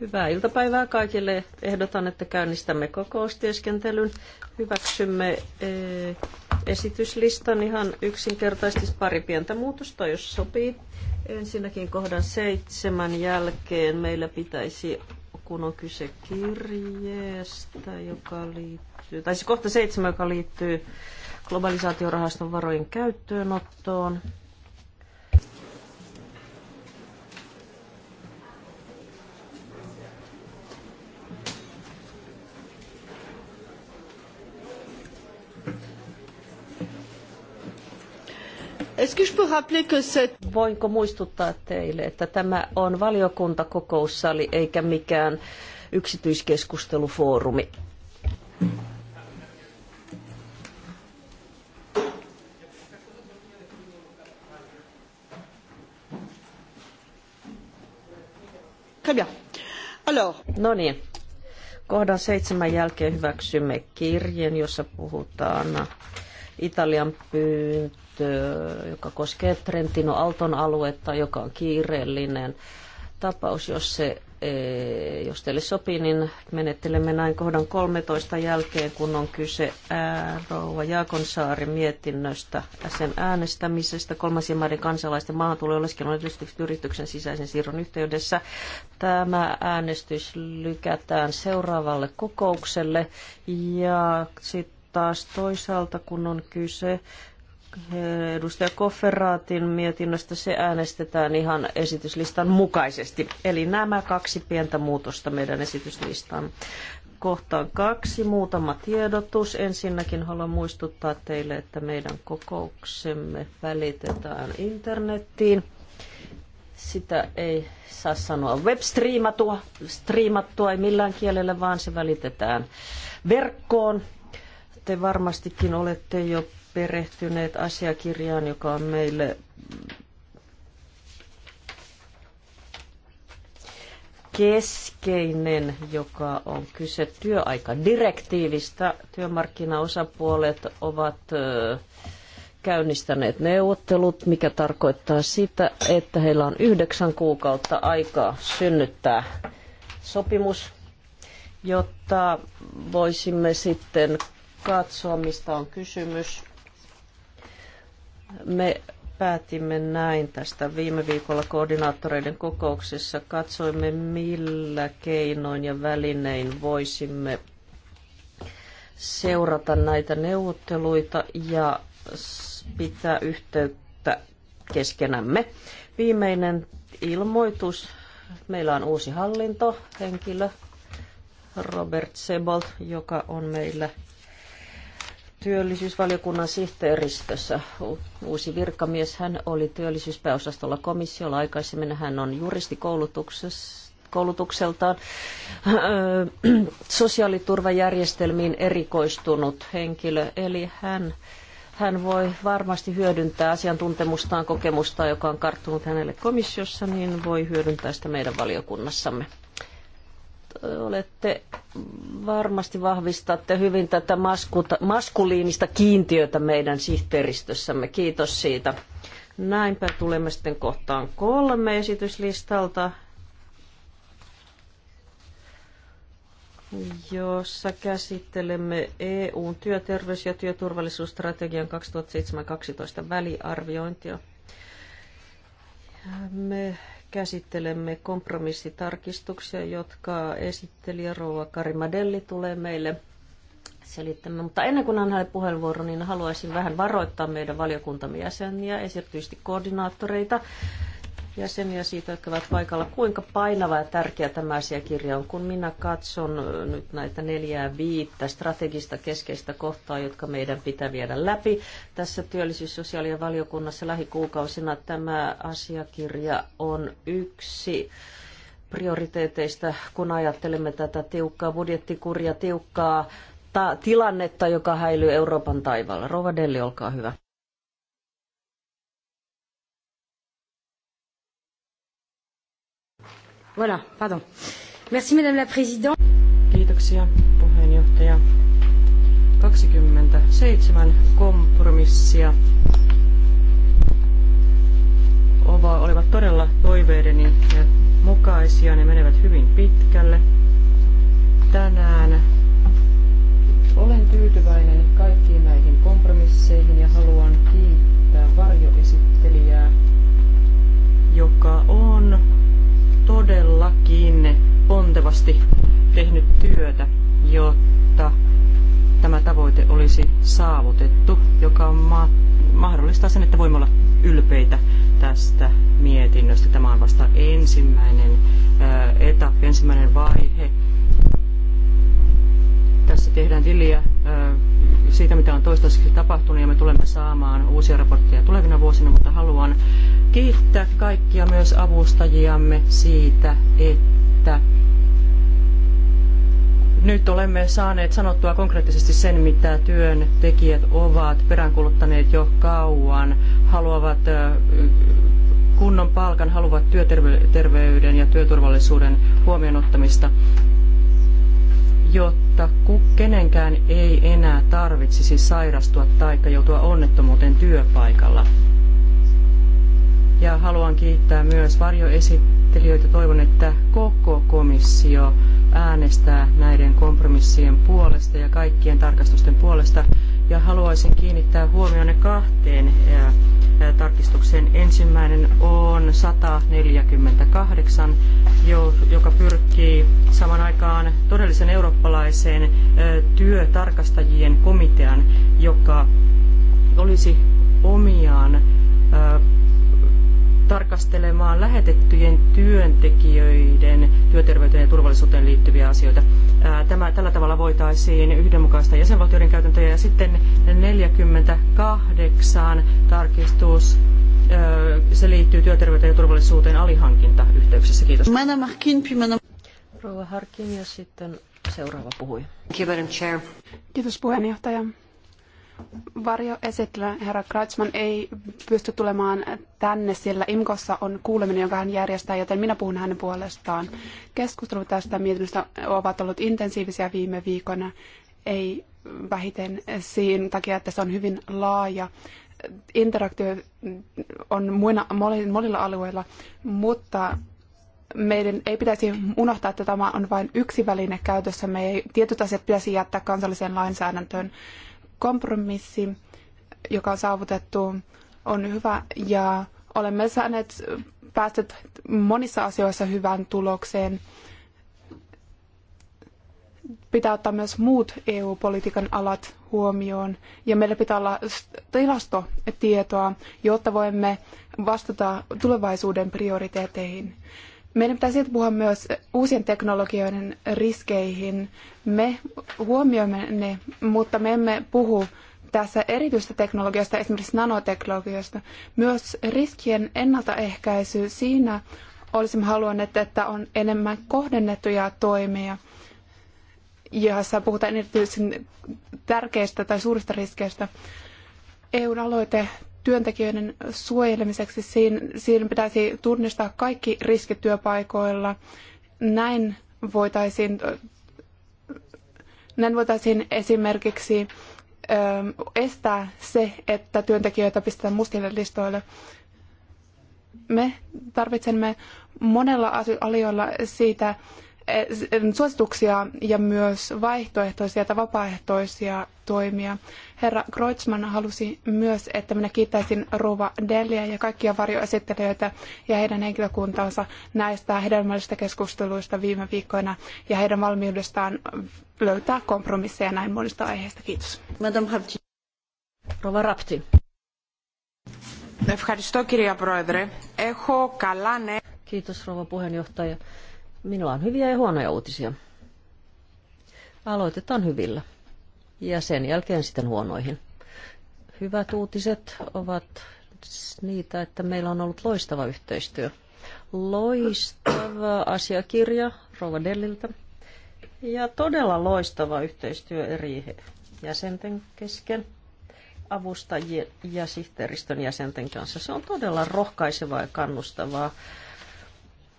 Hyvää iltapäivää kaikille. Ehdotan, että käynnistämme kokoustieskentelyn. Hyväksymme eh, esityslistan ihan yksinkertaisesti pari pientä muutosta, jos sopii. Ensinnäkin kohdan seitsemän jälkeen meillä pitäisi, kun on kyse kirjeestä, joka liittyy, tai se kohta seitsemän, joka liittyy globalisaatiorahaston varojen käyttöönottoon, Voinko muistuttaa teille, että tämä on valiokuntakokoussali eikä mikään yksityiskeskustelufoorumi? No niin. Kohdan seitsemän jälkeen hyväksymme kirjeen, jossa puhutaan Italian pyynnöstä joka koskee Trentino Alton aluetta, joka on kiireellinen tapaus. Jos, se, e, jos teille sopii, niin menettelemme näin kohdan 13 jälkeen, kun on kyse ää, Rouva Jaakonsaarin mietinnöstä sen äänestämisestä kolmansien maiden kansalaisten maahantulo- ja yrityksen sisäisen siirron yhteydessä. Tämä äänestys lykätään seuraavalle kokoukselle ja sitten taas toisaalta, kun on kyse edustaja Kofferaatin mietinnöstä se äänestetään ihan esityslistan mukaisesti. Eli nämä kaksi pientä muutosta meidän esityslistaan. Kohtaan kaksi, muutama tiedotus. Ensinnäkin haluan muistuttaa teille, että meidän kokouksemme välitetään internettiin. Sitä ei saa sanoa webstriimattua, striimattua ei millään kielellä, vaan se välitetään verkkoon. Te varmastikin olette jo perehtyneet asiakirjaan, joka on meille keskeinen, joka on kyse työaikadirektiivistä. Työmarkkinaosapuolet ovat käynnistäneet neuvottelut, mikä tarkoittaa sitä, että heillä on yhdeksän kuukautta aikaa synnyttää sopimus, jotta voisimme sitten katsoa, mistä on kysymys me päätimme näin tästä viime viikolla koordinaattoreiden kokouksessa. Katsoimme, millä keinoin ja välinein voisimme seurata näitä neuvotteluita ja pitää yhteyttä keskenämme. Viimeinen ilmoitus. Meillä on uusi hallintohenkilö, Robert Sebold, joka on meillä työllisyysvaliokunnan sihteeristössä. Uusi virkamies, hän oli työllisyyspääosastolla komissiolla. Aikaisemmin hän on juristikoulutukseltaan sosiaaliturvajärjestelmiin erikoistunut henkilö, eli hän hän voi varmasti hyödyntää asiantuntemustaan, kokemustaan, joka on karttunut hänelle komissiossa, niin voi hyödyntää sitä meidän valiokunnassamme olette varmasti vahvistatte hyvin tätä maskuta, maskuliinista kiintiötä meidän sihteeristössämme. Kiitos siitä. Näinpä tulemme sitten kohtaan kolme esityslistalta, jossa käsittelemme EUn työterveys- ja työturvallisuusstrategian 2007-2012 väliarviointia. Me käsittelemme kompromissitarkistuksia, jotka esittelijä Rouva Karimadelli tulee meille selittämään. Mutta ennen kuin annan puheenvuoron, niin haluaisin vähän varoittaa meidän valiokuntamme jäseniä, esityisesti koordinaattoreita, jäseniä siitä, jotka ovat paikalla. Kuinka painava ja tärkeä tämä asiakirja on, kun minä katson nyt näitä neljää viittä strategista keskeistä kohtaa, jotka meidän pitää viedä läpi tässä työllisyys-, sosiaali- ja valiokunnassa lähikuukausina. Tämä asiakirja on yksi prioriteeteista, kun ajattelemme tätä tiukkaa budjettikuria, tiukkaa tilannetta, joka häilyy Euroopan taivaalla. Rova Delli, olkaa hyvä. Voilà, pardon. Merci, Madame la Présidente. Kiitoksia, puheenjohtaja. 27 kompromissia olivat todella toiveideni mukaisia. Ne menevät hyvin pitkälle. Tänään olen tyytyväinen kaikkiin näihin kompromisseihin ja haluan kiittää varjoesittelijää, joka on todellakin pontevasti tehnyt työtä, jotta tämä tavoite olisi saavutettu, joka on ma- mahdollistaa sen, että voimme olla ylpeitä tästä mietinnöstä. Tämä on vasta ensimmäinen ö, äh, etappi, ensimmäinen vaihe. Tässä tehdään tiliä äh, siitä, mitä on toistaiseksi tapahtunut ja me tulemme saamaan uusia raportteja tulevina vuosina, mutta haluan kiittää kaikkia myös avustajiamme siitä, että nyt olemme saaneet sanottua konkreettisesti sen, mitä työntekijät ovat peräänkuluttaneet jo kauan, haluavat kunnon palkan, haluavat työterveyden ja työturvallisuuden huomioon ottamista jotta kenenkään ei enää tarvitsisi sairastua tai joutua onnettomuuteen työpaikalla. Ja haluan kiittää myös varjoesittelijöitä. Toivon, että koko komissio äänestää näiden kompromissien puolesta ja kaikkien tarkastusten puolesta. Ja haluaisin kiinnittää huomionne kahteen Tarkistuksen Ensimmäinen on 148, joka pyrkii saman aikaan todellisen eurooppalaiseen työtarkastajien komitean, joka olisi omiaan tarkastelemaan lähetettyjen työntekijöiden työterveyteen ja turvallisuuteen liittyviä asioita. Tämä, tällä tavalla voitaisiin yhdenmukaista jäsenvaltioiden käytäntöjä. Ja sitten 48 tarkistus, se liittyy työterveyteen ja turvallisuuteen alihankintayhteyksissä. Kiitos. Madame Harkin, puis Rouva Harkin ja sitten seuraava puhuja. Kiitos puheenjohtaja varjoesittelijä herra Kratzman ei pysty tulemaan tänne, sillä IMKossa on kuuleminen, jonka hän järjestää, joten minä puhun hänen puolestaan. Keskustelut tästä mietinnöstä ovat olleet intensiivisiä viime viikona, ei vähiten siinä takia, että se on hyvin laaja. Interaktio on muina, monilla alueilla, mutta meidän ei pitäisi unohtaa, että tämä on vain yksi väline käytössä. Me ei, tietyt asiat pitäisi jättää kansalliseen lainsäädäntöön kompromissi, joka on saavutettu, on hyvä ja olemme saaneet päästä monissa asioissa hyvään tulokseen. Pitää ottaa myös muut EU-politiikan alat huomioon ja meillä pitää olla tilastotietoa, jotta voimme vastata tulevaisuuden prioriteetteihin. Meidän pitää silti puhua myös uusien teknologioiden riskeihin. Me huomioimme ne, mutta me emme puhu tässä erityistä teknologiasta, esimerkiksi nanoteknologiasta. Myös riskien ennaltaehkäisy, siinä olisimme halunneet, että on enemmän kohdennettuja toimia, jossa puhutaan erityisen tärkeistä tai suurista riskeistä. EUn aloite työntekijöiden suojelemiseksi siinä, siinä pitäisi tunnistaa kaikki riskit työpaikoilla. Näin voitaisiin, näin voitaisiin esimerkiksi ö, ähm, estää se, että työntekijöitä pistetään mustille listoille. Me tarvitsemme monella asioilla siitä Eh, suosituksia ja myös vaihtoehtoisia tai vapaaehtoisia toimia. Herra Kreutzmann halusi myös, että minä kiittäisin rouva Delia ja kaikkia varjoesittelijöitä ja heidän henkilökuntaansa näistä hedelmällisistä keskusteluista viime viikkoina ja heidän valmiudestaan löytää kompromisseja näin monista aiheista. Kiitos. Madam Rapti. Rova Rapti. Kiitos rouva puheenjohtaja. Minulla on hyviä ja huonoja uutisia. Aloitetaan hyvillä ja sen jälkeen sitten huonoihin. Hyvät uutiset ovat niitä, että meillä on ollut loistava yhteistyö. Loistava asiakirja Rova Delliltä ja todella loistava yhteistyö eri jäsenten kesken avustajien ja sihteeristön jäsenten kanssa. Se on todella rohkaisevaa ja kannustavaa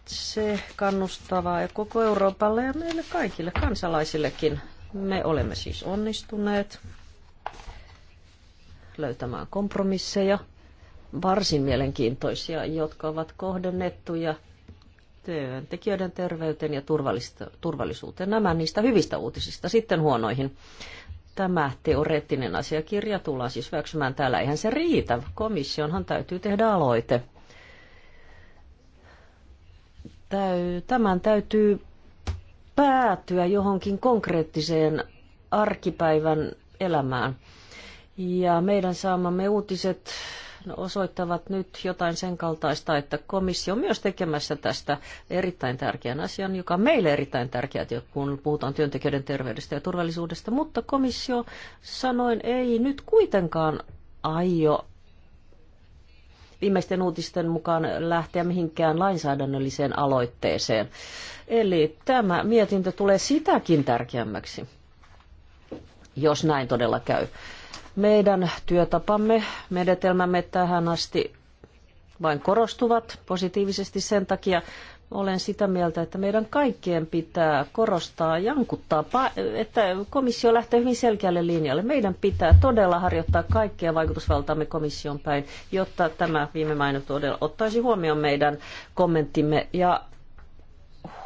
se kannustavaa ja koko Euroopalle ja meille kaikille kansalaisillekin. Me olemme siis onnistuneet löytämään kompromisseja, varsin mielenkiintoisia, jotka ovat kohdennettuja työntekijöiden terveyteen ja turvallisuuteen. Nämä niistä hyvistä uutisista sitten huonoihin. Tämä teoreettinen asiakirja tullaan siis hyväksymään täällä. Eihän se riitä. Komissionhan täytyy tehdä aloite täy, tämän täytyy päätyä johonkin konkreettiseen arkipäivän elämään. Ja meidän saamamme uutiset no, osoittavat nyt jotain sen kaltaista, että komissio on myös tekemässä tästä erittäin tärkeän asian, joka on meille erittäin tärkeä, kun puhutaan työntekijöiden terveydestä ja turvallisuudesta, mutta komissio sanoin ei nyt kuitenkaan aio viimeisten uutisten mukaan lähteä mihinkään lainsäädännölliseen aloitteeseen. Eli tämä mietintö tulee sitäkin tärkeämmäksi, jos näin todella käy. Meidän työtapamme, menetelmämme tähän asti vain korostuvat positiivisesti sen takia, olen sitä mieltä, että meidän kaikkien pitää korostaa, jankuttaa, että komissio lähtee hyvin selkeälle linjalle. Meidän pitää todella harjoittaa kaikkea vaikutusvaltaamme komission päin, jotta tämä viime mainittu todella ottaisi huomioon meidän kommenttimme ja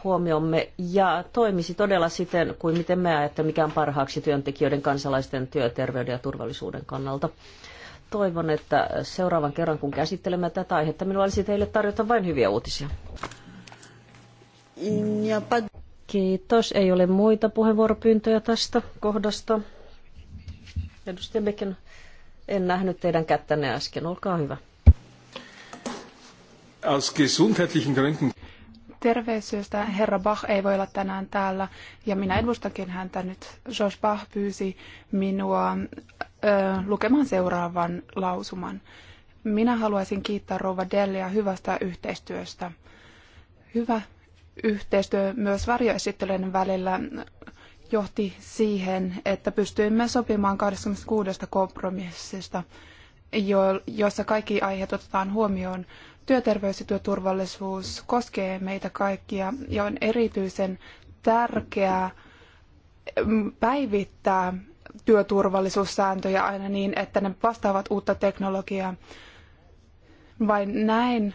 huomiomme ja toimisi todella siten kuin miten me ajattelemme, mikä on parhaaksi työntekijöiden, kansalaisten työterveyden ja turvallisuuden kannalta toivon, että seuraavan kerran kun käsittelemme tätä aihetta, minulla olisi teille tarjota vain hyviä uutisia. Kiitos. Ei ole muita puheenvuoropyyntöjä tästä kohdasta. Edustaja Mekin, en nähnyt teidän kättänne äsken. Olkaa hyvä. Aus herra Bach ei voi olla tänään täällä ja minä edustakin häntä nyt. George Bach pyysi minua ö, lukemaan seuraavan lausuman. Minä haluaisin kiittää Rova Dellia hyvästä yhteistyöstä. Hyvä yhteistyö myös varjoesittelyiden välillä johti siihen, että pystyimme sopimaan 26 kompromissista, jo, joissa kaikki aiheet otetaan huomioon. Työterveys ja työturvallisuus koskee meitä kaikkia ja on erityisen tärkeää mm, päivittää työturvallisuussääntöjä aina niin, että ne vastaavat uutta teknologiaa. Vain näin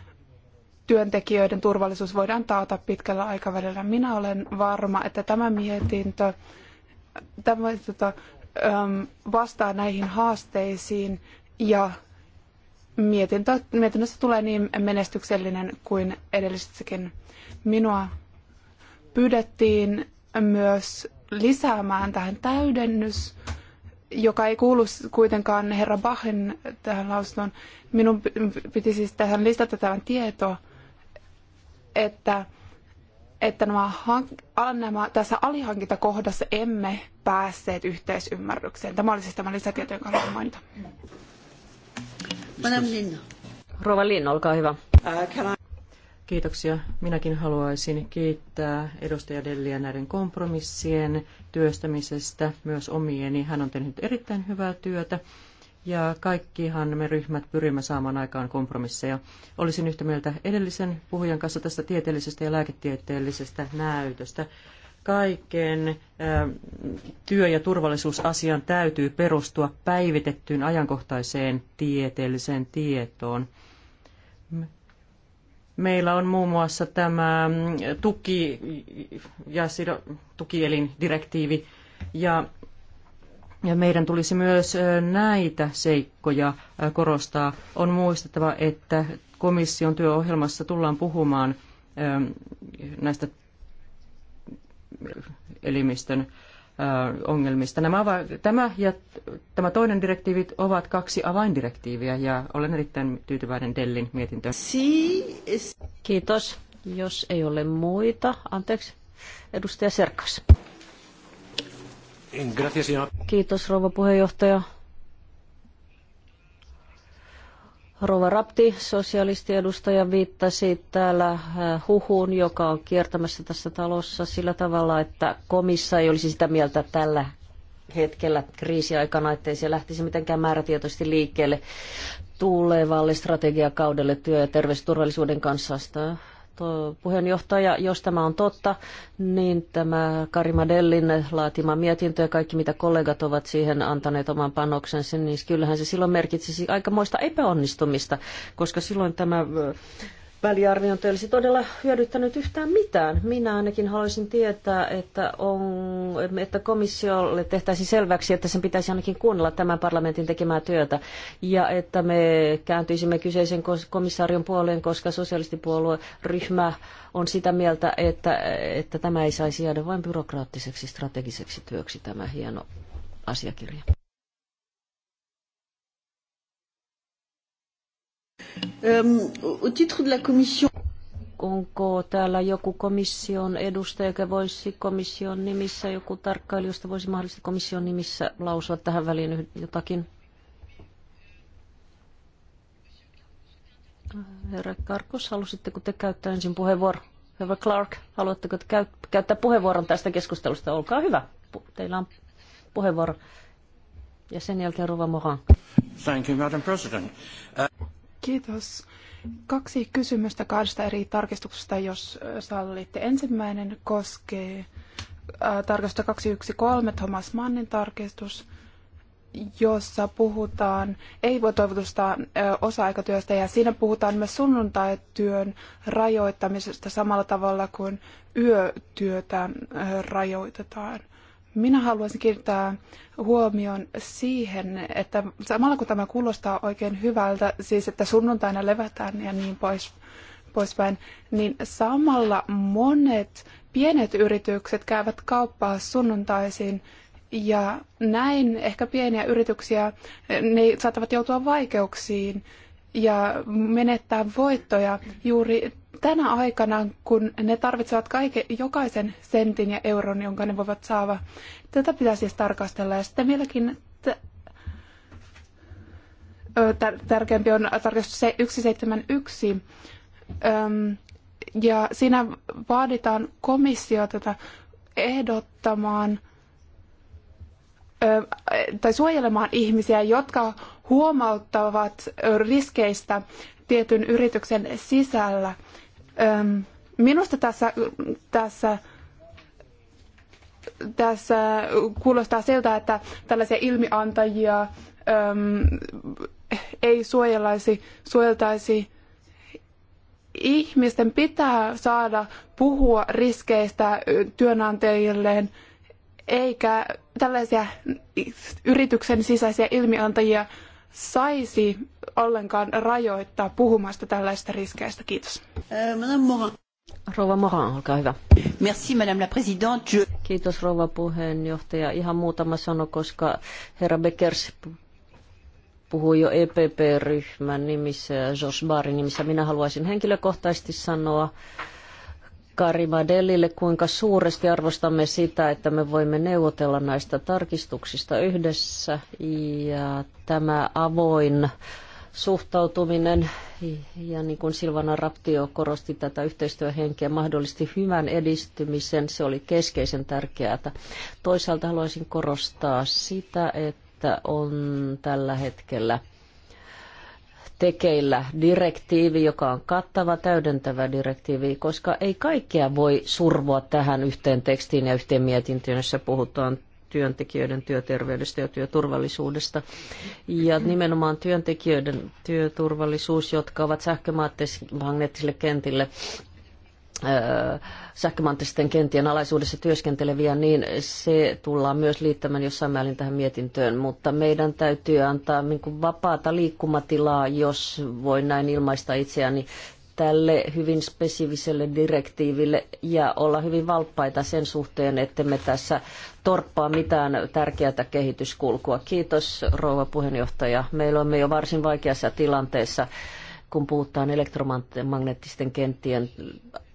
työntekijöiden turvallisuus voidaan taata pitkällä aikavälillä. Minä olen varma, että tämä mietintö tämä, tota, vastaa näihin haasteisiin ja mietintö, mietinnöstä tulee niin menestyksellinen kuin edellisessäkin. Minua pyydettiin myös lisäämään tähän täydennys, joka ei kuulu kuitenkaan herra Bachin tähän lausuntoon. Minun piti siis tähän listata tämän tietoa että, että nämä, nämä, tässä alihankintakohdassa emme päässeet yhteisymmärrykseen. Tämä oli siis tämä lisätieto, jonka haluan mainita. Rova Linna, olkaa hyvä. Uh, Kiitoksia. Minäkin haluaisin kiittää edustaja Delliä näiden kompromissien työstämisestä, myös omieni. Hän on tehnyt erittäin hyvää työtä ja kaikkihan me ryhmät pyrimme saamaan aikaan kompromisseja. Olisin yhtä mieltä edellisen puhujan kanssa tästä tieteellisestä ja lääketieteellisestä näytöstä. Kaiken työ- ja turvallisuusasian täytyy perustua päivitettyyn ajankohtaiseen tieteelliseen tietoon. Meillä on muun muassa tämä tuki- ja sido- tukielindirektiivi ja ja meidän tulisi myös näitä seikkoja korostaa. On muistettava, että komission työohjelmassa tullaan puhumaan näistä elimistön ongelmista. Nämä, tämä ja tämä toinen direktiivit ovat kaksi avaindirektiiviä ja olen erittäin tyytyväinen Dellin mietintöön. Kiitos. Jos ei ole muita, anteeksi, edustaja Serkas. Eh, Kiitos rouva puheenjohtaja. Rouva Rapti, sosialistiedustaja, viittasi täällä eh, huhuun, joka on kiertämässä tässä talossa sillä tavalla, että komissa ei olisi sitä mieltä tällä hetkellä kriisiaikana, ettei se lähtisi mitenkään määrätietoisesti liikkeelle tulevalle strategiakaudelle työ- ja terveysturvallisuuden kanssa puheenjohtaja, jos tämä on totta, niin tämä Karimadellin laatima mietintö ja kaikki mitä kollegat ovat siihen antaneet oman panoksensa, niin kyllähän se silloin merkitsisi aikamoista epäonnistumista, koska silloin tämä väliarviointi olisi todella hyödyttänyt yhtään mitään. Minä ainakin haluaisin tietää, että, on, että komissiolle tehtäisiin selväksi, että sen pitäisi ainakin kuunnella tämän parlamentin tekemää työtä. Ja että me kääntyisimme kyseisen komissaarion puoleen, koska sosialistipuolueryhmä on sitä mieltä, että, että tämä ei saisi jäädä vain byrokraattiseksi strategiseksi työksi tämä hieno asiakirja. Onko täällä joku komission edustaja, joka voisi komission nimissä, joku tarkkailija, josta voisi mahdollisesti komission nimissä lausua tähän väliin jotakin? Herra Karkos, halusitteko te käyttää ensin puheenvuoron? Herra Clark, haluatteko te käyttää puheenvuoron tästä keskustelusta? Olkaa hyvä. Teillä on puheenvuoro. Ja sen jälkeen Ruva Mohan. Thank you, Madam President. Uh... Kiitos. Kaksi kysymystä kahdesta eri tarkistuksesta, jos sallitte. Ensimmäinen koskee tarkistusta 213, Thomas Mannin tarkistus, jossa puhutaan ei-toivotusta osa-aikatyöstä ja siinä puhutaan myös sunnuntaityön rajoittamisesta samalla tavalla kuin yötyötä rajoitetaan. Minä haluaisin kiinnittää huomion siihen, että samalla kun tämä kuulostaa oikein hyvältä, siis että sunnuntaina levätään ja niin pois, poispäin, niin samalla monet pienet yritykset käyvät kauppaa sunnuntaisin ja näin ehkä pieniä yrityksiä, ne saattavat joutua vaikeuksiin ja menettää voittoja juuri tänä aikana, kun ne tarvitsevat kaiken, jokaisen sentin ja euron, jonka ne voivat saada. Tätä pitää siis tarkastella. Ja sitten vieläkin tärkeämpi on tarkastus 171. Öm, ja siinä vaaditaan komissio tätä ehdottamaan tai suojelemaan ihmisiä, jotka huomauttavat riskeistä tietyn yrityksen sisällä minusta tässä, tässä tässä kuulostaa siltä, että tällaisia ilmiantajia äm, ei suojelaisi, suojeltaisi. Ihmisten pitää saada puhua riskeistä työnantajilleen, eikä tällaisia yrityksen sisäisiä ilmiantajia saisi ollenkaan rajoittaa puhumasta tällaista riskeistä. Kiitos. Eh, rouva Moran, olkaa hyvä. Merci, madame la présidente. Kiitos rouva puheenjohtaja. Ihan muutama sano, koska herra Beckers puhui jo EPP-ryhmän nimissä ja Jos Baarin nimissä. Minä haluaisin henkilökohtaisesti sanoa, Karimadellille, kuinka suuresti arvostamme sitä, että me voimme neuvotella näistä tarkistuksista yhdessä. Ja tämä avoin suhtautuminen, ja niin kuin Silvana Raptio korosti tätä yhteistyöhenkeä, mahdollisti hyvän edistymisen, se oli keskeisen tärkeää. Toisaalta haluaisin korostaa sitä, että on tällä hetkellä – tekeillä direktiivi, joka on kattava, täydentävä direktiivi, koska ei kaikkea voi survoa tähän yhteen tekstiin ja yhteen mietintöön, jossa puhutaan työntekijöiden työterveydestä ja työturvallisuudesta. Ja nimenomaan työntekijöiden työturvallisuus, jotka ovat sähkömaattisille kentille sähkömanttisten kentien alaisuudessa työskenteleviä, niin se tullaan myös liittämään jossain määrin tähän mietintöön, mutta meidän täytyy antaa niin vapaata liikkumatilaa, jos voi näin ilmaista itseäni tälle hyvin spesifiselle direktiiville ja olla hyvin valppaita sen suhteen, että me tässä torppaa mitään tärkeää kehityskulkua. Kiitos rouva puheenjohtaja. Meillä me jo varsin vaikeassa tilanteessa, kun puhutaan elektromagneettisten kenttien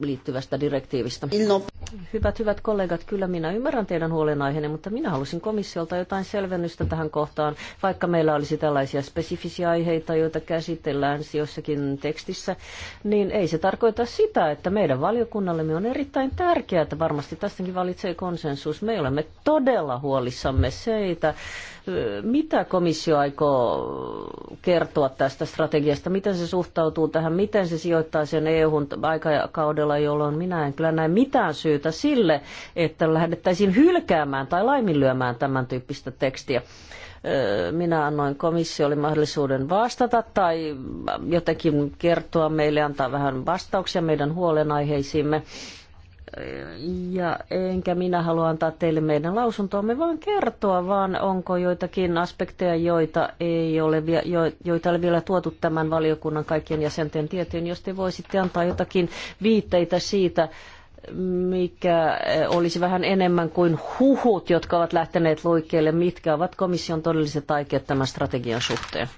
liittyvästä direktiivistä. No. Hyvät, hyvät kollegat, kyllä minä ymmärrän teidän huolenaiheenne, mutta minä halusin komissiolta jotain selvennystä tähän kohtaan, vaikka meillä olisi tällaisia spesifisiä aiheita, joita käsitellään jossakin tekstissä, niin ei se tarkoita sitä, että meidän valiokunnallemme on erittäin tärkeää, että varmasti tästäkin valitsee konsensus. Me olemme todella huolissamme seitä, mitä komissio aikoo kertoa tästä strategiasta, miten se suhtautuu tähän, miten se sijoittaa sen EU-aikakaudella kaudella, jolloin minä en kyllä näe mitään syytä sille, että lähdettäisiin hylkäämään tai laiminlyömään tämän tyyppistä tekstiä minä annoin komissiolle mahdollisuuden vastata tai jotenkin kertoa meille, antaa vähän vastauksia meidän huolenaiheisiimme ja enkä minä halua antaa teille meidän lausuntoamme, vaan kertoa vaan, onko joitakin aspekteja, joita ei ole, jo, joita ei ole vielä tuotu tämän valiokunnan kaikkien jäsenten tietoon. Jos te voisitte antaa jotakin viitteitä siitä, mikä eh, olisi vähän enemmän kuin huhut, jotka ovat lähteneet loikkeelle, Mitkä ovat komission todelliset aikeet tämän strategian suhteen?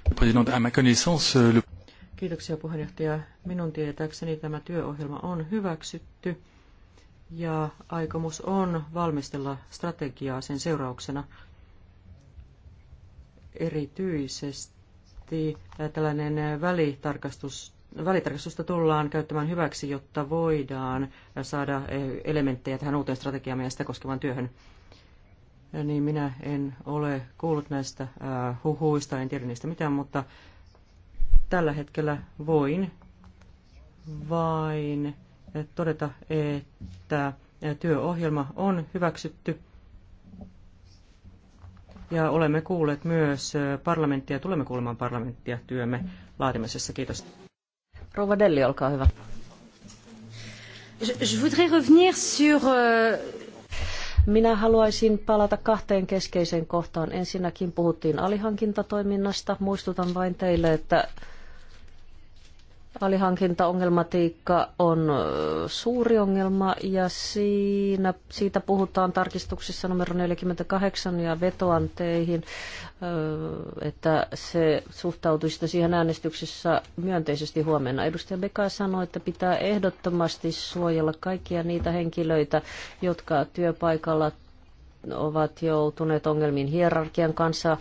Kiitoksia puheenjohtaja. Minun tietääkseni tämä työohjelma on hyväksytty ja aikomus on valmistella strategiaa sen seurauksena. Erityisesti äh, tällainen välitarkastus, välitarkastusta tullaan käyttämään hyväksi, jotta voidaan äh, saada äh, elementtejä tähän uuteen strategiaan ja sitä koskevaan työhön. Niin minä en ole kuullut näistä huhuista, en tiedä niistä mitään, mutta tällä hetkellä voin vain todeta, että työohjelma on hyväksytty. Ja olemme kuulleet myös parlamenttia, tulemme kuulemaan parlamenttia työmme laatimisessa. Kiitos. Rouva Delli, olkaa hyvä. Je voudrais revenir sur euh, minä haluaisin palata kahteen keskeiseen kohtaan. Ensinnäkin puhuttiin alihankintatoiminnasta. Muistutan vain teille, että Alihankintaongelmatiikka on suuri ongelma ja siinä, siitä puhutaan tarkistuksissa numero 48 ja vetoanteihin, että se suhtautuisi siihen äänestyksessä myönteisesti huomenna. Edustaja Beka sanoi, että pitää ehdottomasti suojella kaikkia niitä henkilöitä, jotka työpaikalla ovat joutuneet ongelmiin hierarkian kanssa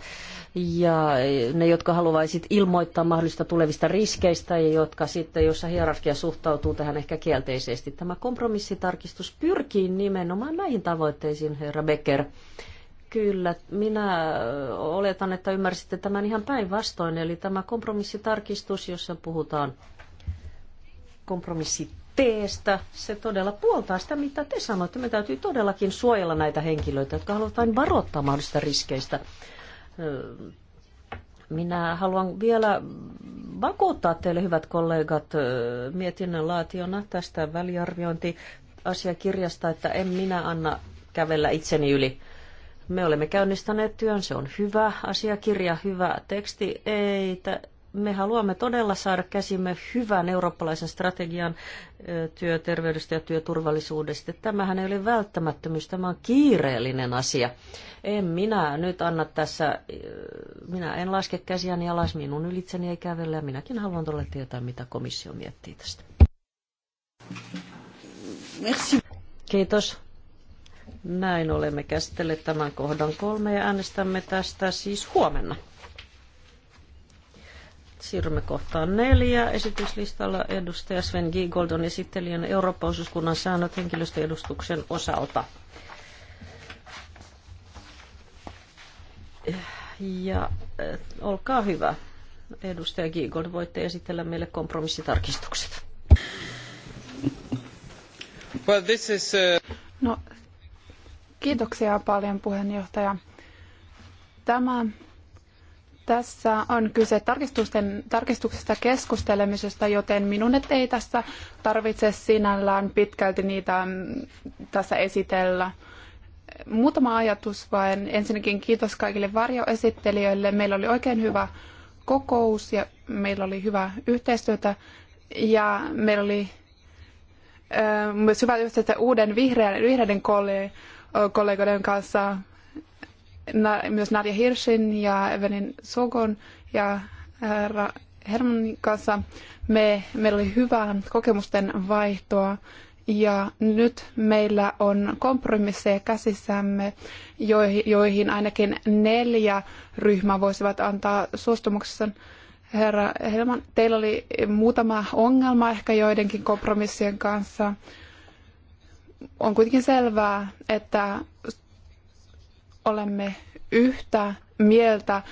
ja ne, jotka haluaisit ilmoittaa mahdollista tulevista riskeistä ja jotka sitten, jossa hierarkia suhtautuu tähän ehkä kielteisesti. Tämä kompromissitarkistus pyrkii nimenomaan näihin tavoitteisiin, herra Becker. Kyllä, minä oletan, että ymmärsitte tämän ihan päinvastoin, eli tämä kompromissitarkistus, jossa puhutaan kompromissit teestä, Se todella puoltaa sitä, mitä te sanoitte. Me täytyy todellakin suojella näitä henkilöitä, jotka haluavat vain varoittaa mahdollisista riskeistä. Minä haluan vielä vakuuttaa teille, hyvät kollegat, mietinnön laationa tästä väliarviointiasiakirjasta, että en minä anna kävellä itseni yli. Me olemme käynnistäneet työn, se on hyvä asiakirja, hyvä teksti. Ei, me haluamme todella saada käsimme hyvän eurooppalaisen strategian työterveydestä ja työturvallisuudesta. Tämähän ei ole välttämättömyys, tämä on kiireellinen asia. En minä nyt anna tässä, minä en laske käsiäni alas, minun ylitseni ei kävellä ja minäkin haluan todella tietää, mitä komissio miettii tästä. Merci. Kiitos. Näin olemme käsitelleet tämän kohdan kolme ja äänestämme tästä siis huomenna. Siirrymme kohtaan neljä. Esityslistalla edustaja Sven G. Goldon esittelijän Euroopan osuuskunnan säännöt henkilöstöedustuksen osalta. Ja eh, olkaa hyvä. Edustaja Giegold, voitte esitellä meille kompromissitarkistukset. Well, this is, uh... no, kiitoksia paljon puheenjohtaja. Tämä tässä on kyse tarkistusten, tarkistuksesta keskustelemisesta, joten minun et ei tässä tarvitse sinällään pitkälti niitä mm, tässä esitellä. Muutama ajatus vain. Ensinnäkin kiitos kaikille varjoesittelijöille. Meillä oli oikein hyvä kokous ja meillä oli hyvä yhteistyötä ja meillä oli myös hyvä yhteistyötä uuden vihreän, vihreiden kollegoiden kanssa myös Nadia Hirsin ja Evelyn Sogon ja herra äh, Hermanin kanssa. Me, meillä oli hyvää kokemusten vaihtoa ja nyt meillä on kompromisseja käsissämme, joihin ainakin neljä ryhmää voisivat antaa suostumuksensa. Herra Helman, teillä oli muutama ongelma ehkä joidenkin kompromissien kanssa. On kuitenkin selvää, että olemme yhtä mieltä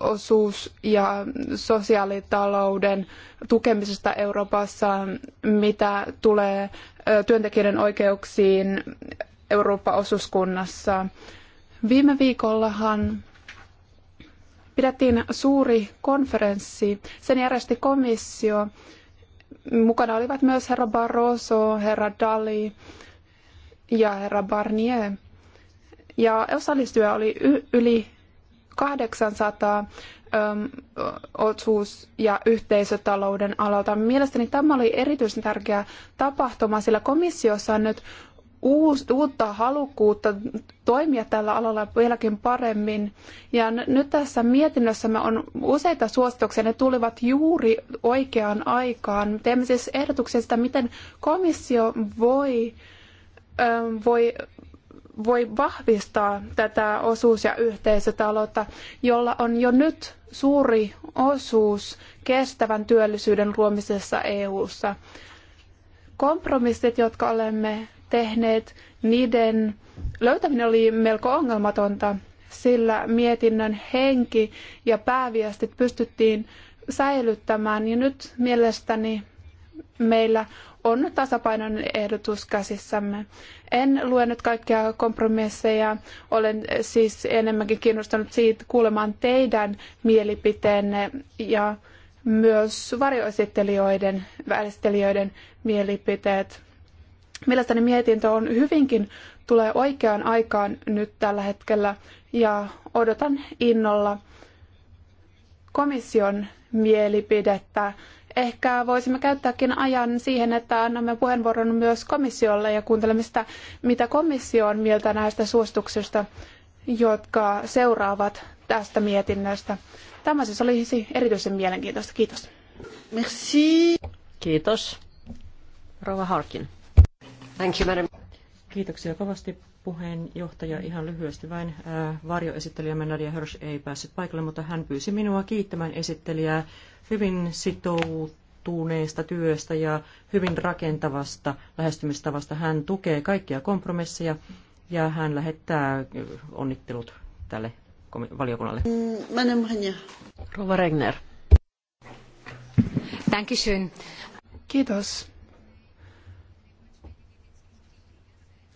osuus- ja sosiaalitalouden tukemisesta Euroopassa, mitä tulee työntekijöiden oikeuksiin Eurooppa-osuuskunnassa. Viime viikollahan pidettiin suuri konferenssi. Sen järjesti komissio. Mukana olivat myös herra Barroso, herra Dali ja herra Barnier – ja osallistuja oli yli 800 osuus- ja yhteisötalouden alalta. Mielestäni tämä oli erityisen tärkeä tapahtuma, sillä komissiossa on nyt uutta halukkuutta toimia tällä alalla vieläkin paremmin. Ja nyt tässä mietinnössämme on useita suosituksia, ne tulivat juuri oikeaan aikaan. Teemme siis ehdotuksia sitä, miten komissio voi, voi voi vahvistaa tätä osuus- ja yhteisötaloutta, jolla on jo nyt suuri osuus kestävän työllisyyden luomisessa EU:ssa. Kompromissit, jotka olemme tehneet, niiden löytäminen oli melko ongelmatonta, sillä mietinnön henki ja pääviestit pystyttiin säilyttämään. Ja nyt mielestäni meillä on tasapainon ehdotus käsissämme. En lue nyt kaikkia kompromisseja, olen siis enemmänkin kiinnostunut siitä kuulemaan teidän mielipiteenne ja myös varjoesittelijöiden, väestelijöiden mielipiteet. Mielestäni mietintö on hyvinkin, tulee oikeaan aikaan nyt tällä hetkellä ja odotan innolla komission mielipidettä ehkä voisimme käyttääkin ajan siihen, että annamme puheenvuoron myös komissiolle ja kuuntelemme sitä, mitä komissio on mieltä näistä suosituksista, jotka seuraavat tästä mietinnöstä. Tämä siis olisi erityisen mielenkiintoista. Kiitos. Merci. Kiitos. Rova Harkin. Thank you, madam. Kiitoksia kovasti puheenjohtaja ihan lyhyesti vain. Äh, varjoesittelijämme Nadia Hirsch ei päässyt paikalle, mutta hän pyysi minua kiittämään esittelijää hyvin sitoutuneesta työstä ja hyvin rakentavasta lähestymistavasta. Hän tukee kaikkia kompromisseja ja hän lähettää onnittelut tälle valiokunnalle. Madame Regner. Rova Regner. Kiitos.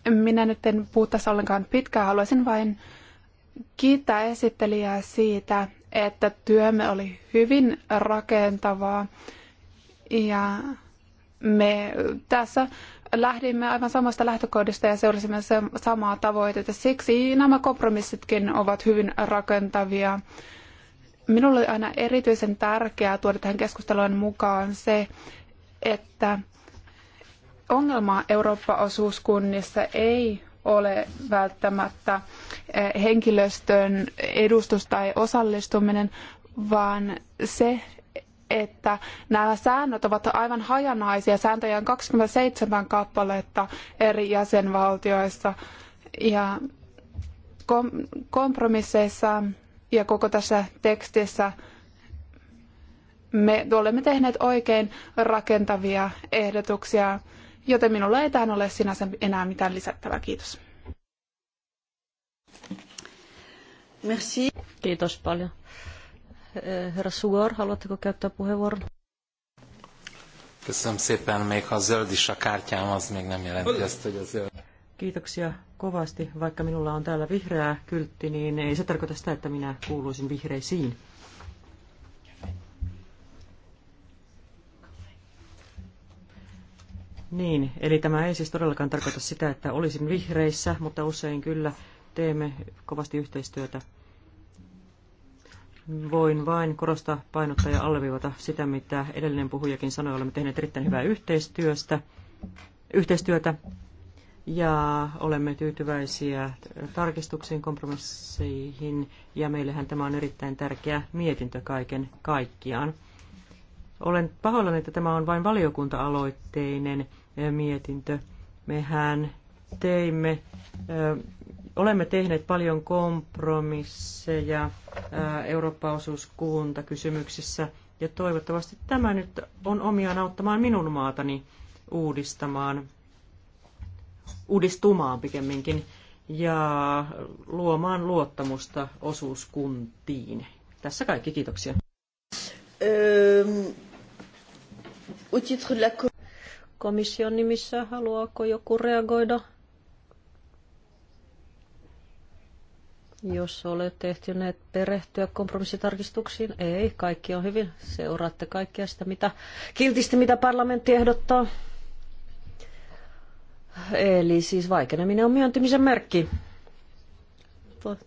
Minä nyt en puhu tässä ollenkaan pitkään, haluaisin vain kiittää esittelijää siitä, että työmme oli hyvin rakentavaa ja me tässä lähdimme aivan samasta lähtökohdista ja seurasimme se samaa tavoitetta. Siksi nämä kompromissitkin ovat hyvin rakentavia. Minulle oli aina erityisen tärkeää tuoda tähän keskusteluun mukaan se, että ongelma Eurooppa-osuuskunnissa ei ole välttämättä eh, henkilöstön edustus tai osallistuminen, vaan se, että nämä säännöt ovat aivan hajanaisia. Sääntöjä on 27 kappaletta eri jäsenvaltioissa ja kompromisseissa ja koko tässä tekstissä me olemme tehneet oikein rakentavia ehdotuksia joten minulla ei tähän ole sinänsä enää mitään lisättävää. Kiitos. Merci. Kiitos paljon. Eh, herra Suor, haluatteko käyttää puheenvuoron? Köszönöm szépen, még ha zöld is a kártyám, az még nem jelenti azt, hogy a zöld. Kiitoksia kovasti. Vaikka minulla on täällä vihreä kyltti, niin ei se tarkoita sitä, että minä kuuluisin vihreisiin. Niin, eli tämä ei siis todellakaan tarkoita sitä, että olisin vihreissä, mutta usein kyllä teemme kovasti yhteistyötä. Voin vain korostaa, painottaa ja alleviivata sitä, mitä edellinen puhujakin sanoi. Olemme tehneet erittäin hyvää yhteistyöstä, yhteistyötä ja olemme tyytyväisiä tarkistuksiin, kompromisseihin ja meillähän tämä on erittäin tärkeä mietintö kaiken kaikkiaan. Olen pahoillani, että tämä on vain valiokunta-aloitteinen mietintö. Mehän teimme, olemme tehneet paljon kompromisseja eurooppa kysymyksissä ja toivottavasti tämä nyt on omiaan auttamaan minun maatani uudistamaan, uudistumaan pikemminkin ja luomaan luottamusta osuuskuntiin. Tässä kaikki, kiitoksia. Öö, Komission nimissä haluaako joku reagoida? Jos olette ehtineet perehtyä kompromissitarkistuksiin, ei, kaikki on hyvin. Seuraatte kaikkea sitä, mitä kiltisti, mitä parlamentti ehdottaa. Eli siis vaikeneminen on myöntymisen merkki.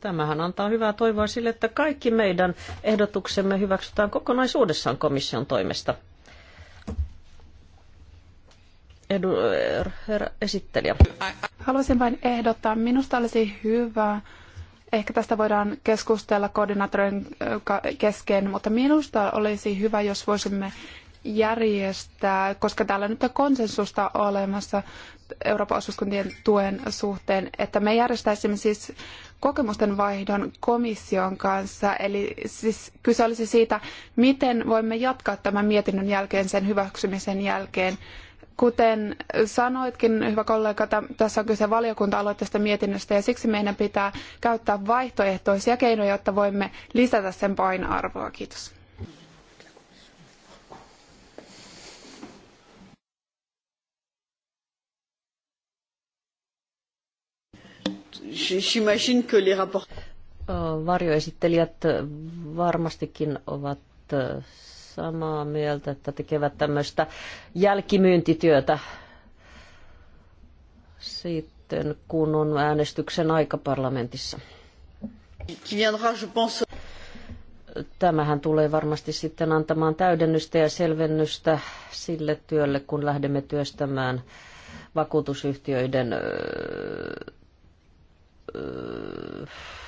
Tämähän antaa hyvää toivoa sille, että kaikki meidän ehdotuksemme hyväksytään kokonaisuudessaan komission toimesta edu, er, esittelijä. Haluaisin vain ehdottaa, minusta olisi hyvä, ehkä tästä voidaan keskustella koordinaattorin kesken, mutta minusta olisi hyvä, jos voisimme järjestää, koska täällä nyt on konsensusta olemassa Euroopan osuuskuntien tuen suhteen, että me järjestäisimme siis kokemusten vaihdon komission kanssa. Eli siis kyse olisi siitä, miten voimme jatkaa tämän mietinnön jälkeen, sen hyväksymisen jälkeen. Kuten sanoitkin, hyvä kollega, tässä on kyse valiokunta-aloitteesta mietinnöstä ja siksi meidän pitää käyttää vaihtoehtoisia keinoja, jotta voimme lisätä sen painoarvoa. Kiitos. Varjoesittelijät varmastikin ovat samaa mieltä, että tekevät tämmöistä jälkimyyntityötä sitten, kun on äänestyksen aika parlamentissa. Tämähän tulee varmasti sitten antamaan täydennystä ja selvennystä sille työlle, kun lähdemme työstämään vakuutusyhtiöiden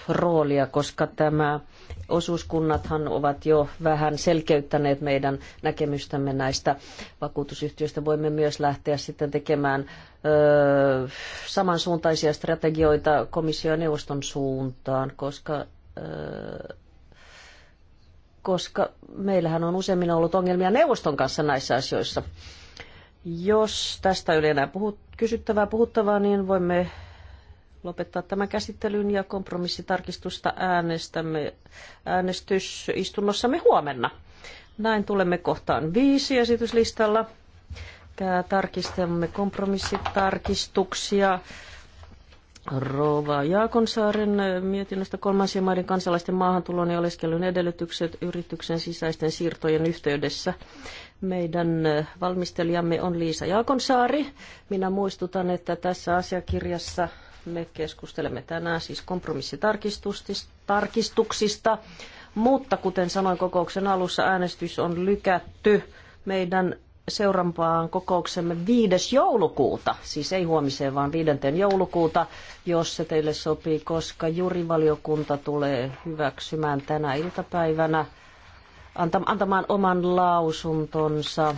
roolia, koska tämä osuuskunnathan ovat jo vähän selkeyttäneet meidän näkemystämme näistä vakuutusyhtiöistä. Voimme myös lähteä sitten tekemään ö, samansuuntaisia strategioita komission ja neuvoston suuntaan, koska ö, koska meillähän on useimmin ollut ongelmia neuvoston kanssa näissä asioissa. Jos tästä ei ole enää puhut, kysyttävää puhuttavaa, niin voimme lopettaa tämän käsittelyn ja kompromissitarkistusta äänestämme äänestysistunnossamme huomenna. Näin tulemme kohtaan viisi esityslistalla. Tarkistamme kompromissitarkistuksia. Rova Jaakonsaaren mietinnöstä kolmansien maiden kansalaisten maahantulon ja oleskelun edellytykset yrityksen sisäisten siirtojen yhteydessä. Meidän valmistelijamme on Liisa Jaakonsaari. Minä muistutan, että tässä asiakirjassa me keskustelemme tänään siis kompromissitarkistuksista, mutta kuten sanoin kokouksen alussa, äänestys on lykätty meidän seurampaan kokouksemme 5. joulukuuta, siis ei huomiseen, vaan 5. joulukuuta, jos se teille sopii, koska jurivaliokunta tulee hyväksymään tänä iltapäivänä antamaan oman lausuntonsa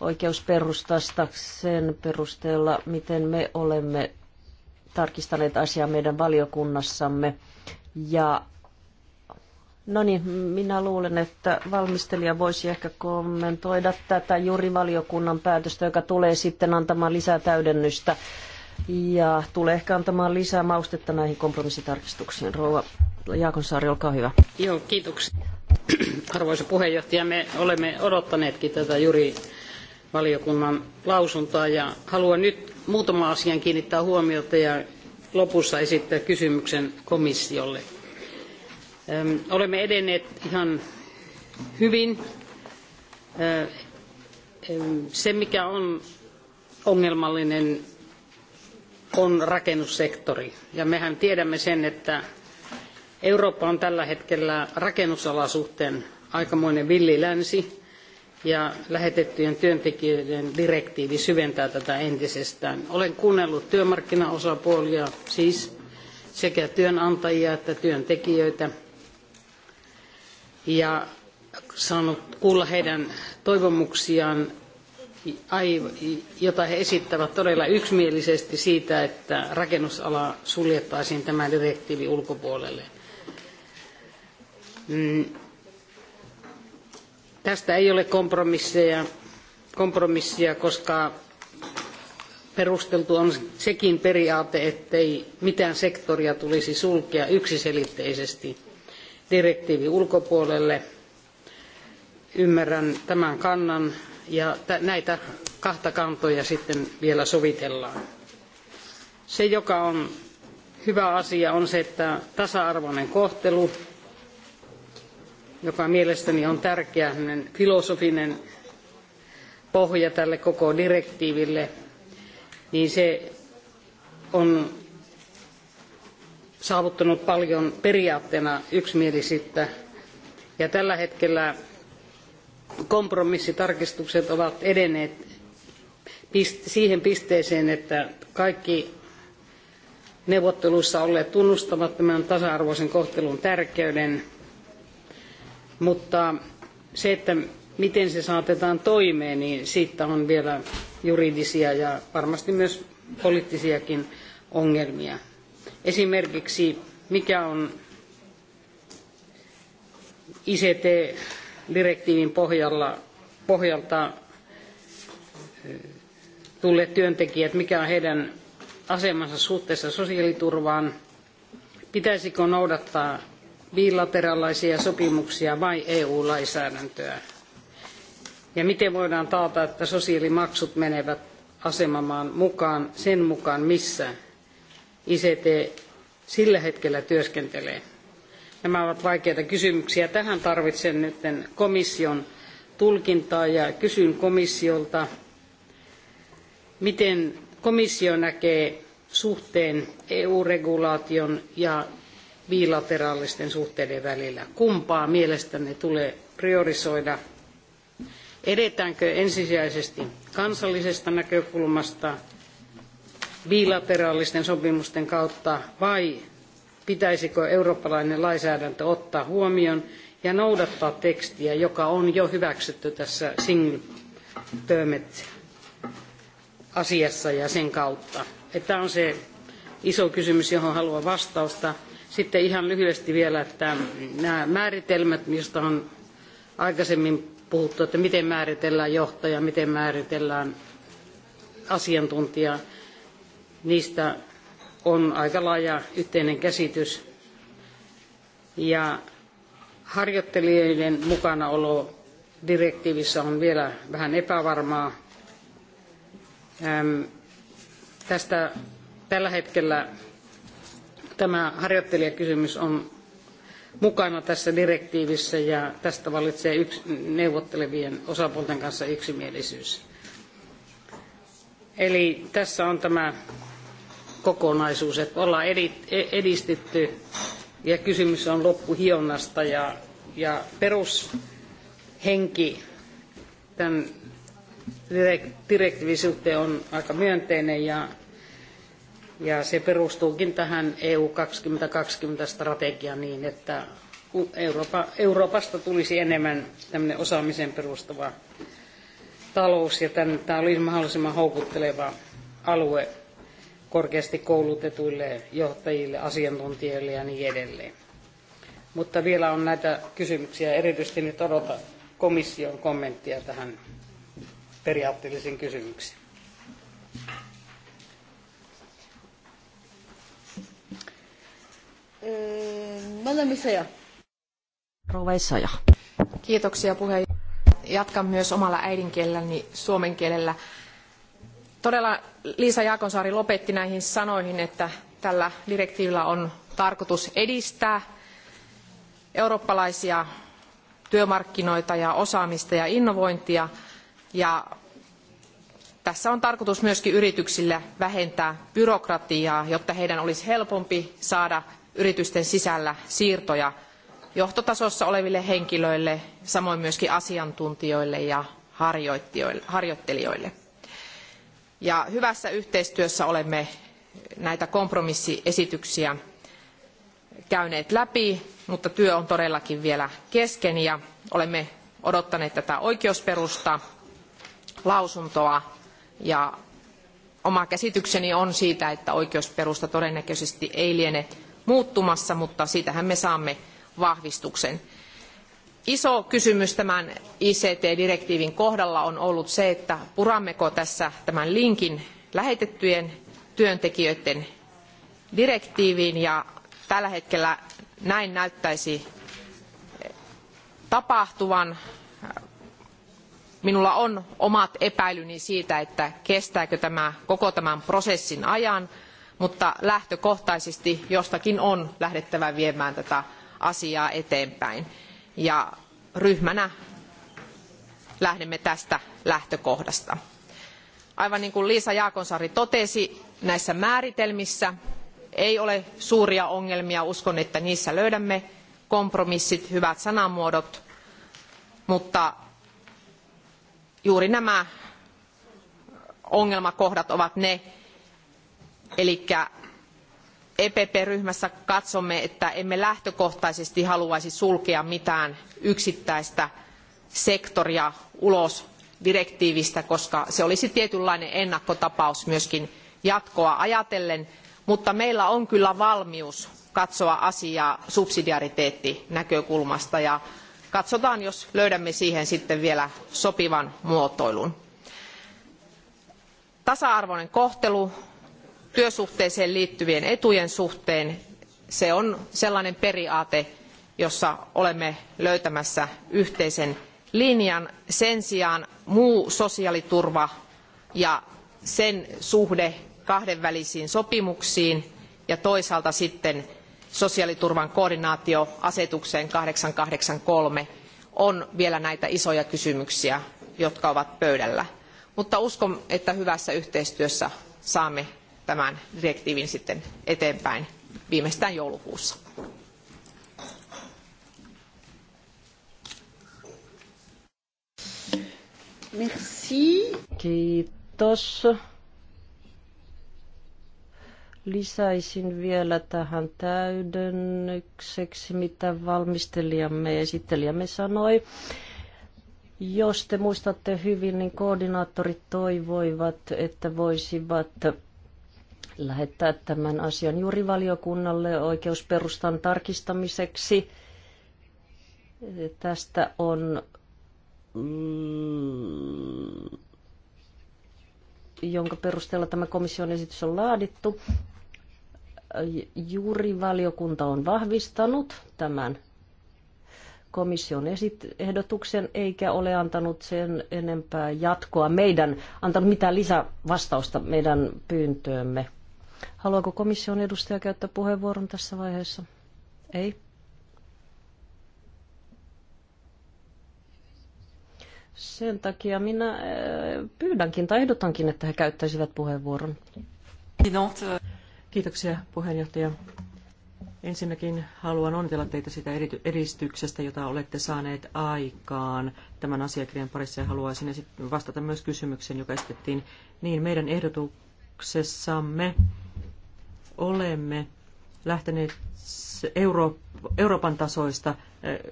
oikeusperustasta sen perusteella, miten me olemme tarkistaneet asiaa meidän valiokunnassamme. Ja no niin, minä luulen, että valmistelija voisi ehkä kommentoida tätä jurivaliokunnan päätöstä, joka tulee sitten antamaan lisää täydennystä ja tulee ehkä antamaan lisää maustetta näihin kompromissitarkistuksiin. Rouva Jaakonsaari, olkaa hyvä. Joo, kiitoksia. Arvoisa puheenjohtaja, me olemme odottaneetkin tätä juuri valiokunnan lausuntoa ja haluan nyt muutama asian kiinnittää huomiota ja lopussa esittää kysymyksen komissiolle. Olemme edenneet ihan hyvin. Se, mikä on ongelmallinen, on rakennussektori. Ja mehän tiedämme sen, että Eurooppa on tällä hetkellä rakennusalan suhteen aikamoinen villilänsi ja lähetettyjen työntekijöiden direktiivi syventää tätä entisestään. Olen kuunnellut työmarkkinaosapuolia, siis sekä työnantajia että työntekijöitä, ja saanut kuulla heidän toivomuksiaan, jota he esittävät todella yksimielisesti siitä, että rakennusala suljettaisiin tämän direktiivin ulkopuolelle. Mm, Tästä ei ole kompromisseja, kompromissia, koska perusteltu on sekin periaate, ettei mitään sektoria tulisi sulkea yksiselitteisesti direktiivin ulkopuolelle. Ymmärrän tämän kannan ja näitä kahta kantoja sitten vielä sovitellaan. Se, joka on hyvä asia, on se, että tasa-arvoinen kohtelu joka mielestäni on tärkeä filosofinen pohja tälle koko direktiiville, niin se on saavuttanut paljon periaatteena yksimielisyyttä. Ja tällä hetkellä kompromissitarkistukset ovat edenneet siihen pisteeseen, että kaikki neuvotteluissa olleet tunnustavat tämän tasa-arvoisen kohtelun tärkeyden mutta se, että miten se saatetaan toimeen, niin siitä on vielä juridisia ja varmasti myös poliittisiakin ongelmia. Esimerkiksi mikä on ICT-direktiivin pohjalla, pohjalta tulleet työntekijät, mikä on heidän asemansa suhteessa sosiaaliturvaan, pitäisikö noudattaa bilateraalisia sopimuksia vai EU-lainsäädäntöä? Ja miten voidaan taata, että sosiaalimaksut menevät asemamaan mukaan sen mukaan, missä ICT sillä hetkellä työskentelee? Nämä ovat vaikeita kysymyksiä. Tähän tarvitsen nyt komission tulkintaa ja kysyn komissiolta, miten komissio näkee suhteen EU-regulaation ja bilateraalisten suhteiden välillä. Kumpaa mielestäni tulee priorisoida? Edetäänkö ensisijaisesti kansallisesta näkökulmasta bilateraalisten sopimusten kautta vai pitäisikö eurooppalainen lainsäädäntö ottaa huomioon ja noudattaa tekstiä, joka on jo hyväksytty tässä single permit asiassa ja sen kautta? Tämä on se iso kysymys, johon haluan vastausta. Sitten ihan lyhyesti vielä, että nämä määritelmät, mistä on aikaisemmin puhuttu, että miten määritellään johtaja, miten määritellään asiantuntija, niistä on aika laaja yhteinen käsitys. Ja harjoittelijoiden mukanaolo direktiivissä on vielä vähän epävarmaa. tästä tällä hetkellä tämä harjoittelijakysymys on mukana tässä direktiivissä ja tästä valitsee yks, neuvottelevien osapuolten kanssa yksimielisyys. Eli tässä on tämä kokonaisuus, että ollaan e, edistytty ja kysymys on loppuhionnasta ja, ja perushenki tämän direktiivin suhteen on aika myönteinen ja ja se perustuukin tähän EU 2020-strategiaan niin, että Eurooppa, Euroopasta tulisi enemmän tämmöinen osaamisen perustuva talous ja tämä olisi mahdollisimman houkutteleva alue korkeasti koulutetuille johtajille, asiantuntijoille ja niin edelleen. Mutta vielä on näitä kysymyksiä. Erityisesti nyt odotan komission kommenttia tähän periaatteellisiin kysymyksiin. Madame Isaja. Rouva Isaja. Kiitoksia puheenjohtaja. Jatkan myös omalla äidinkielelläni suomen kielellä. Todella Liisa Jaakonsaari lopetti näihin sanoihin, että tällä direktiivillä on tarkoitus edistää eurooppalaisia työmarkkinoita ja osaamista ja innovointia ja tässä on tarkoitus myös yrityksille vähentää byrokratiaa jotta heidän olisi helpompi saada yritysten sisällä siirtoja johtotasossa oleville henkilöille samoin myös asiantuntijoille ja harjoittelijoille. Ja hyvässä yhteistyössä olemme näitä kompromissiesityksiä käyneet läpi mutta työ on todellakin vielä kesken ja olemme odottaneet tätä oikeusperusta lausuntoa ja oma käsitykseni on siitä, että oikeusperusta todennäköisesti ei liene muuttumassa, mutta siitähän me saamme vahvistuksen. Iso kysymys tämän ICT-direktiivin kohdalla on ollut se, että purammeko tässä tämän linkin lähetettyjen työntekijöiden direktiiviin ja tällä hetkellä näin näyttäisi tapahtuvan minulla on omat epäilyni siitä että kestääkö tämä koko tämän prosessin ajan mutta lähtökohtaisesti jostakin on lähdettävä viemään tätä asiaa eteenpäin ja ryhmänä lähdemme tästä lähtökohdasta. aivan niin kuin liisa jaakonsaari totesi näissä määritelmissä ei ole suuria ongelmia uskon että niissä löydämme kompromissit hyvät sanamuodot mutta juuri nämä ongelmakohdat ovat ne, eli EPP-ryhmässä katsomme, että emme lähtökohtaisesti haluaisi sulkea mitään yksittäistä sektoria ulos direktiivistä, koska se olisi tietynlainen ennakkotapaus myöskin jatkoa ajatellen, mutta meillä on kyllä valmius katsoa asiaa subsidiariteettinäkökulmasta ja katsotaan, jos löydämme siihen sitten vielä sopivan muotoilun. Tasa-arvoinen kohtelu työsuhteeseen liittyvien etujen suhteen, se on sellainen periaate, jossa olemme löytämässä yhteisen linjan. Sen sijaan muu sosiaaliturva ja sen suhde kahdenvälisiin sopimuksiin ja toisaalta sitten sosiaaliturvan koordinaatioasetukseen asetukseen 883 on vielä näitä isoja kysymyksiä, jotka ovat pöydällä. Mutta uskon, että hyvässä yhteistyössä saamme tämän direktiivin sitten eteenpäin viimeistään joulukuussa. Merci. Kiitos. Lisäisin vielä tähän täydennykseksi, mitä valmistelijamme ja esittelijämme sanoi. Jos te muistatte hyvin, niin koordinaattorit toivoivat, että voisivat lähettää tämän asian juuri valiokunnalle oikeusperustan tarkistamiseksi. Tästä on jonka perusteella tämä komission esitys on laadittu. Juurivaliokunta on vahvistanut tämän komission ehdotuksen eikä ole antanut sen enempää jatkoa meidän, antanut mitään lisävastausta meidän pyyntöömme. Haluaako komission edustaja käyttää puheenvuoron tässä vaiheessa? Ei. Sen takia minä äh, pyydänkin tai ehdotankin, että he käyttäisivät puheenvuoron. Kiitoksia puheenjohtaja. Ensinnäkin haluan onnitella teitä siitä edistyksestä, jota olette saaneet aikaan tämän asiakirjan parissa ja haluaisin vastata myös kysymykseen, joka esitettiin. Niin meidän ehdotuksessamme olemme lähteneet Euroopan tasoista,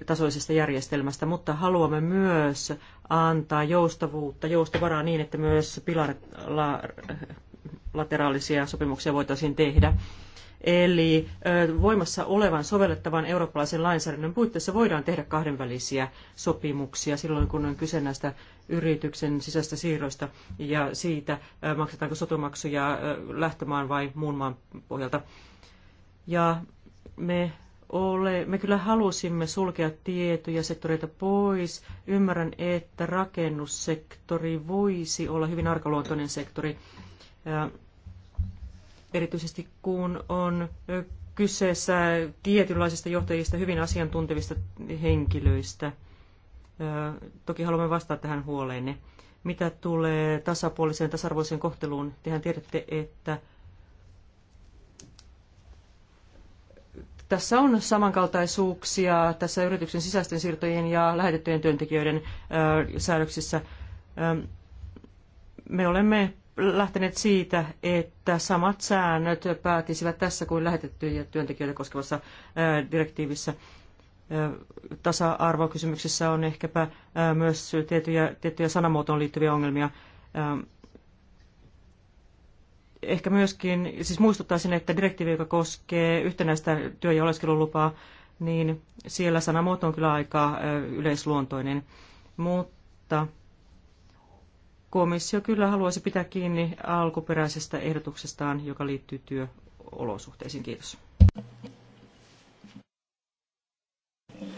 tasoisesta järjestelmästä, mutta haluamme myös antaa joustavuutta, joustovaraa niin, että myös pilar, bilateraalisia sopimuksia voitaisiin tehdä. Eli voimassa olevan sovellettavan eurooppalaisen lainsäädännön puitteissa voidaan tehdä kahdenvälisiä sopimuksia silloin, kun on kyse näistä yrityksen sisäistä siirroista ja siitä, maksetaanko sotumaksuja lähtömaan vai muun maan pohjalta. Ja me, ole, me kyllä halusimme sulkea tietoja sektoreita pois. Ymmärrän, että rakennussektori voisi olla hyvin arkaluontoinen sektori erityisesti kun on kyseessä tietynlaisista johtajista, hyvin asiantuntevista henkilöistä. Toki haluamme vastata tähän huoleenne. Mitä tulee tasapuoliseen, tasa-arvoiseen kohteluun, tehän tiedätte, että tässä on samankaltaisuuksia tässä yrityksen sisäisten siirtojen ja lähetettyjen työntekijöiden säädöksissä. Me olemme lähteneet siitä, että samat säännöt päätisivät tässä kuin lähetettyjä työntekijöitä koskevassa direktiivissä. tasa arvokysymyksissä on ehkäpä myös tiettyjä, tiettyjä sanamuotoon liittyviä ongelmia. Ehkä myöskin, siis muistuttaisin, että direktiivi, joka koskee yhtenäistä työ- ja oleskelulupaa, niin siellä sanamuoto on kyllä aika yleisluontoinen, mutta komissio kyllä haluaisi pitää kiinni alkuperäisestä ehdotuksestaan, joka liittyy työolosuhteisiin. Kiitos.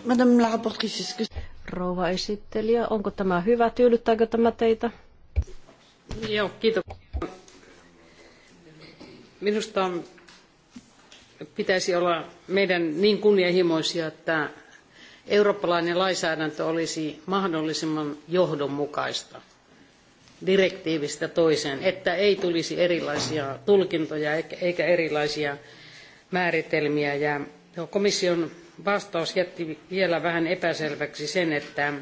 Madame la rapportrice, Rouva esittelijä, onko tämä hyvä? Tyydyttääkö tämä teitä? Joo, kiitos. Minusta pitäisi olla meidän niin kunnianhimoisia, että eurooppalainen lainsäädäntö olisi mahdollisimman johdonmukaista – direktiivistä toiseen, että ei tulisi erilaisia tulkintoja eikä erilaisia määritelmiä. Ja komission vastaus jätti vielä vähän epäselväksi sen, että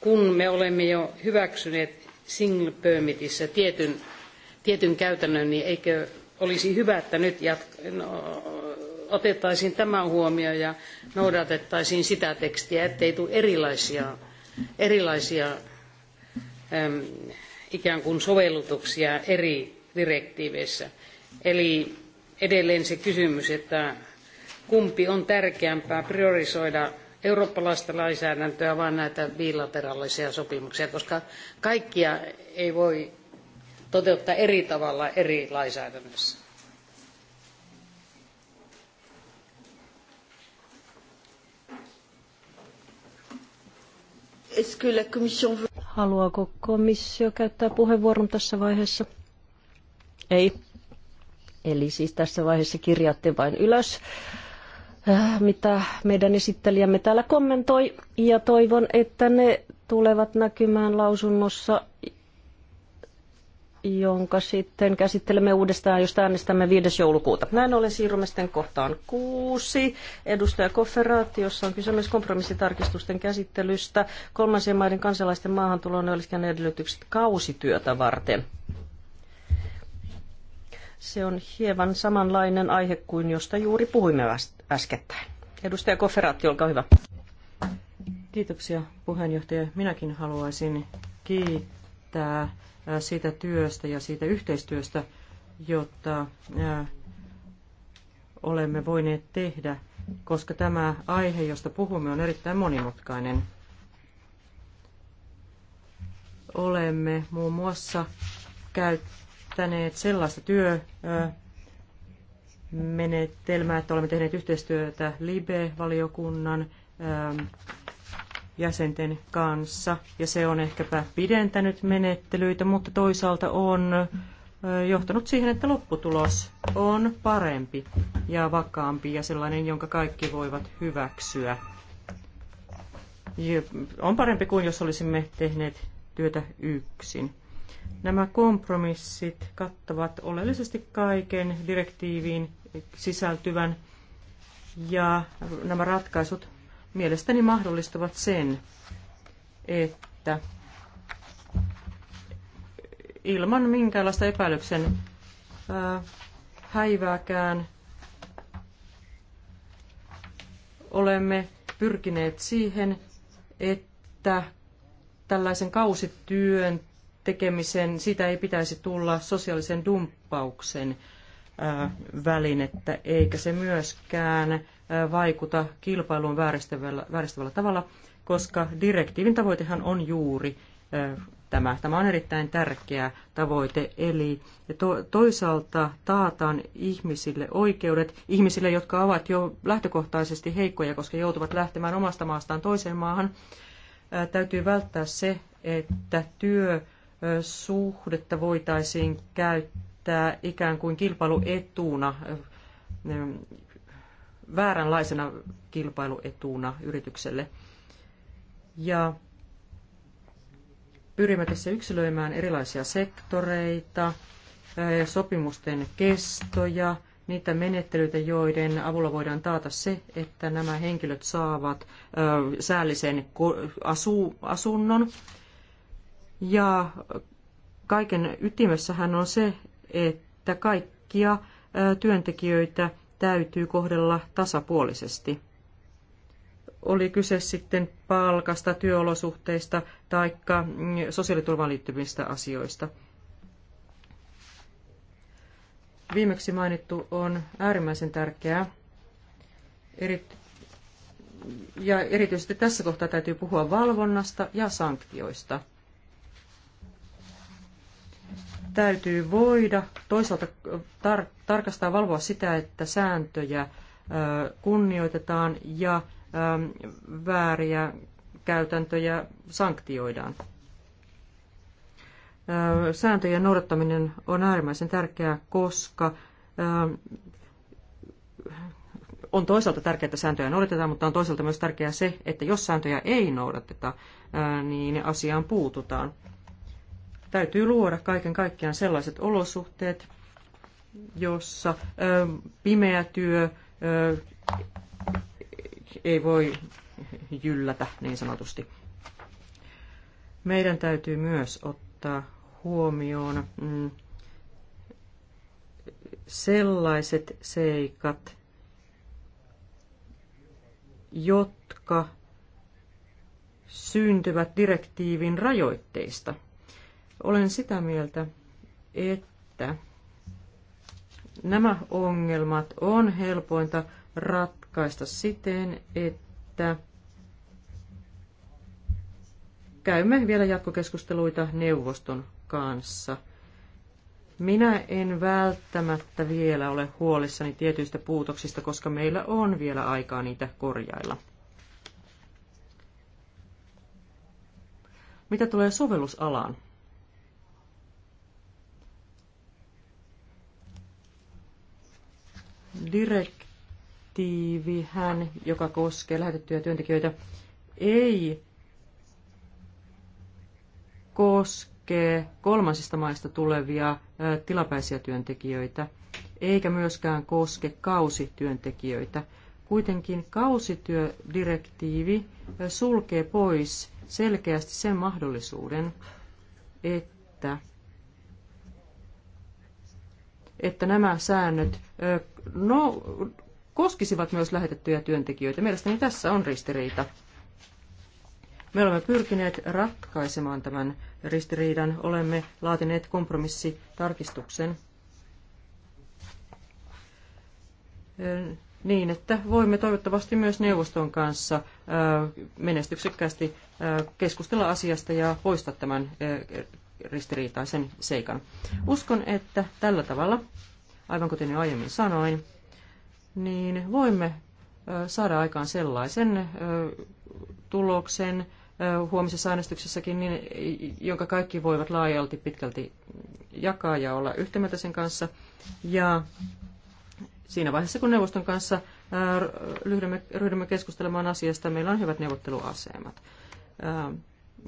kun me olemme jo hyväksyneet single permitissä tietyn, tietyn käytännön, niin eikö olisi hyvä, että nyt jat- no, otettaisiin tämä huomioon ja noudatettaisiin sitä tekstiä, ettei tule erilaisia, erilaisia ikään kuin sovellutuksia eri direktiiveissä. Eli edelleen se kysymys, että kumpi on tärkeämpää priorisoida eurooppalaista lainsäädäntöä, vaan näitä bilateraalisia sopimuksia, koska kaikkia ei voi toteuttaa eri tavalla eri lainsäädännössä. Est-ce que la commission veut... Haluaako komissio käyttää puheenvuoron tässä vaiheessa? Ei. Eli siis tässä vaiheessa kirjaatte vain ylös, äh, mitä meidän esittelijämme täällä kommentoi. Ja toivon, että ne tulevat näkymään lausunnossa, jonka sitten käsittelemme uudestaan, josta äänestämme 5. joulukuuta. Näin ollen siirrymme sitten kohtaan kuusi. Edustaja Kofferaatti, jossa on kyse myös kompromissitarkistusten käsittelystä kolmansien maiden kansalaisten maahantulon olisikin edellytykset kausityötä varten. Se on hieman samanlainen aihe kuin josta juuri puhuimme äskettäin. Edustaja Kofferaatti, olkaa hyvä. Kiitoksia puheenjohtaja. Minäkin haluaisin kiittää siitä työstä ja siitä yhteistyöstä, jota olemme voineet tehdä, koska tämä aihe, josta puhumme, on erittäin monimutkainen. Olemme muun muassa käyttäneet sellaista työmenetelmää, että olemme tehneet yhteistyötä LIBE-valiokunnan jäsenten kanssa, ja se on ehkäpä pidentänyt menettelyitä, mutta toisaalta on johtanut siihen, että lopputulos on parempi ja vakaampi ja sellainen, jonka kaikki voivat hyväksyä. On parempi kuin jos olisimme tehneet työtä yksin. Nämä kompromissit kattavat oleellisesti kaiken direktiiviin sisältyvän ja nämä ratkaisut mielestäni mahdollistavat sen, että ilman minkäänlaista epäilyksen häivääkään olemme pyrkineet siihen, että tällaisen kausityön tekemisen, sitä ei pitäisi tulla sosiaalisen dumppauksen välinettä, eikä se myöskään vaikuta kilpailuun vääristävällä, vääristävällä tavalla, koska direktiivin tavoitehan on juuri tämä. Tämä on erittäin tärkeä tavoite, eli toisaalta taataan ihmisille oikeudet, ihmisille, jotka ovat jo lähtökohtaisesti heikkoja, koska joutuvat lähtemään omasta maastaan toiseen maahan. täytyy välttää se, että työsuhdetta voitaisiin käyttää ikään kuin kilpailuetuna vääränlaisena kilpailuetuna yritykselle. Ja pyrimme tässä yksilöimään erilaisia sektoreita, sopimusten kestoja, niitä menettelyitä, joiden avulla voidaan taata se, että nämä henkilöt saavat säällisen asunnon. Ja kaiken ytimessähän on se, että kaikkia työntekijöitä – täytyy kohdella tasapuolisesti. Oli kyse sitten palkasta, työolosuhteista tai mm, sosiaaliturvaan liittyvistä asioista. Viimeksi mainittu on äärimmäisen tärkeää. ja erityisesti tässä kohtaa täytyy puhua valvonnasta ja sanktioista – täytyy voida toisaalta tar- tarkastaa valvoa sitä, että sääntöjä kunnioitetaan ja vääriä käytäntöjä sanktioidaan. Sääntöjen noudattaminen on äärimmäisen tärkeää, koska on toisaalta tärkeää, että sääntöjä noudatetaan, mutta on toisaalta myös tärkeää se, että jos sääntöjä ei noudateta, niin asiaan puututaan. Täytyy luoda kaiken kaikkiaan sellaiset olosuhteet, jossa pimeä työ ei voi jyllätä niin sanotusti. Meidän täytyy myös ottaa huomioon mm, sellaiset seikat, jotka syntyvät direktiivin rajoitteista – olen sitä mieltä, että nämä ongelmat on helpointa ratkaista siten, että käymme vielä jatkokeskusteluita neuvoston kanssa. Minä en välttämättä vielä ole huolissani tietyistä puutoksista, koska meillä on vielä aikaa niitä korjailla. Mitä tulee sovellusalaan? direktiivihän, joka koskee lähetettyjä työntekijöitä, ei koske kolmansista maista tulevia tilapäisiä työntekijöitä, eikä myöskään koske kausityöntekijöitä. Kuitenkin kausityödirektiivi sulkee pois selkeästi sen mahdollisuuden, että että nämä säännöt no, koskisivat myös lähetettyjä työntekijöitä. Mielestäni tässä on ristiriita. Me olemme pyrkineet ratkaisemaan tämän ristiriidan. Olemme laatineet kompromissitarkistuksen niin, että voimme toivottavasti myös neuvoston kanssa menestyksekkäästi keskustella asiasta ja poistaa tämän ristiriitaisen seikan. Uskon, että tällä tavalla, aivan kuten jo aiemmin sanoin, niin voimme saada aikaan sellaisen tuloksen huomisessa äänestyksessäkin, niin, jonka kaikki voivat laajalti pitkälti jakaa ja olla yhtä mieltä sen kanssa. Ja siinä vaiheessa, kun neuvoston kanssa ryhdymme, ryhdymme keskustelemaan asiasta, meillä on hyvät neuvotteluasemat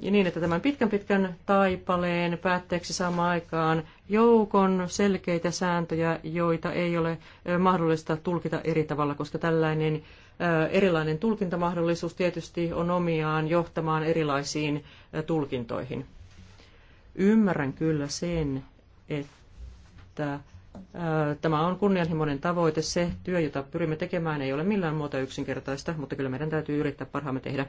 niin, että tämän pitkän pitkän taipaleen päätteeksi saamaan aikaan joukon selkeitä sääntöjä, joita ei ole mahdollista tulkita eri tavalla, koska tällainen erilainen tulkintamahdollisuus tietysti on omiaan johtamaan erilaisiin tulkintoihin. Ymmärrän kyllä sen, että Tämä on kunnianhimoinen tavoite. Se työ, jota pyrimme tekemään, ei ole millään muuta yksinkertaista, mutta kyllä meidän täytyy yrittää parhaamme tehdä.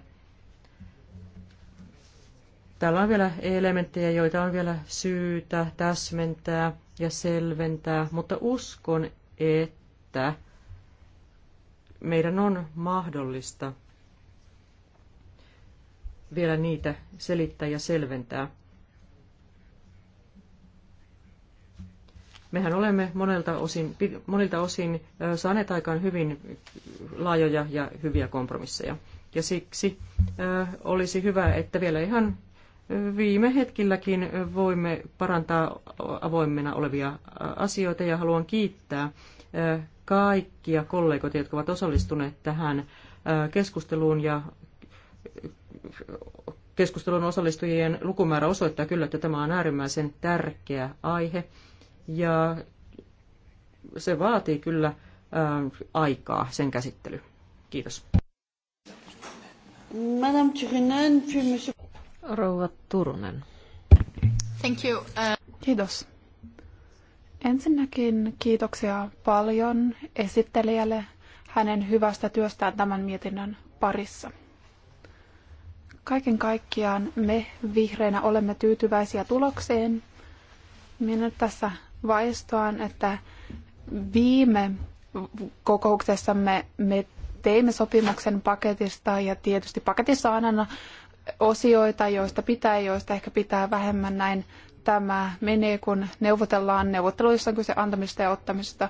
Täällä on vielä elementtejä, joita on vielä syytä täsmentää ja selventää, mutta uskon, että meidän on mahdollista vielä niitä selittää ja selventää. Mehän olemme monelta osin, monilta osin saaneet aikaan hyvin laajoja ja hyviä kompromisseja. Ja siksi olisi hyvä, että vielä ihan viime hetkilläkin voimme parantaa avoimena olevia asioita ja haluan kiittää kaikkia kollegoita, jotka ovat osallistuneet tähän keskusteluun ja keskustelun osallistujien lukumäärä osoittaa kyllä, että tämä on äärimmäisen tärkeä aihe ja se vaatii kyllä aikaa sen käsittely. Kiitos. Madame Turunen, puis monsieur... Rouva Turunen. Thank you. Uh, Kiitos. Ensinnäkin kiitoksia paljon esittelijälle hänen hyvästä työstään tämän mietinnön parissa. Kaiken kaikkiaan me vihreinä olemme tyytyväisiä tulokseen. Minä tässä vaistoan, että viime kokouksessamme me teimme sopimuksen paketista ja tietysti paketissa on aina osioita, joista pitää, joista ehkä pitää vähemmän näin tämä menee, kun neuvotellaan. Neuvotteluissa on kyse antamisesta ja ottamisesta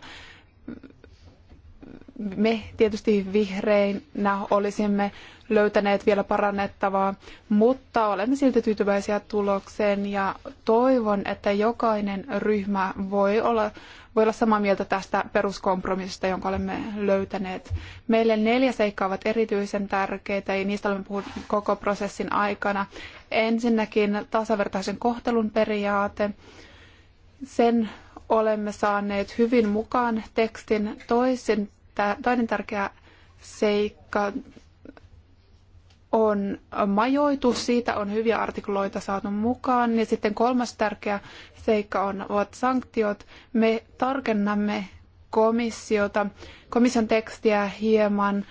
me tietysti vihreinä olisimme löytäneet vielä parannettavaa, mutta olemme silti tyytyväisiä tulokseen ja toivon, että jokainen ryhmä voi olla, voi olla samaa mieltä tästä peruskompromissista, jonka olemme löytäneet. Meille neljä seikkaa ovat erityisen tärkeitä ja niistä olemme puhuneet koko prosessin aikana. Ensinnäkin tasavertaisen kohtelun periaate. Sen olemme saaneet hyvin mukaan tekstin toisin toinen tärkeä seikka on majoitus, siitä on hyviä artikloita saatu mukaan. Ja sitten kolmas tärkeä seikka on, ovat sanktiot. Me tarkennamme komissiota, komission tekstiä hieman,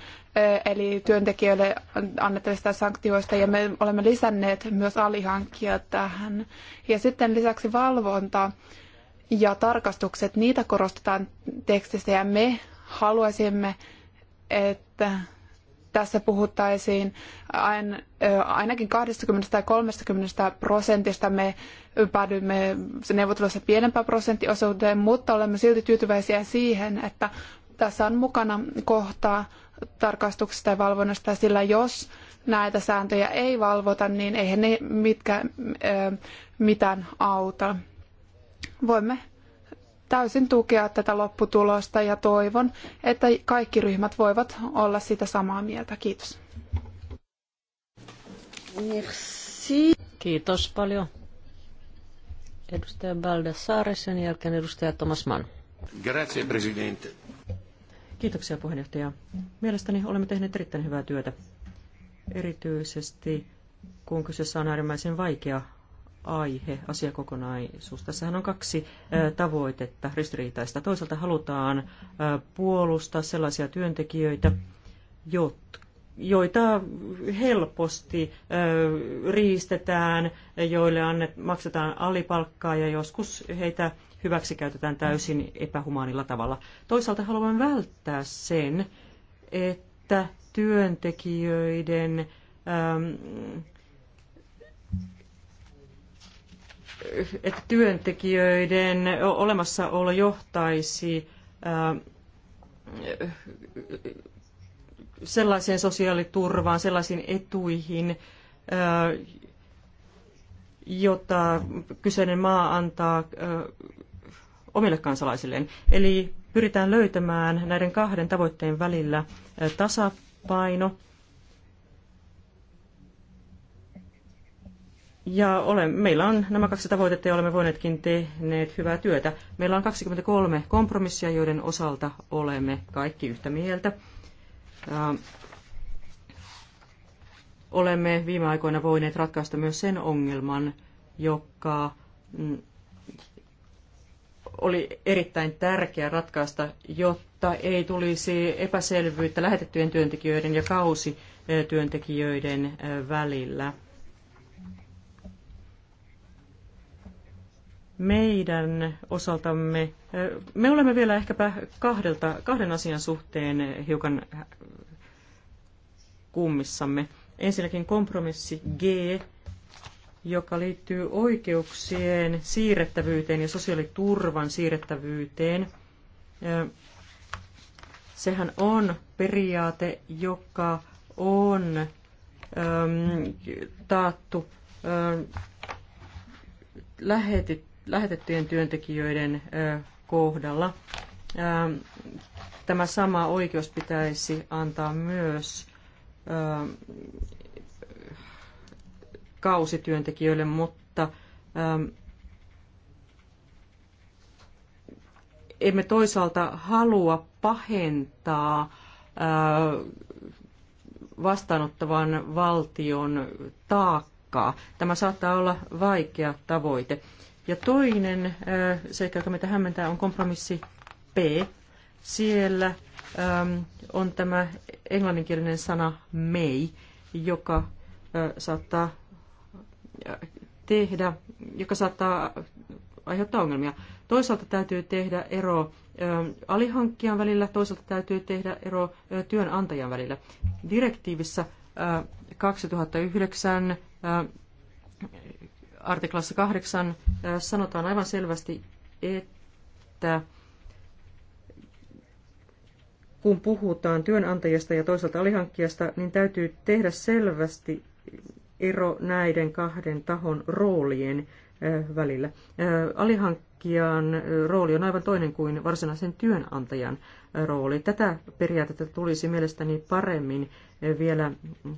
eli työntekijöille annettavista sanktioista, ja me olemme lisänneet myös alihankkia tähän. Ja sitten lisäksi valvonta ja tarkastukset, niitä korostetaan tekstissä, ja me haluaisimme, että tässä puhuttaisiin ainakin 20 tai 30 prosentista. Me päädyimme neuvottelussa pienempään prosenttiosuuteen, mutta olemme silti tyytyväisiä siihen, että tässä on mukana kohtaa tarkastuksesta ja valvonnasta, sillä jos näitä sääntöjä ei valvota, niin eihän ne mitkä, mitään auta. Voimme täysin tukea tätä lopputulosta ja toivon, että kaikki ryhmät voivat olla sitä samaa mieltä. Kiitos. Merci. Kiitos paljon. Edustaja Baldassare, sen jälkeen edustaja Thomas Mann. Grazie, presidente. Kiitoksia puheenjohtaja. Mielestäni olemme tehneet erittäin hyvää työtä. Erityisesti kun kyseessä on äärimmäisen vaikea aihe, asiakokonaisuus. Tässähän on kaksi tavoitetta ristiriitaista. Toisaalta halutaan puolustaa sellaisia työntekijöitä, joita helposti riistetään, joille maksetaan alipalkkaa ja joskus heitä hyväksikäytetään täysin epähumaanilla tavalla. Toisaalta haluan välttää sen, että työntekijöiden että työntekijöiden olemassaolo johtaisi sellaiseen sosiaaliturvaan, sellaisiin etuihin, jota kyseinen maa antaa omille kansalaisilleen. Eli pyritään löytämään näiden kahden tavoitteen välillä tasapaino Ja ole, meillä on nämä kaksi tavoitetta ja olemme voineetkin tehneet hyvää työtä. Meillä on 23 kompromissia, joiden osalta olemme kaikki yhtä mieltä. Ää, olemme viime aikoina voineet ratkaista myös sen ongelman, joka mm, oli erittäin tärkeä ratkaista, jotta ei tulisi epäselvyyttä lähetettyjen työntekijöiden ja kausityöntekijöiden välillä – meidän osaltamme, me olemme vielä ehkäpä kahdelta, kahden asian suhteen hiukan kummissamme. Ensinnäkin kompromissi G, joka liittyy oikeuksien siirrettävyyteen ja sosiaaliturvan siirrettävyyteen. Sehän on periaate, joka on taattu lähetetty lähetettyjen työntekijöiden kohdalla. Tämä sama oikeus pitäisi antaa myös kausityöntekijöille, mutta emme toisaalta halua pahentaa vastaanottavan valtion taakkaa. Tämä saattaa olla vaikea tavoite. Ja toinen seikka, joka meitä hämmentää, on kompromissi P. Siellä ähm, on tämä englanninkielinen sana may, joka saattaa tehdä, joka saattaa aiheuttaa ongelmia. Toisaalta täytyy tehdä ero alihankkijan välillä, toisaalta täytyy tehdä ero työnantajan välillä. Direktiivissä 2009 artiklassa 8 sanotaan aivan selvästi, että kun puhutaan työnantajasta ja toisaalta alihankkijasta, niin täytyy tehdä selvästi ero näiden kahden tahon roolien välillä. Alihankkijan rooli on aivan toinen kuin varsinaisen työnantajan rooli. Tätä periaatetta tulisi mielestäni paremmin vielä mm,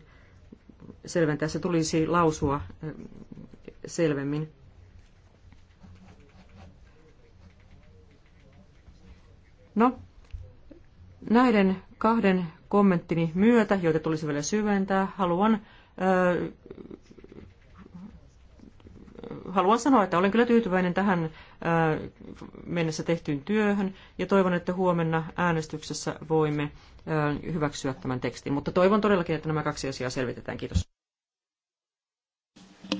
selventää. Se tulisi lausua selvemmin. No, näiden kahden kommenttini myötä, joita tulisi vielä syventää, haluan, äh, haluan sanoa, että olen kyllä tyytyväinen tähän äh, mennessä tehtyyn työhön ja toivon, että huomenna äänestyksessä voimme äh, hyväksyä tämän tekstin. Mutta toivon todellakin, että nämä kaksi asiaa selvitetään. Kiitos.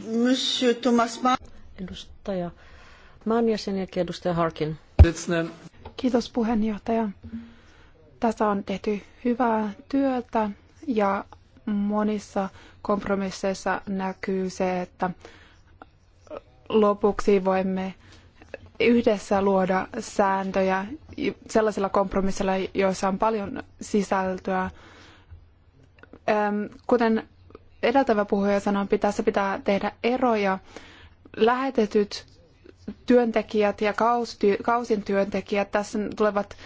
Monsieur Thomas Mann. Edustaja Mann ja sen jälkeen edustaja Harkin. Kiitos puheenjohtaja. Tässä on tehty hyvää työtä ja monissa kompromisseissa näkyy se, että lopuksi voimme yhdessä luoda sääntöjä sellaisilla kompromisseilla, joissa on paljon sisältöä. Kuten edeltävä puhuja sanoi, että pitää tehdä eroja. Lähetetyt työntekijät ja kausin työntekijät, tässä tulevat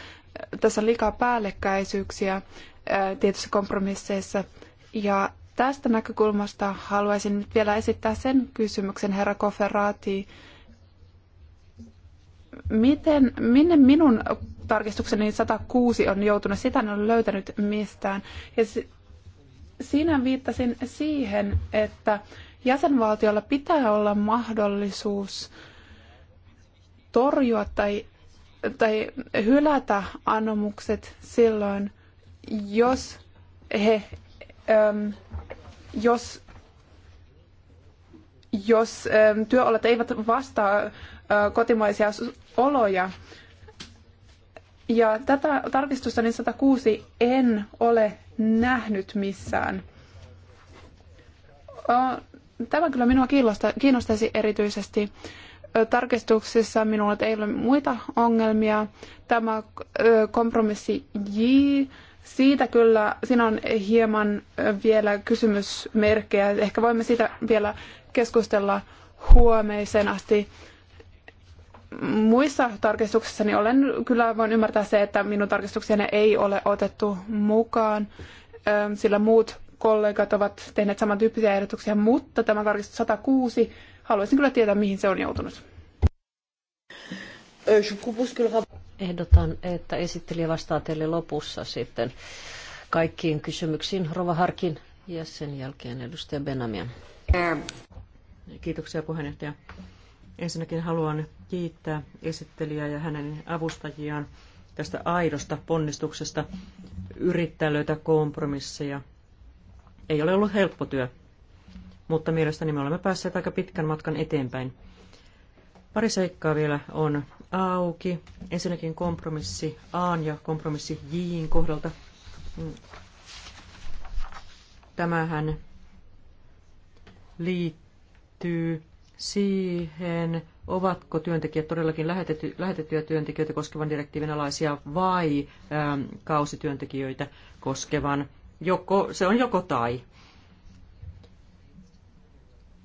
tässä on liikaa päällekkäisyyksiä tietyissä kompromisseissa. Ja tästä näkökulmasta haluaisin nyt vielä esittää sen kysymyksen, herra Koferati, miten, minne minun tarkistukseni 106 on joutunut, sitä en ole löytänyt mistään. Ja siinä viittasin siihen, että jäsenvaltiolla pitää olla mahdollisuus torjua tai, tai hylätä anomukset silloin, jos he, äm, jos, jos äm, työolot eivät vastaa ä, äh, kotimaisia oloja. Ja tätä tarkistusta niin 106 en ole nähnyt missään. Tämä kyllä minua kiinnostaisi erityisesti. Tarkistuksissa minulla ei ole muita ongelmia. Tämä kompromissi J, siitä kyllä, siinä on hieman vielä kysymysmerkkejä. Ehkä voimme siitä vielä keskustella huomeisen asti muissa tarkistuksissani niin olen kyllä voin ymmärtää se, että minun tarkistuksiani ei ole otettu mukaan, sillä muut kollegat ovat tehneet samantyyppisiä ehdotuksia, mutta tämä tarkistus 106, haluaisin kyllä tietää, mihin se on joutunut. Ehdotan, että esittelijä vastaa teille lopussa sitten kaikkiin kysymyksiin. Rova Harkin ja sen jälkeen edustaja Benamia. Kiitoksia puheenjohtaja. Ensinnäkin haluan kiittää esittelijää ja hänen avustajiaan tästä aidosta ponnistuksesta yrittää löytää kompromisseja. Ei ole ollut helppo työ, mutta mielestäni me olemme päässeet aika pitkän matkan eteenpäin. Pari seikkaa vielä on auki. Ensinnäkin kompromissi A ja kompromissi J kohdalta. Tämähän liittyy siihen, ovatko työntekijät todellakin lähetetty, lähetettyjä työntekijöitä koskevan direktiivin alaisia vai äm, kausityöntekijöitä koskevan. Joko, se on joko tai.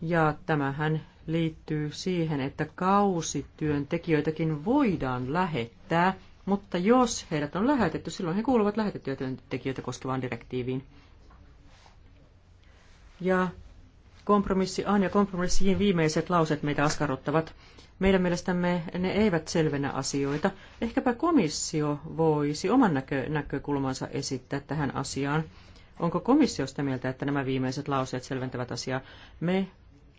Ja tämähän liittyy siihen, että kausityöntekijöitäkin voidaan lähettää, mutta jos heidät on lähetetty, silloin he kuuluvat lähetettyjä työntekijöitä koskevaan direktiiviin. Ja Kompromissi A ja kompromissi J viimeiset lauset meitä askarruttavat. Meidän mielestämme ne eivät selvenä asioita. Ehkäpä komissio voisi oman näkö- näkökulmansa esittää tähän asiaan. Onko komissio sitä mieltä, että nämä viimeiset lauseet selventävät asiaa? Me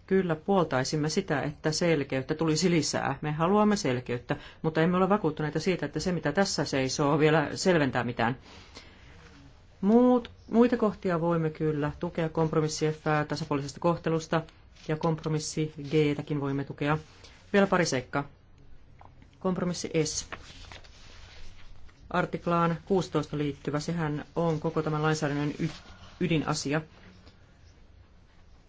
kyllä puoltaisimme sitä, että selkeyttä tulisi lisää. Me haluamme selkeyttä, mutta emme ole vakuuttuneita siitä, että se mitä tässä seisoo vielä selventää mitään. Muut, muita kohtia voimme kyllä tukea kompromissi F tasapuolisesta kohtelusta ja kompromissi G-täkin voimme tukea. Vielä pari seikkaa. Kompromissi S. Artiklaan 16 liittyvä, sehän on koko tämän lainsäädännön ydinasia.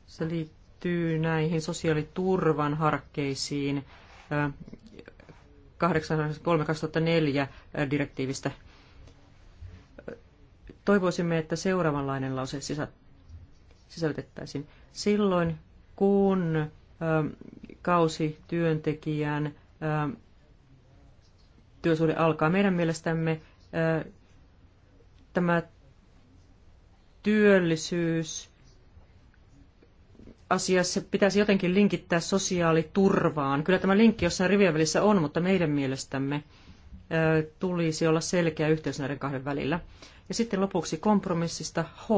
Se liittyy näihin sosiaaliturvan harkkeisiin 83-2004 direktiivistä toivoisimme, että seuraavanlainen lause sisältettäisiin. Silloin, kun kausi työntekijän työsuhde alkaa, meidän mielestämme ö, tämä työllisyys asiassa pitäisi jotenkin linkittää sosiaaliturvaan. Kyllä tämä linkki jossain rivien välissä on, mutta meidän mielestämme tulisi olla selkeä yhteys näiden kahden välillä. Ja sitten lopuksi kompromissista H.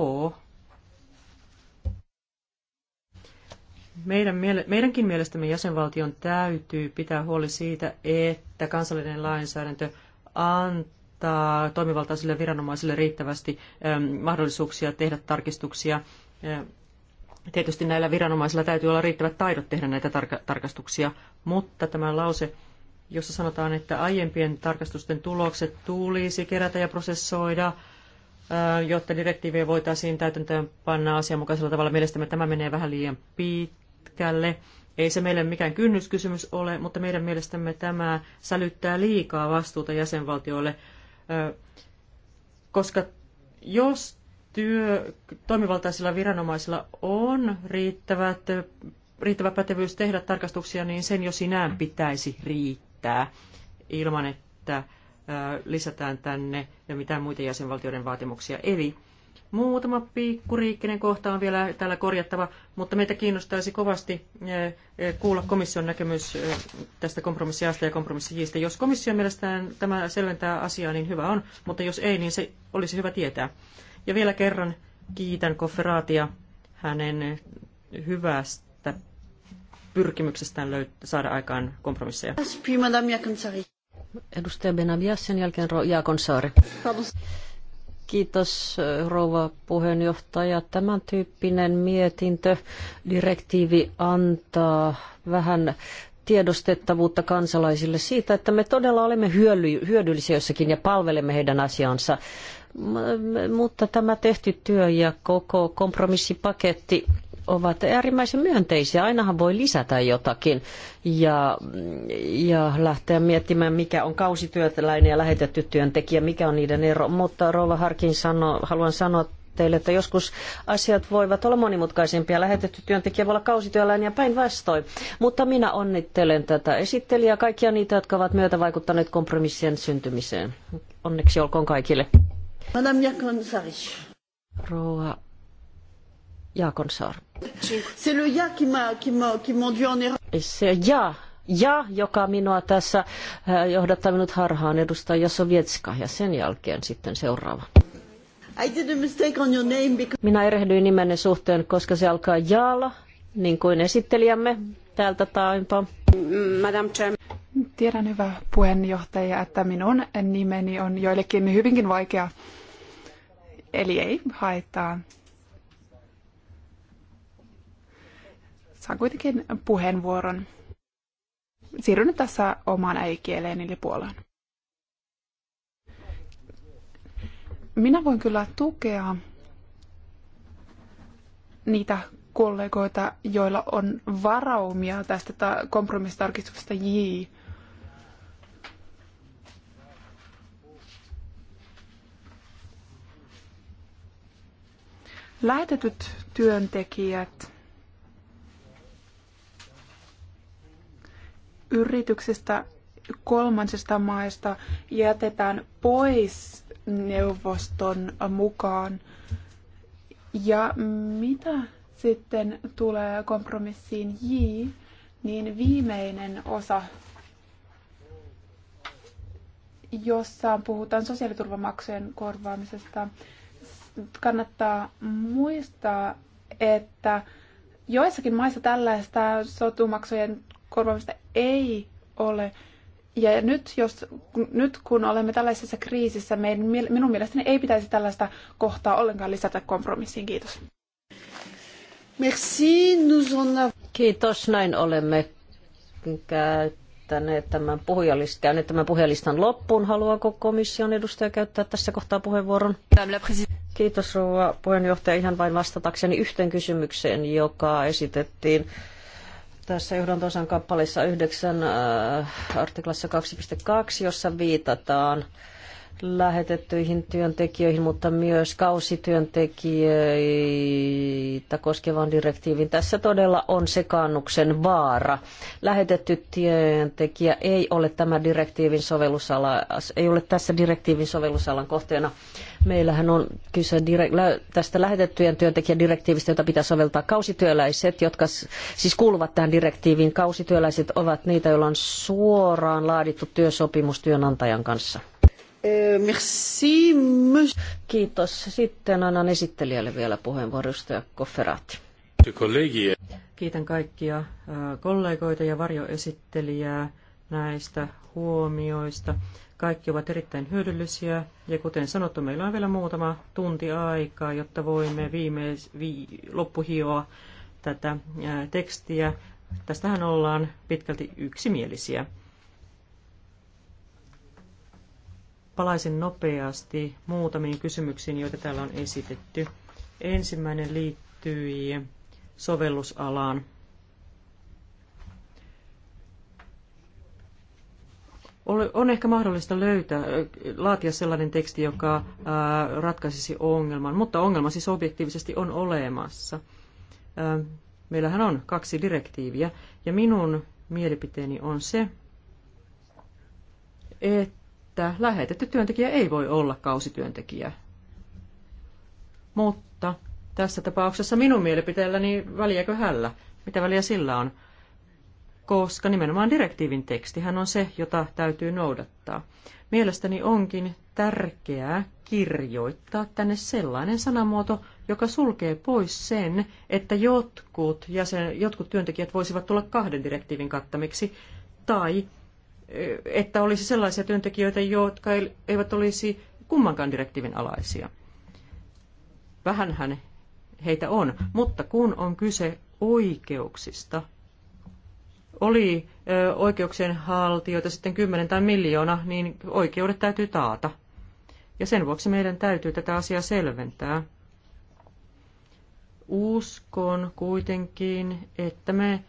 Meidän, meidänkin mielestämme jäsenvaltion täytyy pitää huoli siitä, että kansallinen lainsäädäntö antaa toimivaltaisille viranomaisille riittävästi mahdollisuuksia tehdä tarkistuksia. Tietysti näillä viranomaisilla täytyy olla riittävät taidot tehdä näitä tarkastuksia, mutta tämä lause jossa sanotaan, että aiempien tarkastusten tulokset tulisi kerätä ja prosessoida jotta direktiiviä voitaisiin täytäntöön panna asianmukaisella tavalla. Mielestäni tämä menee vähän liian pitkälle. Ei se meille mikään kynnyskysymys ole, mutta meidän mielestämme tämä sälyttää liikaa vastuuta jäsenvaltioille, koska jos työ, toimivaltaisilla viranomaisilla on riittävät, riittävä pätevyys tehdä tarkastuksia, niin sen jo sinään pitäisi riittää ilman, että lisätään tänne ja mitään muita jäsenvaltioiden vaatimuksia. Eli muutama pikkuriikkinen kohta on vielä täällä korjattava, mutta meitä kiinnostaisi kovasti kuulla komission näkemys tästä kompromissiasta ja kompromissijistä. Jos komission mielestään tämä selventää asiaa, niin hyvä on, mutta jos ei, niin se olisi hyvä tietää. Ja vielä kerran kiitän Kofferaatia hänen hyvästä pyrkimyksestään löy- saada aikaan kompromisseja. Edustaja Benavias, sen jälkeen Jaakon Saari. Kiitos rouva puheenjohtaja. Tämän tyyppinen mietintö direktiivi antaa vähän tiedostettavuutta kansalaisille siitä, että me todella olemme hyödyllisiä jossakin ja palvelemme heidän asiansa. Mutta tämä tehty työ ja koko kompromissipaketti ovat äärimmäisen myönteisiä. Ainahan voi lisätä jotakin ja, ja lähteä miettimään, mikä on kausityöläinen ja lähetetty työntekijä, mikä on niiden ero. Mutta Rova Harkin sano, haluan sanoa teille, että joskus asiat voivat olla monimutkaisempia. Lähetetty työntekijä voi olla kausityöläinen ja päinvastoin. Mutta minä onnittelen tätä esittelijää kaikkia niitä, jotka ovat myötä vaikuttaneet kompromissien syntymiseen. Onneksi olkoon kaikille. Madame Jakonsari. Rouva Jaakonsaari. Se le ja qui m'a, qui m'a, qui m'a en erreur. Se ja, ja, joka minua tässä eh, johdattaa minut harhaan, edustaja Sovietska, ja sen jälkeen sitten seuraava. I did a mistake on your name because... Minä erehdyin nimenne suhteen, koska se alkaa jaalla, niin kuin esittelijämme täältä taimpaa. Madam Tiedän hyvä puheenjohtaja, että minun nimeni on joillekin hyvinkin vaikea. Eli ei haittaa. saan kuitenkin puheenvuoron. Siirryn nyt tässä omaan äikieleen eli Puolaan. Minä voin kyllä tukea niitä kollegoita, joilla on varaumia tästä kompromissitarkistuksesta J. Lähetetyt työntekijät yrityksistä kolmansista maista jätetään pois neuvoston mukaan. Ja mitä sitten tulee kompromissiin J, niin viimeinen osa, jossa puhutaan sosiaaliturvamaksujen korvaamisesta, kannattaa muistaa, että joissakin maissa tällaista sotumaksujen korvaamista ei ole. Ja nyt, jos, nyt kun olemme tällaisessa kriisissä, meidän, minun mielestäni ei pitäisi tällaista kohtaa ollenkaan lisätä kompromissiin. Kiitos. Merci, nous on Kiitos, näin olemme käyttäneet tämän, puhujalist, käyneet tämän puhujalistan loppuun. Haluaako komission edustaja käyttää tässä kohtaa puheenvuoron? Kiitos rouva puheenjohtaja. Ihan vain vastatakseni yhteen kysymykseen, joka esitettiin tässä johdantosan kappaleessa 9 äh, artiklassa 2.2, jossa viitataan lähetettyihin työntekijöihin, mutta myös kausityöntekijöitä koskevan direktiivin. Tässä todella on sekaannuksen vaara. Lähetetty työntekijä ei ole, tämä direktiivin sovellusala, ei ole tässä direktiivin sovellusalan kohteena. Äh, Meillähän on kyse tästä lähetettyjen työntekijädirektiivistä, jota pitää soveltaa kausityöläiset, jotka siis kuuluvat tähän direktiiviin. Kausityöläiset ovat niitä, joilla on suoraan laadittu työsopimus työnantajan kanssa. Eh, merci. Kiitos. Sitten annan esittelijälle vielä puheenvuorosta ja kofferaatti. Kiitän kaikkia kollegoita ja varjoesittelijää näistä huomioista. Kaikki ovat erittäin hyödyllisiä ja kuten sanottu, meillä on vielä muutama tunti aikaa, jotta voimme viimeis, vi, loppuhioa tätä ää, tekstiä. Tästähän ollaan pitkälti yksimielisiä. Palaisin nopeasti muutamiin kysymyksiin, joita täällä on esitetty. Ensimmäinen liittyy sovellusalaan. on ehkä mahdollista löytää, laatia sellainen teksti, joka ratkaisisi ongelman, mutta ongelma siis objektiivisesti on olemassa. Meillähän on kaksi direktiiviä, ja minun mielipiteeni on se, että lähetetty työntekijä ei voi olla kausityöntekijä. Mutta tässä tapauksessa minun mielipiteelläni väliäkö hällä? Mitä väliä sillä on? koska nimenomaan direktiivin tekstihän on se, jota täytyy noudattaa. Mielestäni onkin tärkeää kirjoittaa tänne sellainen sanamuoto, joka sulkee pois sen, että jotkut, jäsen, jotkut työntekijät voisivat tulla kahden direktiivin kattamiksi, tai että olisi sellaisia työntekijöitä, jotka eivät olisi kummankaan direktiivin alaisia. Vähänhän heitä on, mutta kun on kyse oikeuksista, oli oikeuksien haltijoita sitten kymmenen tai miljoona, niin oikeudet täytyy taata. Ja sen vuoksi meidän täytyy tätä asiaa selventää. Uskon kuitenkin, että me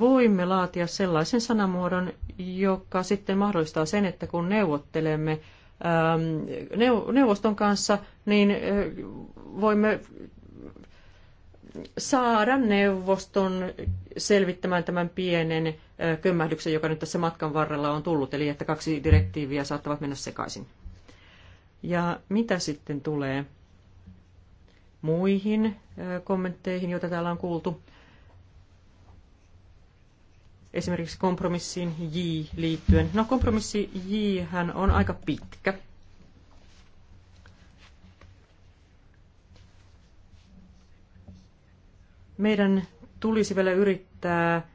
voimme laatia sellaisen sanamuodon, joka sitten mahdollistaa sen, että kun neuvottelemme neuvoston kanssa, niin voimme saada neuvoston selvittämään tämän pienen kömmähdyksen, joka nyt tässä matkan varrella on tullut, eli että kaksi direktiiviä saattavat mennä sekaisin. Ja mitä sitten tulee muihin kommentteihin, joita täällä on kuultu? Esimerkiksi kompromissiin J liittyen. No kompromissi J on aika pitkä Meidän tulisi vielä yrittää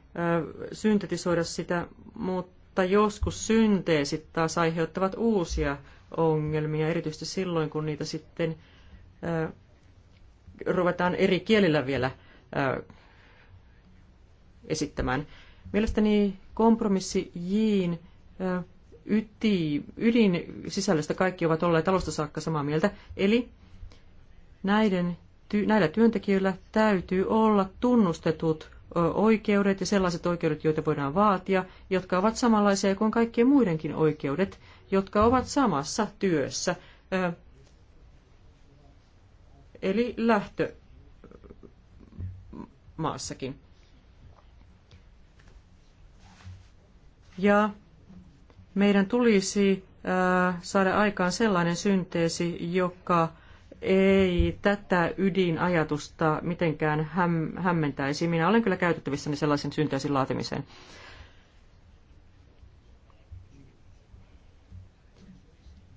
syntetisoida sitä, mutta joskus synteesit taas aiheuttavat uusia ongelmia, erityisesti silloin, kun niitä sitten ruvetaan eri kielillä vielä esittämään. Mielestäni kompromissi Jiin yti, ydin sisällöstä kaikki ovat olleet alusta saakka samaa mieltä, eli näiden ty- näillä työntekijöillä täytyy olla tunnustetut oikeudet ja sellaiset oikeudet, joita voidaan vaatia, jotka ovat samanlaisia kuin kaikkien muidenkin oikeudet, jotka ovat samassa työssä. Eli lähtö maassakin. Ja meidän tulisi saada aikaan sellainen synteesi, joka ei tätä ydinajatusta mitenkään häm- hämmentäisi. Minä olen kyllä käytettävissäni sellaisen synteesin laatimiseen.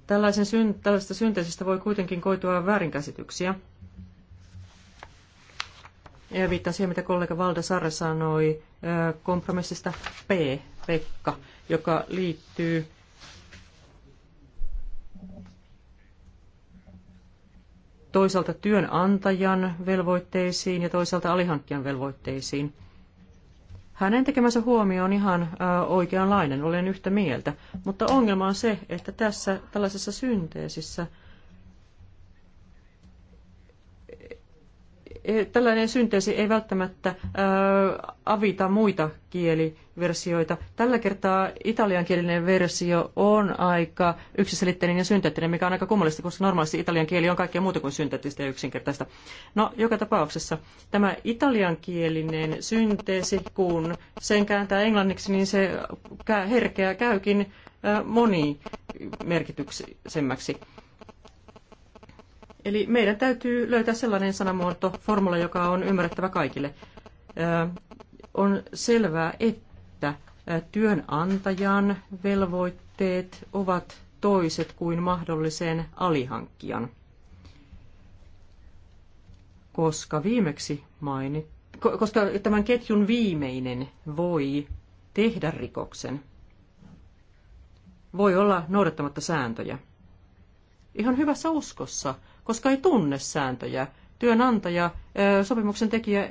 Tällaisen syn, tällaisesta synteesistä voi kuitenkin koitua väärinkäsityksiä. Ja viittaan siihen, mitä kollega Valda Sarre sanoi kompromissista P, Pekka, joka liittyy toisaalta työnantajan velvoitteisiin ja toisaalta alihankkijan velvoitteisiin. Hänen tekemänsä huomio on ihan oikeanlainen, olen yhtä mieltä, mutta ongelma on se, että tässä tällaisessa synteesissä – tällainen synteesi ei välttämättä avita muita kieliversioita. Tällä kertaa italiankielinen versio on aika yksiselitteinen ja synteettinen, mikä on aika kummallista, koska normaalisti italian kieli on kaikkea muuta kuin synteettistä ja yksinkertaista. No, joka tapauksessa tämä italiankielinen synteesi, kun sen kääntää englanniksi, niin se herkeä käykin monimerkityksemmäksi. Eli meidän täytyy löytää sellainen sanamuoto, formula, joka on ymmärrettävä kaikille. On selvää, että työnantajan velvoitteet ovat toiset kuin mahdollisen alihankkijan. Koska viimeksi mainit, koska tämän ketjun viimeinen voi tehdä rikoksen, voi olla noudattamatta sääntöjä. Ihan hyvässä uskossa koska ei tunne sääntöjä. Työnantaja, sopimuksen tekijä,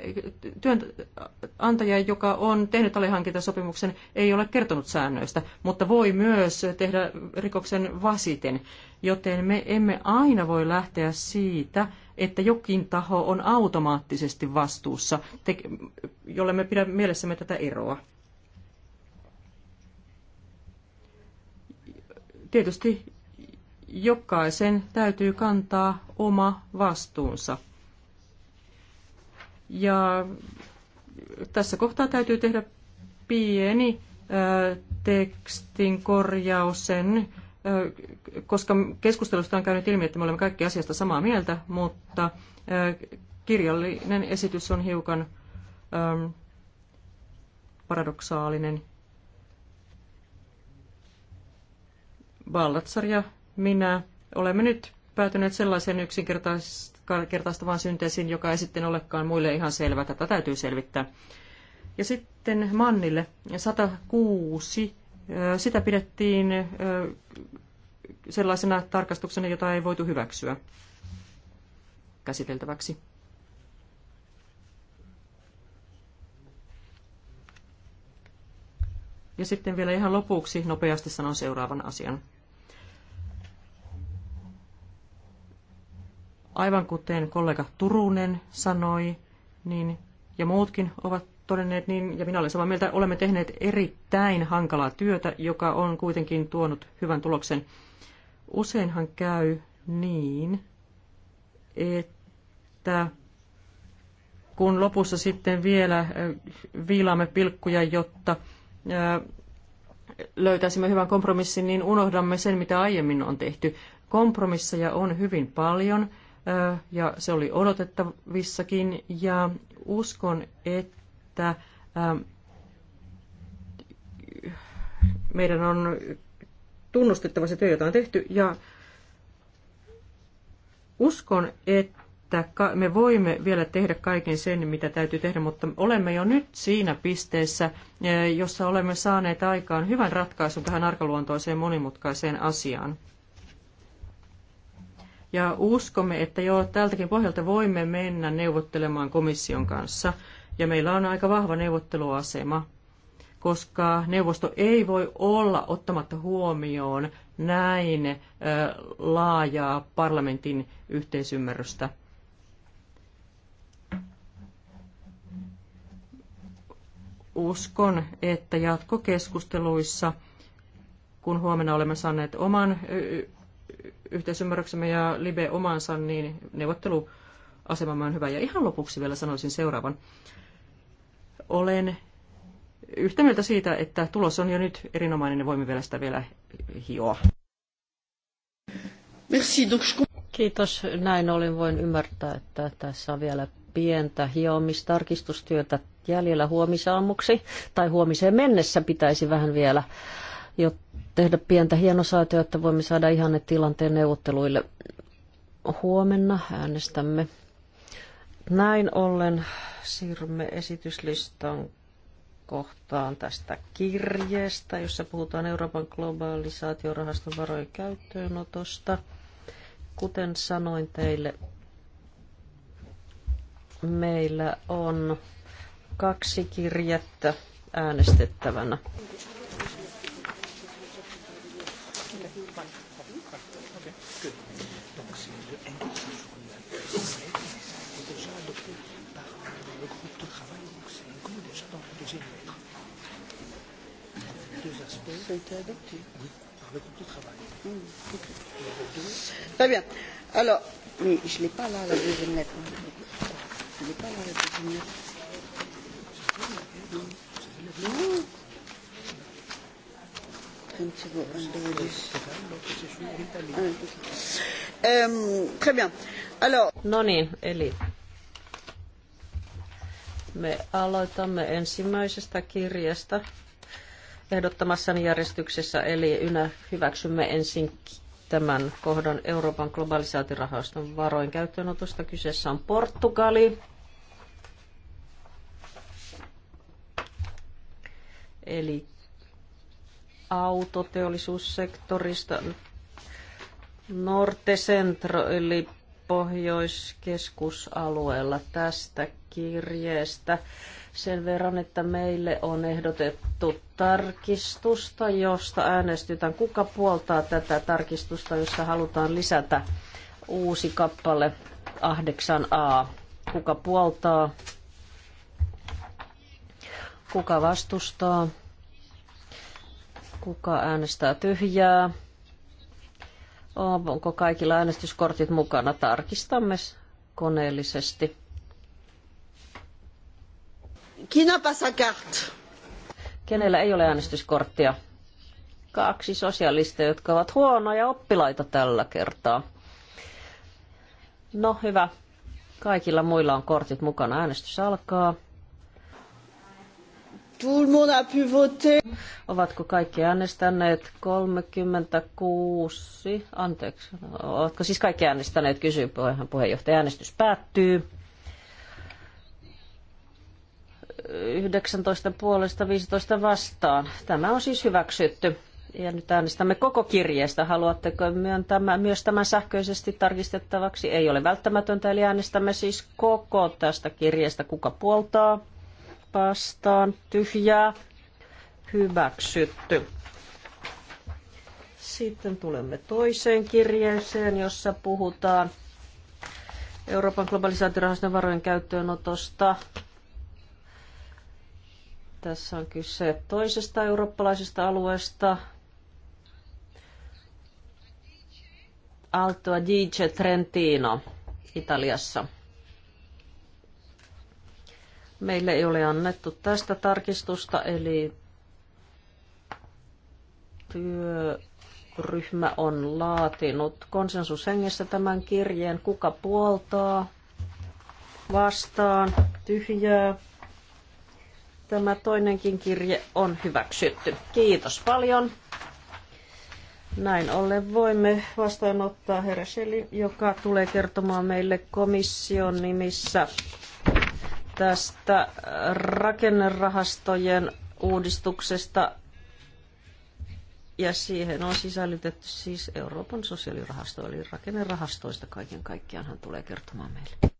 työnantaja, joka on tehnyt alihankintasopimuksen, ei ole kertonut säännöistä, mutta voi myös tehdä rikoksen vasiten. Joten me emme aina voi lähteä siitä, että jokin taho on automaattisesti vastuussa, jolle me pidämme mielessämme tätä eroa. tietysti jokaisen täytyy kantaa oma vastuunsa. Ja tässä kohtaa täytyy tehdä pieni ö, tekstin korjaus sen, ö, koska keskustelusta on käynyt ilmi, että me olemme kaikki asiasta samaa mieltä, mutta ö, kirjallinen esitys on hiukan ö, paradoksaalinen. Vallatsarja minä olemme nyt päätyneet sellaiseen yksinkertaistavaan synteesiin, joka ei sitten olekaan muille ihan selvä. Tätä täytyy selvittää. Ja sitten Mannille 106. Sitä pidettiin sellaisena tarkastuksena, jota ei voitu hyväksyä käsiteltäväksi. Ja sitten vielä ihan lopuksi nopeasti sanon seuraavan asian. Aivan kuten kollega Turunen sanoi, niin, ja muutkin ovat todenneet, niin, ja minä olen samaa mieltä, olemme tehneet erittäin hankalaa työtä, joka on kuitenkin tuonut hyvän tuloksen. Useinhan käy niin, että kun lopussa sitten vielä äh, viilaamme pilkkuja, jotta äh, löytäisimme hyvän kompromissin, niin unohdamme sen, mitä aiemmin on tehty. Kompromisseja on hyvin paljon ja se oli odotettavissakin ja uskon, että meidän on tunnustettava se työ, jota on tehty ja uskon, että me voimme vielä tehdä kaiken sen, mitä täytyy tehdä, mutta olemme jo nyt siinä pisteessä, jossa olemme saaneet aikaan hyvän ratkaisun tähän arkaluontoiseen monimutkaiseen asiaan ja uskomme, että jo tältäkin pohjalta voimme mennä neuvottelemaan komission kanssa. Ja meillä on aika vahva neuvotteluasema, koska neuvosto ei voi olla ottamatta huomioon näin laajaa parlamentin yhteisymmärrystä. Uskon, että jatkokeskusteluissa, kun huomenna olemme saaneet oman yhteisymmärryksemme ja Libe omansa, niin neuvotteluasemamme on hyvä. Ja ihan lopuksi vielä sanoisin seuraavan. Olen yhtä mieltä siitä, että tulos on jo nyt erinomainen ja voimme vielä sitä vielä hioa. Kiitos. Näin olin. Voin ymmärtää, että tässä on vielä pientä hiomistarkistustyötä jäljellä huomisaamuksi tai huomiseen mennessä pitäisi vähän vielä jo tehdä pientä hienosaatoa, että voimme saada ihanne tilanteen neuvotteluille. Huomenna äänestämme. Näin ollen siirrymme esityslistan kohtaan tästä kirjeestä, jossa puhutaan Euroopan globalisaatiorahaston varojen käyttöönotosta. Kuten sanoin teille, meillä on kaksi kirjettä äänestettävänä. a été adopté. Mmh, très bien. Alors, mais je pas là, la deuxième lettre. Je pas là, la deuxième lettre. non. Mmh. Ah, euh, no niin, eli me aloitamme ensimmäisestä kirjasta, ehdottamassani järjestyksessä, eli ynä hyväksymme ensin tämän kohdan Euroopan globalisaatirahaston varoin käyttöönotosta. Kyseessä on Portugali. Eli autoteollisuussektorista Norte Centro, eli pohjoiskeskusalueella tästä kirjeestä sen verran, että meille on ehdotettu tarkistusta, josta äänestytään. Kuka puoltaa tätä tarkistusta, jossa halutaan lisätä uusi kappale 8a? Kuka puoltaa? Kuka vastustaa? Kuka äänestää tyhjää? Onko kaikilla äänestyskortit mukana? Tarkistamme koneellisesti. Qui n'a pas sa carte? Kenellä ei ole äänestyskorttia? Kaksi sosialistia, jotka ovat huonoja oppilaita tällä kertaa. No hyvä. Kaikilla muilla on kortit mukana. Äänestys alkaa. Tout le monde a pu voter. Ovatko kaikki äänestäneet 36? Anteeksi. Ovatko siis kaikki äänestäneet? Kysyy puheenjohtaja. Äänestys päättyy. 19 puolesta 15 vastaan. Tämä on siis hyväksytty. Ja nyt äänestämme koko kirjeestä. Haluatteko myöntää? myös tämän sähköisesti tarkistettavaksi? Ei ole välttämätöntä, eli äänestämme siis koko tästä kirjeestä. Kuka puoltaa? Vastaan. Tyhjää. Hyväksytty. Sitten tulemme toiseen kirjeeseen, jossa puhutaan Euroopan globalisaatiorahaston varojen käyttöönotosta tässä on kyse toisesta eurooppalaisesta alueesta, Alto Adige Trentino Italiassa. Meille ei ole annettu tästä tarkistusta, eli työryhmä on laatinut konsensushengessä tämän kirjeen. Kuka puoltaa? Vastaan. Tyhjää. Tämä toinenkin kirje on hyväksytty. Kiitos paljon. Näin ollen voimme vastaanottaa herra Shelley, joka tulee kertomaan meille komission nimissä tästä rakennerahastojen uudistuksesta ja siihen on sisällytetty siis Euroopan sosiaalirahasto, eli rakennerahastoista kaiken kaikkiaan hän tulee kertomaan meille.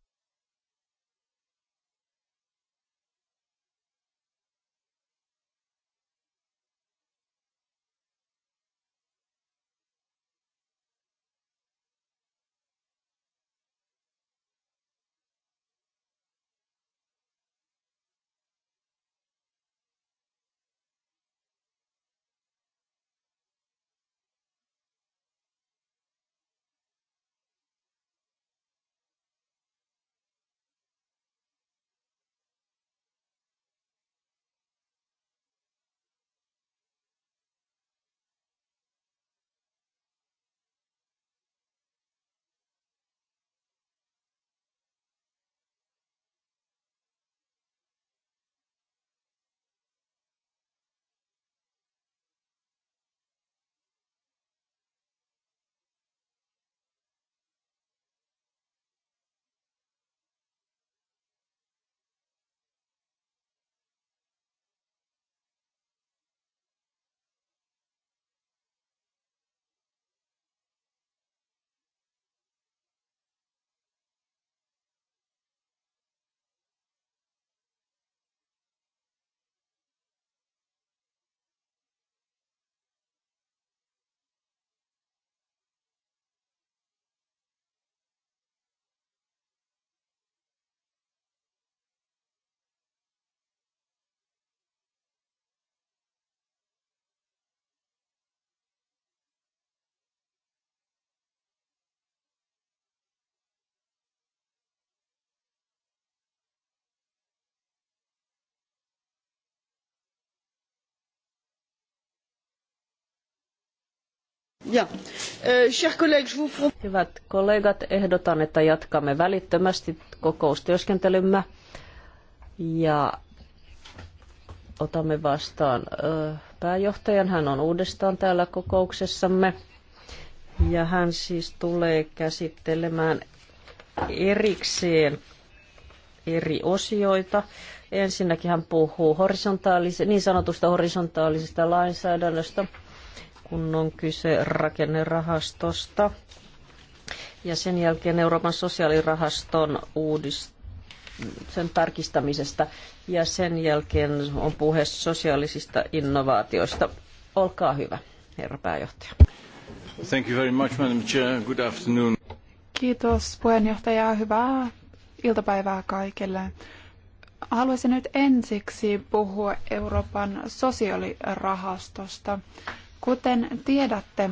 Euh, Hyvät kollegat, ehdotan, että jatkamme välittömästi kokoustyöskentelymme ja otamme vastaan pääjohtajan. Hän on uudestaan täällä kokouksessamme ja hän siis tulee käsittelemään erikseen eri osioita. Ensinnäkin hän puhuu niin sanotusta horisontaalisesta lainsäädännöstä – kun on kyse rakennerahastosta ja sen jälkeen Euroopan sosiaalirahaston uudist- sen tarkistamisesta ja sen jälkeen on puhe sosiaalisista innovaatioista. Olkaa hyvä, herra pääjohtaja. Thank you very much, Madam Chair. Good afternoon. Kiitos puheenjohtaja. Hyvää iltapäivää kaikille. Haluaisin nyt ensiksi puhua Euroopan sosiaalirahastosta. Kuten tiedätte,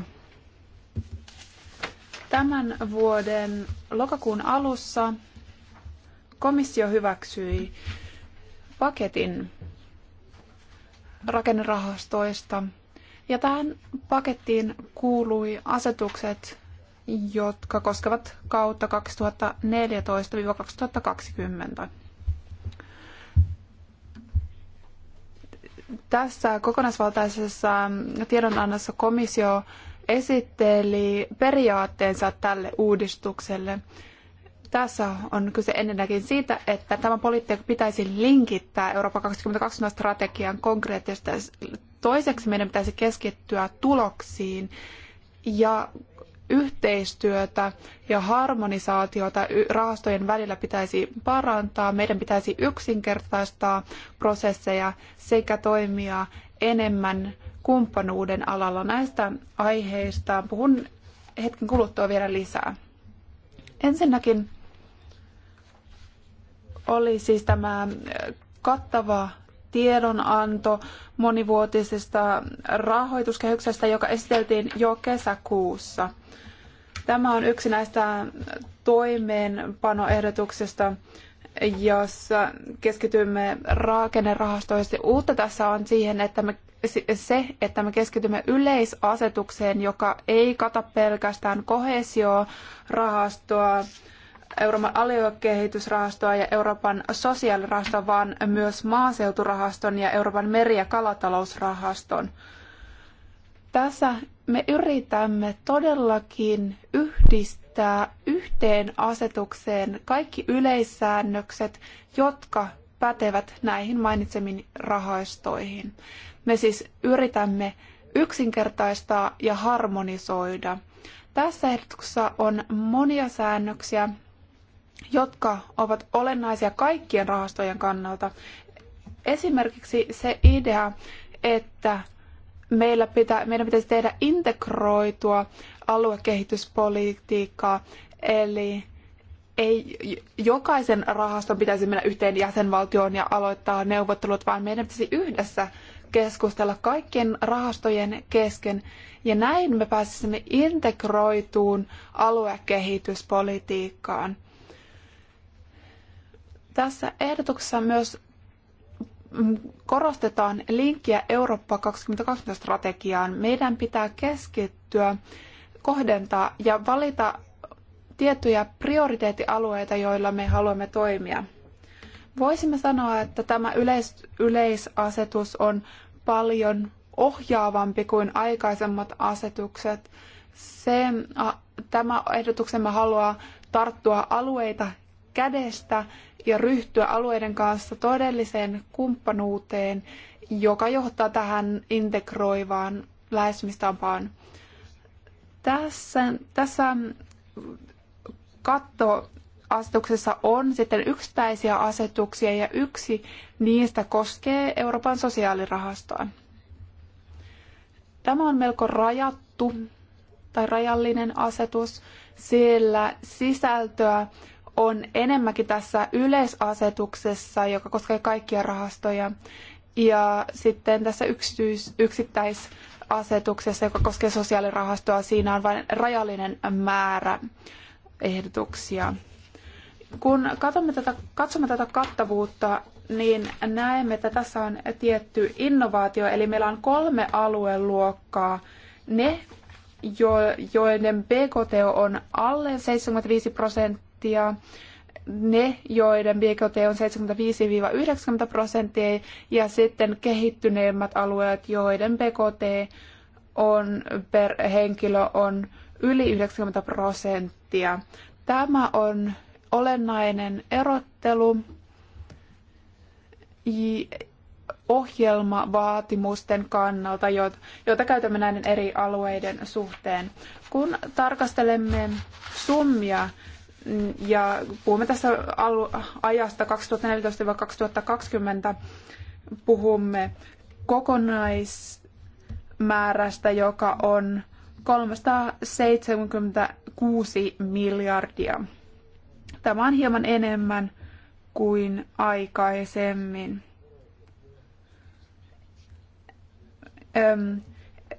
tämän vuoden lokakuun alussa komissio hyväksyi paketin rakennerahastoista. Ja tähän pakettiin kuului asetukset, jotka koskevat kautta 2014-2020. tässä kokonaisvaltaisessa tiedonannossa komissio esitteli periaatteensa tälle uudistukselle. Tässä on kyse ennenkin siitä, että tämä politiikka pitäisi linkittää Euroopan 2020 strategian konkreettisesti. Toiseksi meidän pitäisi keskittyä tuloksiin ja yhteistyötä ja harmonisaatiota rahastojen välillä pitäisi parantaa. Meidän pitäisi yksinkertaistaa prosesseja sekä toimia enemmän kumppanuuden alalla. Näistä aiheista puhun hetken kuluttua vielä lisää. Ensinnäkin oli siis tämä kattava tiedonanto monivuotisesta rahoituskehyksestä, joka esiteltiin jo kesäkuussa. Tämä on yksi näistä toimeenpanoehdotuksista, jossa keskitymme rakennerahastoihin. Uutta tässä on siihen, että me, se, että me keskitymme yleisasetukseen, joka ei kata pelkästään kohesiorahastoa, rahastoa Euroopan aluekehitysrahastoa ja Euroopan sosiaalirahastoa, vaan myös maaseuturahaston ja Euroopan meri- ja kalatalousrahaston. Tässä me yritämme todellakin yhdistää yhteen asetukseen kaikki yleissäännökset, jotka pätevät näihin mainitsemiin rahastoihin. Me siis yritämme yksinkertaistaa ja harmonisoida. Tässä ehdotuksessa on monia säännöksiä, jotka ovat olennaisia kaikkien rahastojen kannalta. Esimerkiksi se idea, että meillä pitää, meidän pitäisi tehdä integroitua aluekehityspolitiikkaa, eli ei jokaisen rahaston pitäisi mennä yhteen jäsenvaltioon ja aloittaa neuvottelut, vaan meidän pitäisi yhdessä keskustella kaikkien rahastojen kesken. Ja näin me pääsisimme integroituun aluekehityspolitiikkaan. Tässä ehdotuksessa myös korostetaan linkkiä Eurooppa 2020 strategiaan. Meidän pitää keskittyä, kohdentaa ja valita tiettyjä prioriteettialueita, joilla me haluamme toimia. Voisimme sanoa, että tämä yleis- yleisasetus on paljon ohjaavampi kuin aikaisemmat asetukset. Se, tämä ehdotuksemme haluaa tarttua alueita kädestä ja ryhtyä alueiden kanssa todelliseen kumppanuuteen, joka johtaa tähän integroivaan lähestymistapaan. Tässä, tässä kattoasetuksessa on sitten yksittäisiä asetuksia ja yksi niistä koskee Euroopan sosiaalirahastoa. Tämä on melko rajattu tai rajallinen asetus, sillä sisältöä on enemmänkin tässä yleisasetuksessa, joka koskee kaikkia rahastoja, ja sitten tässä yksityis, yksittäisasetuksessa, joka koskee sosiaalirahastoa, siinä on vain rajallinen määrä ehdotuksia. Kun katsomme tätä, katsomme tätä kattavuutta, niin näemme, että tässä on tietty innovaatio, eli meillä on kolme alueluokkaa. Ne, joiden BKT on alle 75 prosenttia, prosenttia. Ne, joiden BKT on 75-90 prosenttia, ja sitten kehittyneemmät alueet, joiden BKT on per henkilö on yli 90 prosenttia. Tämä on olennainen erottelu ohjelmavaatimusten kannalta, joita käytämme näiden eri alueiden suhteen. Kun tarkastelemme summia, ja puhumme tässä ajasta 2014-2020. Puhumme kokonaismäärästä, joka on 376 miljardia. Tämä on hieman enemmän kuin aikaisemmin.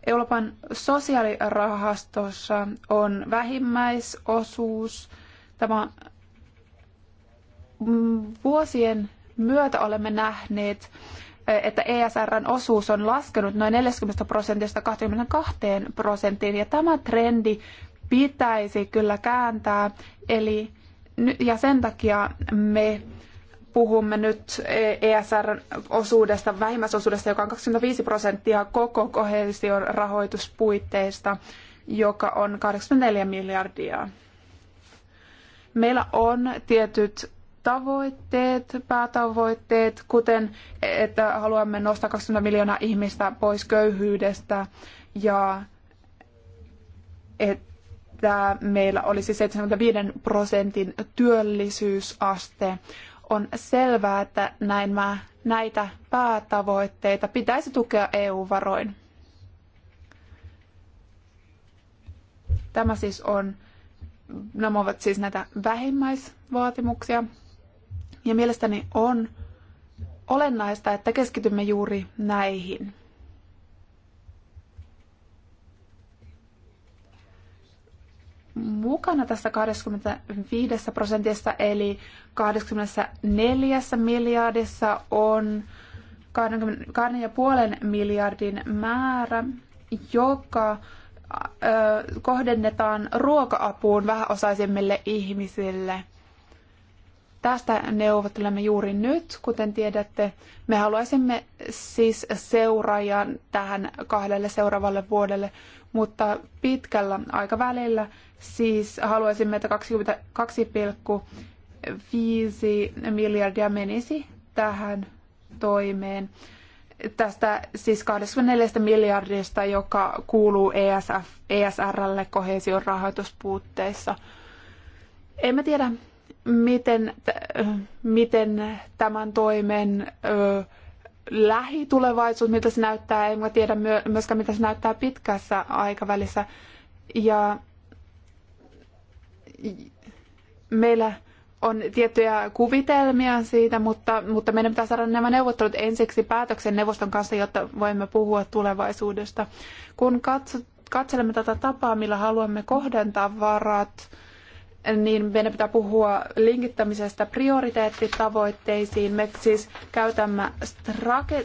Euroopan sosiaalirahastossa on vähimmäisosuus Tämä mm, vuosien myötä olemme nähneet, että ESRn osuus on laskenut noin 40 prosentista 22 prosenttiin, ja tämä trendi pitäisi kyllä kääntää, eli, ja sen takia me puhumme nyt ESRn osuudesta vähimmäisosuudesta, joka on 25 prosenttia koko kohesion rahoituspuitteista, joka on 84 miljardia. Meillä on tietyt tavoitteet, päätavoitteet, kuten että haluamme nostaa 20 miljoonaa ihmistä pois köyhyydestä ja että meillä olisi 75 prosentin työllisyysaste. On selvää, että näin mä, näitä päätavoitteita pitäisi tukea EU-varoin. Tämä siis on nämä ovat siis näitä vähimmäisvaatimuksia. Ja mielestäni on olennaista, että keskitymme juuri näihin. Mukana tässä 25 prosentissa eli 24 miljardissa on 2,5 miljardin määrä, joka kohdennetaan ruoka-apuun vähäosaisimmille ihmisille. Tästä neuvottelemme juuri nyt, kuten tiedätte. Me haluaisimme siis seuraajan tähän kahdelle seuraavalle vuodelle, mutta pitkällä aikavälillä siis haluaisimme, että 22,5 miljardia menisi tähän toimeen tästä siis 24 miljardista, joka kuuluu ESF, ESRlle kohesion rahoituspuutteissa. Emme tiedä, miten, miten tämän toimen ö, lähitulevaisuus, miltä se näyttää, mä tiedä myöskään, mitä se näyttää pitkässä aikavälissä. Ja meillä on tiettyjä kuvitelmia siitä, mutta, mutta meidän pitää saada nämä neuvottelut ensiksi päätöksen neuvoston kanssa, jotta voimme puhua tulevaisuudesta. Kun katselemme tätä tapaa, millä haluamme kohdentaa varat, niin meidän pitää puhua linkittämisestä prioriteettitavoitteisiin. Me siis käytämme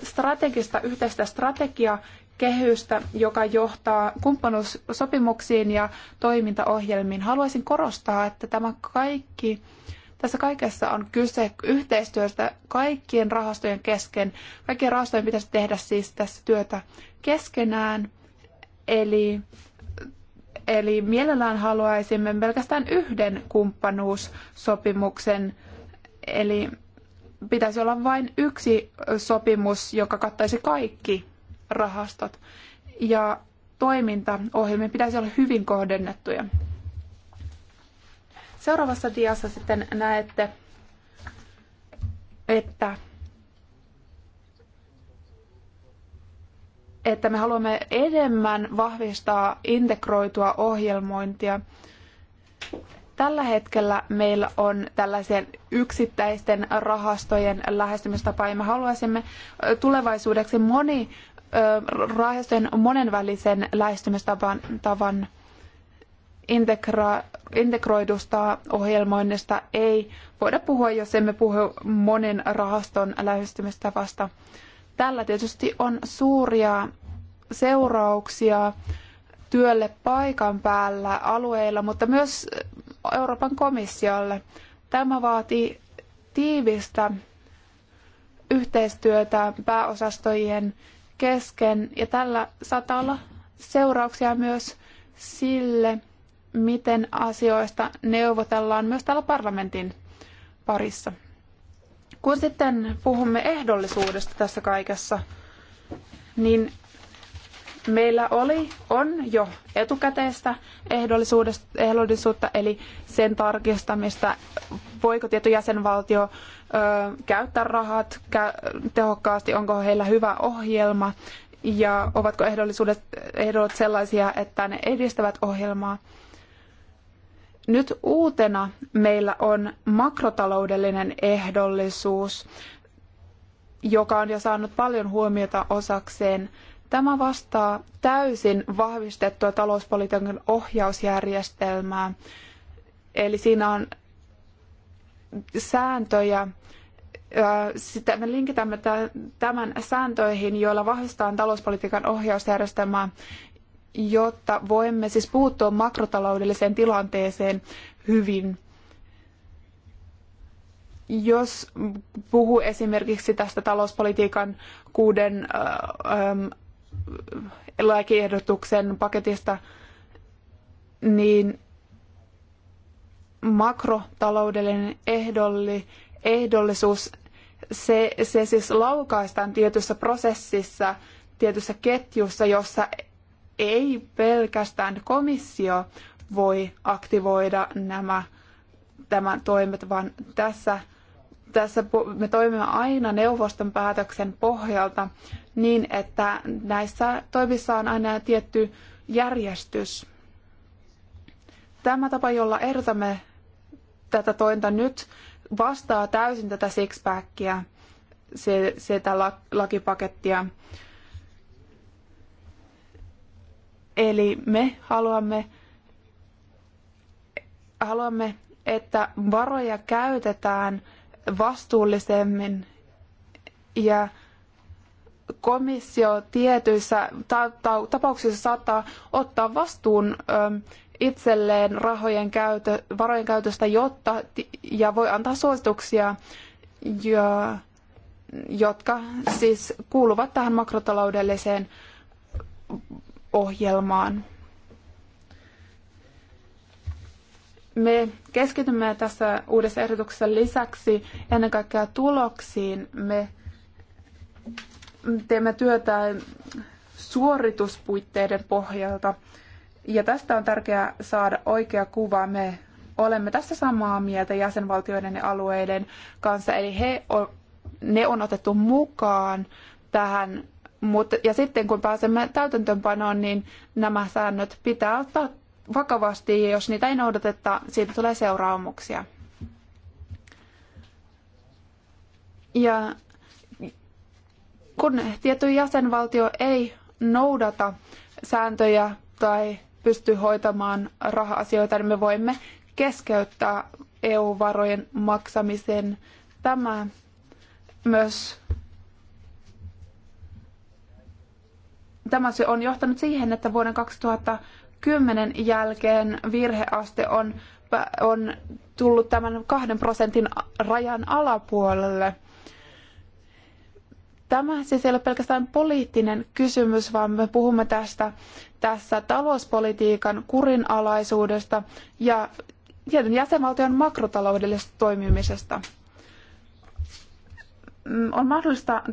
strategista yhteistä strategiaa kehystä, joka johtaa kumppanuussopimuksiin ja toimintaohjelmiin. Haluaisin korostaa, että tämä kaikki tässä kaikessa on kyse yhteistyöstä kaikkien rahastojen kesken. Kaikkien rahastojen pitäisi tehdä siis tässä työtä keskenään. Eli, eli mielellään haluaisimme pelkästään yhden kumppanuussopimuksen. Eli pitäisi olla vain yksi sopimus, joka kattaisi kaikki rahastot. Ja toimintaohjelmien pitäisi olla hyvin kohdennettuja. Seuraavassa diassa sitten näette, että, että me haluamme enemmän vahvistaa integroitua ohjelmointia. Tällä hetkellä meillä on tällaisen yksittäisten rahastojen lähestymistapa ja me haluaisimme tulevaisuudeksi moni rahastojen monenvälisen lähestymistavan tavan integra- integroidusta ohjelmoinnista ei voida puhua, jos emme puhu monen rahaston lähestymistavasta. Tällä tietysti on suuria seurauksia työlle paikan päällä alueilla, mutta myös Euroopan komissiolle. Tämä vaatii tiivistä yhteistyötä pääosastojen kesken ja tällä saattaa olla seurauksia myös sille, miten asioista neuvotellaan myös täällä parlamentin parissa. Kun sitten puhumme ehdollisuudesta tässä kaikessa, niin meillä oli, on jo etukäteistä ehdollisuudesta, ehdollisuutta, eli sen tarkistamista, voiko tietty jäsenvaltio ö, käyttää rahat kä tehokkaasti, onko heillä hyvä ohjelma ja ovatko ehdollisuudet, ehdollisuudet sellaisia, että ne edistävät ohjelmaa. Nyt uutena meillä on makrotaloudellinen ehdollisuus, joka on jo saanut paljon huomiota osakseen. Tämä vastaa täysin vahvistettua talouspolitiikan ohjausjärjestelmää. Eli siinä on sääntöjä, sitten me linkitämme tämän sääntöihin, joilla vahvistetaan talouspolitiikan ohjausjärjestelmää jotta voimme siis puuttua makrotaloudelliseen tilanteeseen hyvin. Jos puhuu esimerkiksi tästä talouspolitiikan kuuden lakiehdotuksen paketista, niin makrotaloudellinen ehdolli, ehdollisuus, se, se siis laukaistaan tietyssä prosessissa, tietyssä ketjussa, jossa ei pelkästään komissio voi aktivoida nämä tämän toimet, vaan tässä, tässä me toimimme aina neuvoston päätöksen pohjalta niin, että näissä toimissa on aina tietty järjestys. Tämä tapa, jolla ehdotamme tätä tointa nyt, vastaa täysin tätä sixpackia, sitä lakipakettia. Eli me haluamme, haluamme, että varoja käytetään vastuullisemmin ja komissio tietyissä ta- ta- tapauksissa saattaa ottaa vastuun ö, ähm, itselleen rahojen käytö, varojen käytöstä jotta, ja voi antaa suosituksia, jo, jotka siis kuuluvat tähän makrotaloudelliseen ohjelmaan. Me keskitymme tässä uudessa ehdotuksessa lisäksi ennen kaikkea tuloksiin. Me teemme työtä suorituspuitteiden pohjalta. Ja tästä on tärkeää saada oikea kuva. Me olemme tässä samaa mieltä jäsenvaltioiden ja alueiden kanssa, eli he on, ne on otettu mukaan tähän Mut, ja sitten kun pääsemme täytäntöönpanoon, niin nämä säännöt pitää ottaa vakavasti ja jos niitä ei noudateta, siitä tulee seuraamuksia. Ja kun tietty jäsenvaltio ei noudata sääntöjä tai pysty hoitamaan raha-asioita, niin me voimme keskeyttää EU-varojen maksamisen. Tämä myös tämä se on johtanut siihen, että vuoden 2010 jälkeen virheaste on, on tullut tämän kahden prosentin rajan alapuolelle. Tämä siis ei ole pelkästään poliittinen kysymys, vaan me puhumme tästä tässä talouspolitiikan kurinalaisuudesta ja tietyn jäsenvaltion makrotaloudellisesta toimimisesta mm, on mahdollista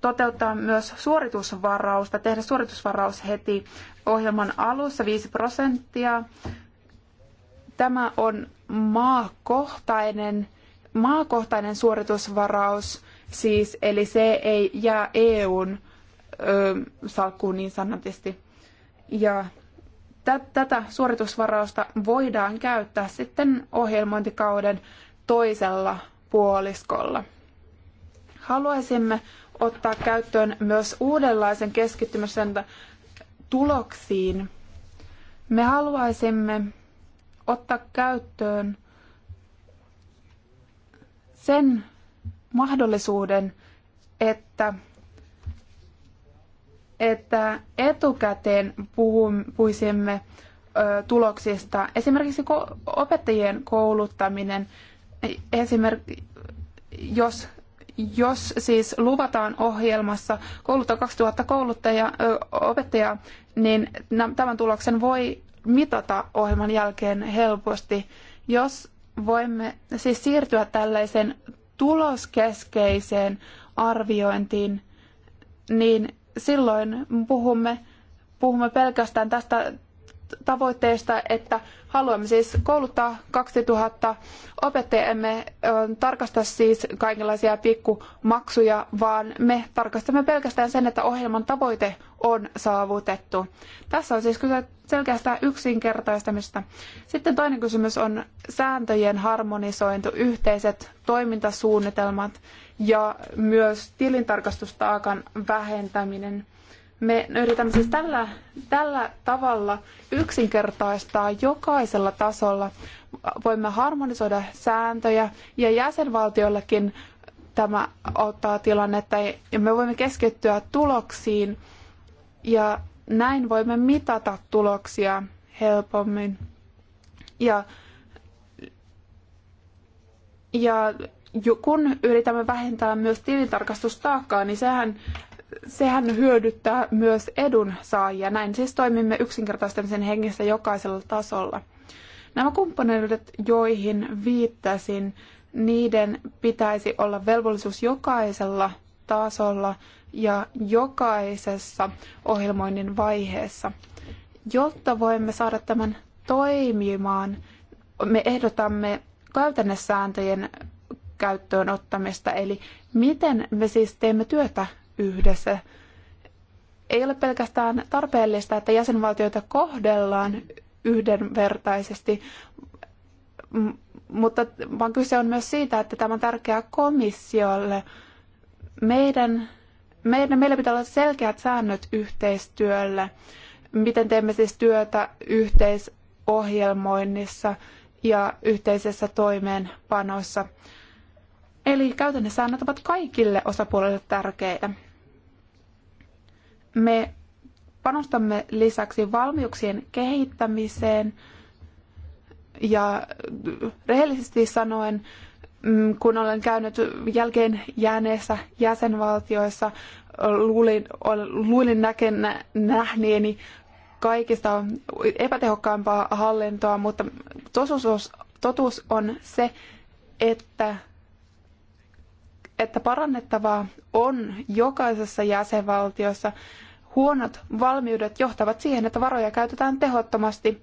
toteuttaa myös suoritusvarausta, tehdä suoritusvaraus heti ohjelman alussa 5 prosenttia. Tämä on maakohtainen, maakohtainen suoritusvaraus, siis, eli se ei jää EUn ö, salkkuun niin sanotusti. Ja tätä suoritusvarausta voidaan käyttää sitten ohjelmointikauden toisella puoliskolla. Haluaisimme ottaa käyttöön myös uudenlaisen keskittymisen tuloksiin. Me haluaisimme ottaa käyttöön sen mahdollisuuden, että, että etukäteen puhuisimme tuloksista. Esimerkiksi opettajien kouluttaminen, esimerk, jos jos siis luvataan ohjelmassa kouluttaa 2000 kouluttajaa, opettajaa, niin tämän tuloksen voi mitata ohjelman jälkeen helposti. Jos voimme siis siirtyä tällaiseen tuloskeskeiseen arviointiin, niin silloin puhumme, puhumme pelkästään tästä tavoitteesta, että haluamme siis kouluttaa 2000 opettajia. Emme tarkasta siis kaikenlaisia pikkumaksuja, vaan me tarkastamme pelkästään sen, että ohjelman tavoite on saavutettu. Tässä on siis kyse selkeästä yksinkertaistamista. Sitten toinen kysymys on sääntöjen harmonisointi, yhteiset toimintasuunnitelmat ja myös tilintarkastustaakan vähentäminen – me yritämme siis tällä, tällä tavalla yksinkertaistaa jokaisella tasolla. Voimme harmonisoida sääntöjä ja jäsenvaltioillakin tämä auttaa tilannetta ja me voimme keskittyä tuloksiin ja näin voimme mitata tuloksia helpommin. Ja, ja kun yritämme vähentää myös tilintarkastustaakkaa, niin sehän sehän hyödyttää myös edunsaajia. Näin siis toimimme yksinkertaistamisen hengessä jokaisella tasolla. Nämä kumppaneudet, joihin viittasin, niiden pitäisi olla velvollisuus jokaisella tasolla ja jokaisessa ohjelmoinnin vaiheessa. Jotta voimme saada tämän toimimaan, me ehdotamme käytännössääntöjen käyttöön ottamista, eli miten me siis teemme työtä yhdessä. Ei ole pelkästään tarpeellista, että jäsenvaltioita kohdellaan yhdenvertaisesti, mutta vaan kyse on myös siitä, että tämä on tärkeää komissiolle. Meidän, meidän, meillä pitää olla selkeät säännöt yhteistyölle, miten teemme siis työtä yhteisohjelmoinnissa ja yhteisessä toimeenpanossa. Eli käytännössä säännöt ovat kaikille osapuolille tärkeitä. Me panostamme lisäksi valmiuksien kehittämiseen ja rehellisesti sanoen, mm, kun olen käynyt jälkeen jääneissä jäsenvaltioissa, luulin, luulin näken, nähneeni kaikista epätehokkaampaa hallintoa, mutta totuus on se, että että parannettavaa on jokaisessa jäsenvaltiossa. Huonot valmiudet johtavat siihen, että varoja käytetään tehottomasti.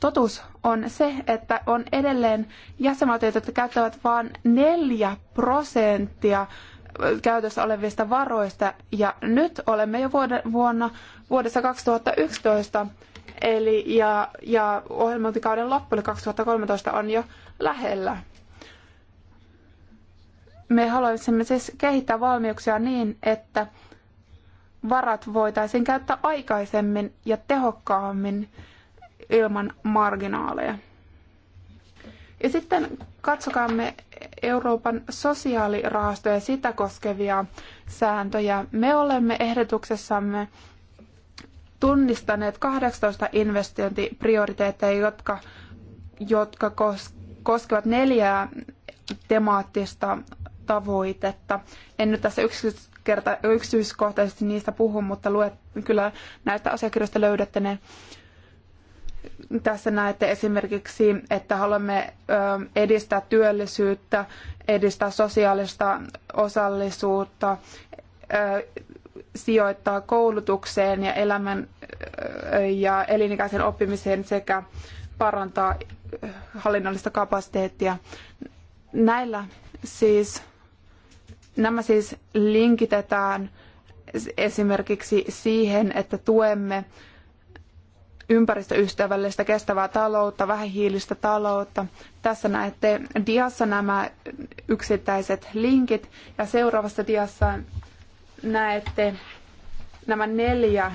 Totuus on se, että on edelleen jäsenvaltioita, jotka käyttävät vain neljä prosenttia käytössä olevista varoista. Ja nyt olemme jo vuonna, vuodessa 2011 Eli, ja, ja ohjelmointikauden loppu, eli 2013, on jo lähellä. Me haluaisimme siis kehittää valmiuksia niin, että varat voitaisiin käyttää aikaisemmin ja tehokkaammin ilman marginaaleja. Ja sitten katsokaamme Euroopan sosiaalirahastoja sitä koskevia sääntöjä. Me olemme ehdotuksessamme tunnistaneet 18 investointiprioriteetteja, jotka, jotka kos, koskevat neljää temaattista tavoitetta. En nyt tässä yksityiskerta, yksityiskohtaisesti niistä puhu, mutta luet, kyllä näistä asiakirjoista löydätte ne. Tässä näette esimerkiksi, että haluamme edistää työllisyyttä, edistää sosiaalista osallisuutta, sijoittaa koulutukseen ja elämän äh, ja elinikäisen oppimiseen sekä parantaa äh, hallinnollista kapasiteettia. Näillä siis, nämä siis linkitetään esimerkiksi siihen, että tuemme ympäristöystävällistä kestävää taloutta, vähähiilistä taloutta. Tässä näette diassa nämä yksittäiset linkit ja seuraavassa diassa näette nämä neljä,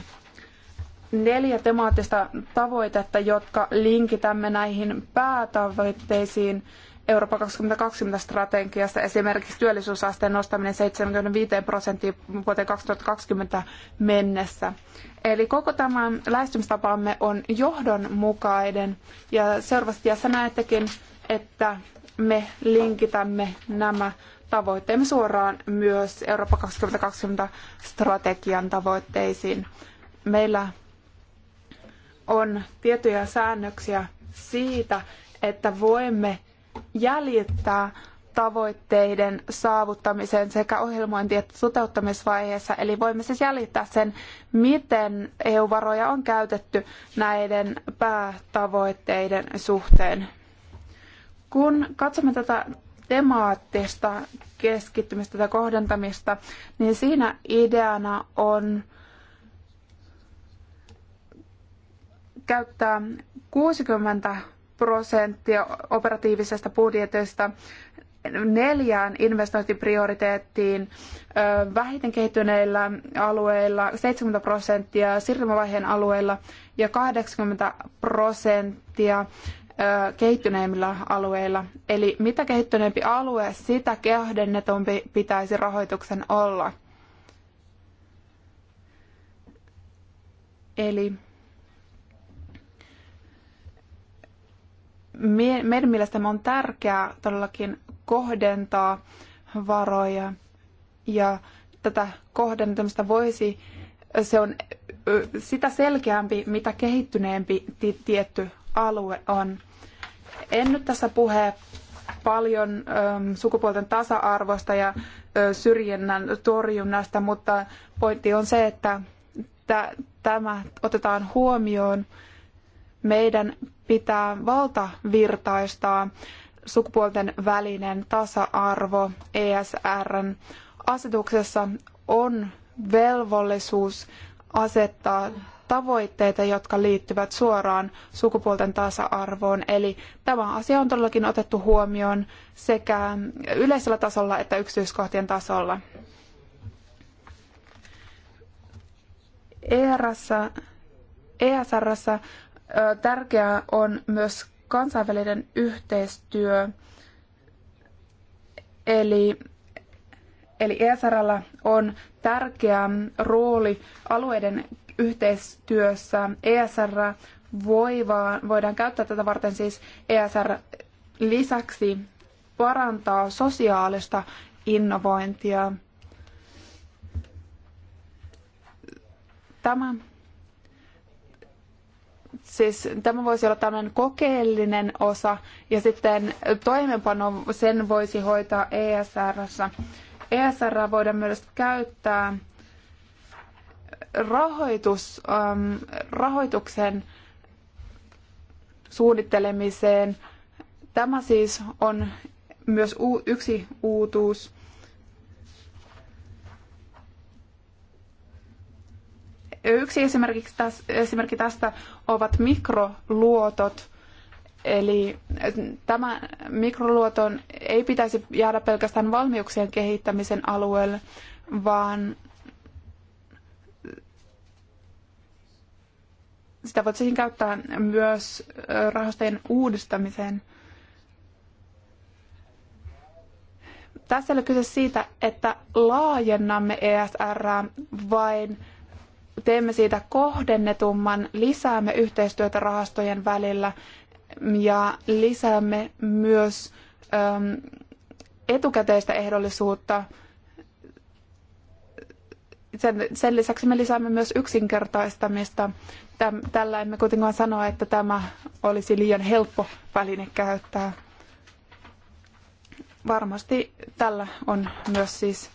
neljä temaattista tavoitetta, jotka linkitämme näihin päätavoitteisiin Eurooppa 2020 strategiasta, esimerkiksi työllisyysasteen nostaminen 75 prosenttiin vuoteen 2020 mennessä. Eli koko tämä lähestymistapaamme on johdonmukainen ja seuraavassa näettekin, että me linkitämme nämä tavoitteemme suoraan myös Eurooppa 2020 strategian tavoitteisiin. Meillä on tiettyjä säännöksiä siitä, että voimme jäljittää tavoitteiden saavuttamisen sekä ohjelmointi- että toteuttamisvaiheessa. Eli voimme siis jäljittää sen, miten EU-varoja on käytetty näiden päätavoitteiden suhteen. Kun katsomme tätä temaattista keskittymistä tai kohdentamista, niin siinä ideana on käyttää 60 prosenttia operatiivisesta budjetista neljään investointiprioriteettiin vähiten kehittyneillä alueilla, 70 prosenttia siirtymävaiheen alueilla ja 80 prosenttia kehittyneimmillä alueilla. Eli mitä kehittyneempi alue, sitä kohdennetumpi pitäisi rahoituksen olla. Eli meidän mielestämme on tärkeää todellakin kohdentaa varoja ja tätä kohdentamista voisi, se on sitä selkeämpi, mitä kehittyneempi tietty alue on. En nyt tässä puhe paljon ähm, sukupuolten tasa-arvosta ja syrjinnän torjunnasta, mutta pointti on se, että tämä otetaan huomioon. Meidän pitää valtavirtaistaa sukupuolten välinen tasa-arvo ESRn asetuksessa on velvollisuus asettaa tavoitteita, jotka liittyvät suoraan sukupuolten tasa-arvoon. Eli tämä asia on todellakin otettu huomioon sekä yleisellä tasolla että yksityiskohtien tasolla. ESR sä e tärkeää on myös kansainvälinen yhteistyö. Eli, eli ESRllä on tärkeä rooli alueiden yhteistyössä. ESR vaan voidaan käyttää tätä varten siis ESR lisäksi parantaa sosiaalista innovointia. Tämä, siis tämä voisi olla tämmöinen kokeellinen osa ja sitten toimenpano sen voisi hoitaa ESRssä. ESR voidaan myös käyttää rahoitus, rahoituksen suunnittelemiseen. Tämä siis on myös yksi uutuus. Yksi esimerkiksi täs, esimerkki tästä ovat mikroluotot. Eli äh, tämä mikroluoton ei pitäisi jäädä pelkästään valmiuksien kehittämisen alueelle, vaan Sitä voitaisiin käyttää myös rahastojen uudistamiseen. Tässä ei ole kyse siitä, että laajennamme ESR vain teemme siitä kohdennetumman, lisäämme yhteistyötä rahastojen välillä ja lisäämme myös etukäteistä ehdollisuutta sen, sen lisäksi me lisäämme myös yksinkertaistamista. Täm, tällä emme kuitenkaan sanoa, että tämä olisi liian helppo väline käyttää. Varmasti tällä on myös siis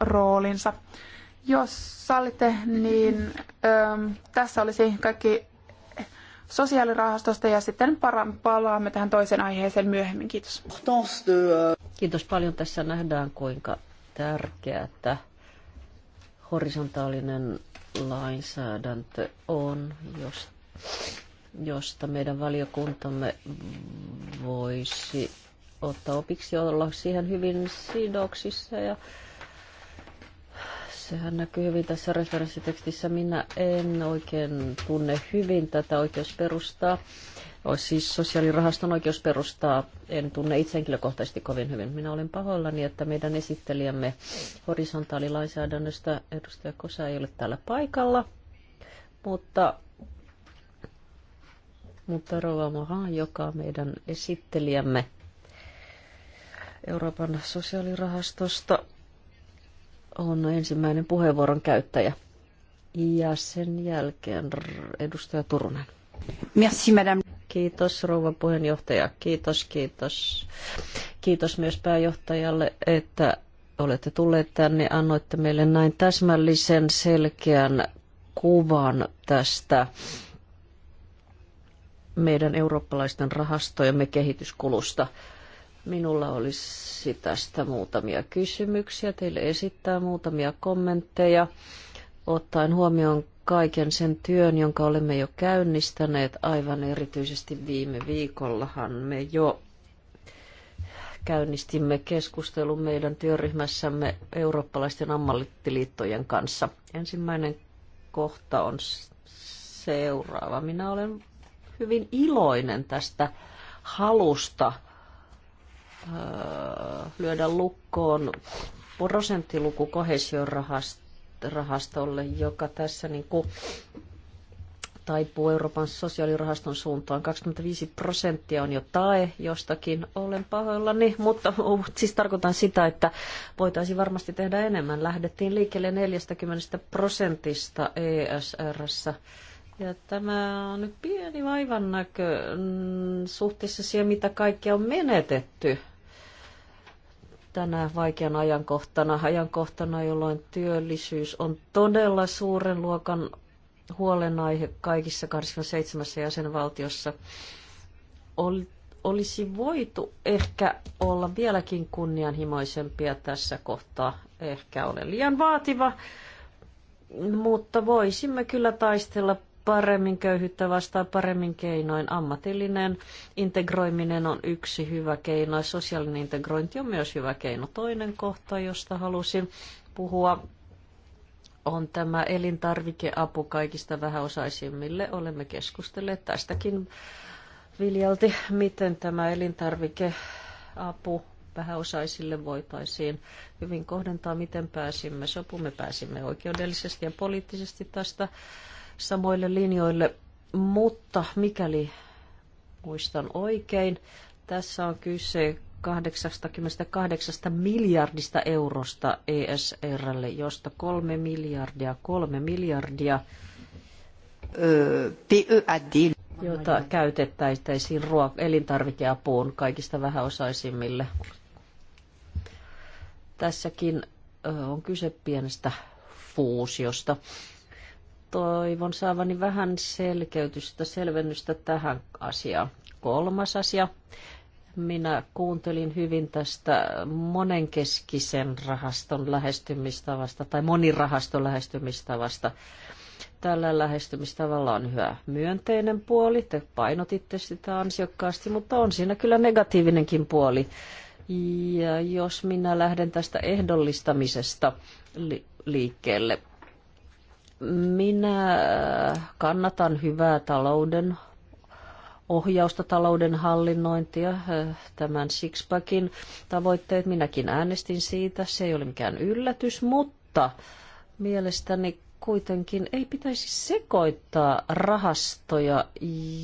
roolinsa. Jos sallitte, niin ö, ähm, tässä olisi kaikki sosiaalirahastosta ja sitten palaamme tähän toiseen aiheeseen myöhemmin. Kiitos. Äh, Kiitos paljon. Tässä nähdään, kuinka tärkeää horisontaalinen lainsäädäntö on, josta meidän valiokuntamme voisi ottaa opiksi olla siihen hyvin sidoksissa ja sehän näkyy hyvin tässä referenssitekstissä. Minä en oikein tunne hyvin tätä oikeusperustaa siis sosiaalirahaston oikeus perustaa, en tunne itse henkilökohtaisesti kovin hyvin. Minä olen pahoillani, että meidän esittelijämme horisontaalilainsäädännöstä, edustaja Kosa ei ole täällä paikalla, mutta, mutta Rova Moran, joka meidän esittelijämme Euroopan sosiaalirahastosta, on ensimmäinen puheenvuoron käyttäjä. Ja sen jälkeen edustaja Turunen. Merci, madame. Kiitos rouva puheenjohtaja. Kiitos, kiitos. Kiitos myös pääjohtajalle, että olette tulleet tänne, annoitte meille näin täsmällisen, selkeän kuvan tästä meidän eurooppalaisten rahastojemme kehityskulusta. Minulla olisi tästä muutamia kysymyksiä, teille esittää muutamia kommentteja, ottaen huomioon kaiken sen työn, jonka olemme jo käynnistäneet, aivan erityisesti viime viikollahan me jo käynnistimme keskustelun meidän työryhmässämme eurooppalaisten ammattiliittojen kanssa. Ensimmäinen kohta on seuraava. Minä olen hyvin iloinen tästä halusta öö, lyödä lukkoon prosenttiluku kohesiorahasta rahastolle, joka tässä niin kuin taipuu Euroopan sosiaalirahaston suuntaan. 25 prosenttia on jo tae jostakin, olen pahoillani, mutta oh, siis tarkoitan sitä, että voitaisiin varmasti tehdä enemmän. Lähdettiin liikkeelle 40 prosentista ESRssä. Ja tämä on nyt pieni vaivannäkö mm, suhteessa siihen, mitä kaikkea on menetetty tänä vaikean ajankohtana, ajankohtana, jolloin työllisyys on todella suuren luokan huolenaihe kaikissa 27 jäsenvaltiossa. Ol, olisi voitu ehkä olla vieläkin kunnianhimoisempia tässä kohtaa. Ehkä olen liian vaativa, mutta voisimme kyllä taistella paremmin köyhyyttä vastaan paremmin keinoin. Ammatillinen integroiminen on yksi hyvä keino ja sosiaalinen integrointi on myös hyvä keino. Toinen kohta, josta halusin puhua, on tämä elintarvikeapu kaikista vähäosaisimmille. Olemme keskustelleet tästäkin viljalti, miten tämä elintarvikeapu vähäosaisille voitaisiin hyvin kohdentaa, miten pääsimme sopumme, pääsimme oikeudellisesti ja poliittisesti tästä samoille linjoille, mutta mikäli muistan oikein, tässä on kyse 88 miljardista eurosta ESRlle, josta kolme miljardia, kolme miljardia, e jota käytettäisiin elintarvikeapuun kaikista vähäosaisimmille. Tässäkin on kyse pienestä fuusiosta toivon saavani vähän selkeytystä, selvennystä tähän asiaan. Kolmas asia. Minä kuuntelin hyvin tästä monenkeskisen rahaston lähestymistavasta tai monirahaston lähestymistavasta. Tällä lähestymistavalla on hyvä myönteinen puoli, te painotitte sitä ansiokkaasti, mutta on siinä kyllä negatiivinenkin puoli. Ja jos minä lähden tästä ehdollistamisesta liikkeelle, minä äh, kannatan hyvää talouden ohjausta, talouden hallinnointia, äh, tämän Sixpackin tavoitteet. Minäkin äänestin siitä, se ei ole mikään yllätys, mutta mielestäni kuitenkin ei pitäisi sekoittaa rahastoja,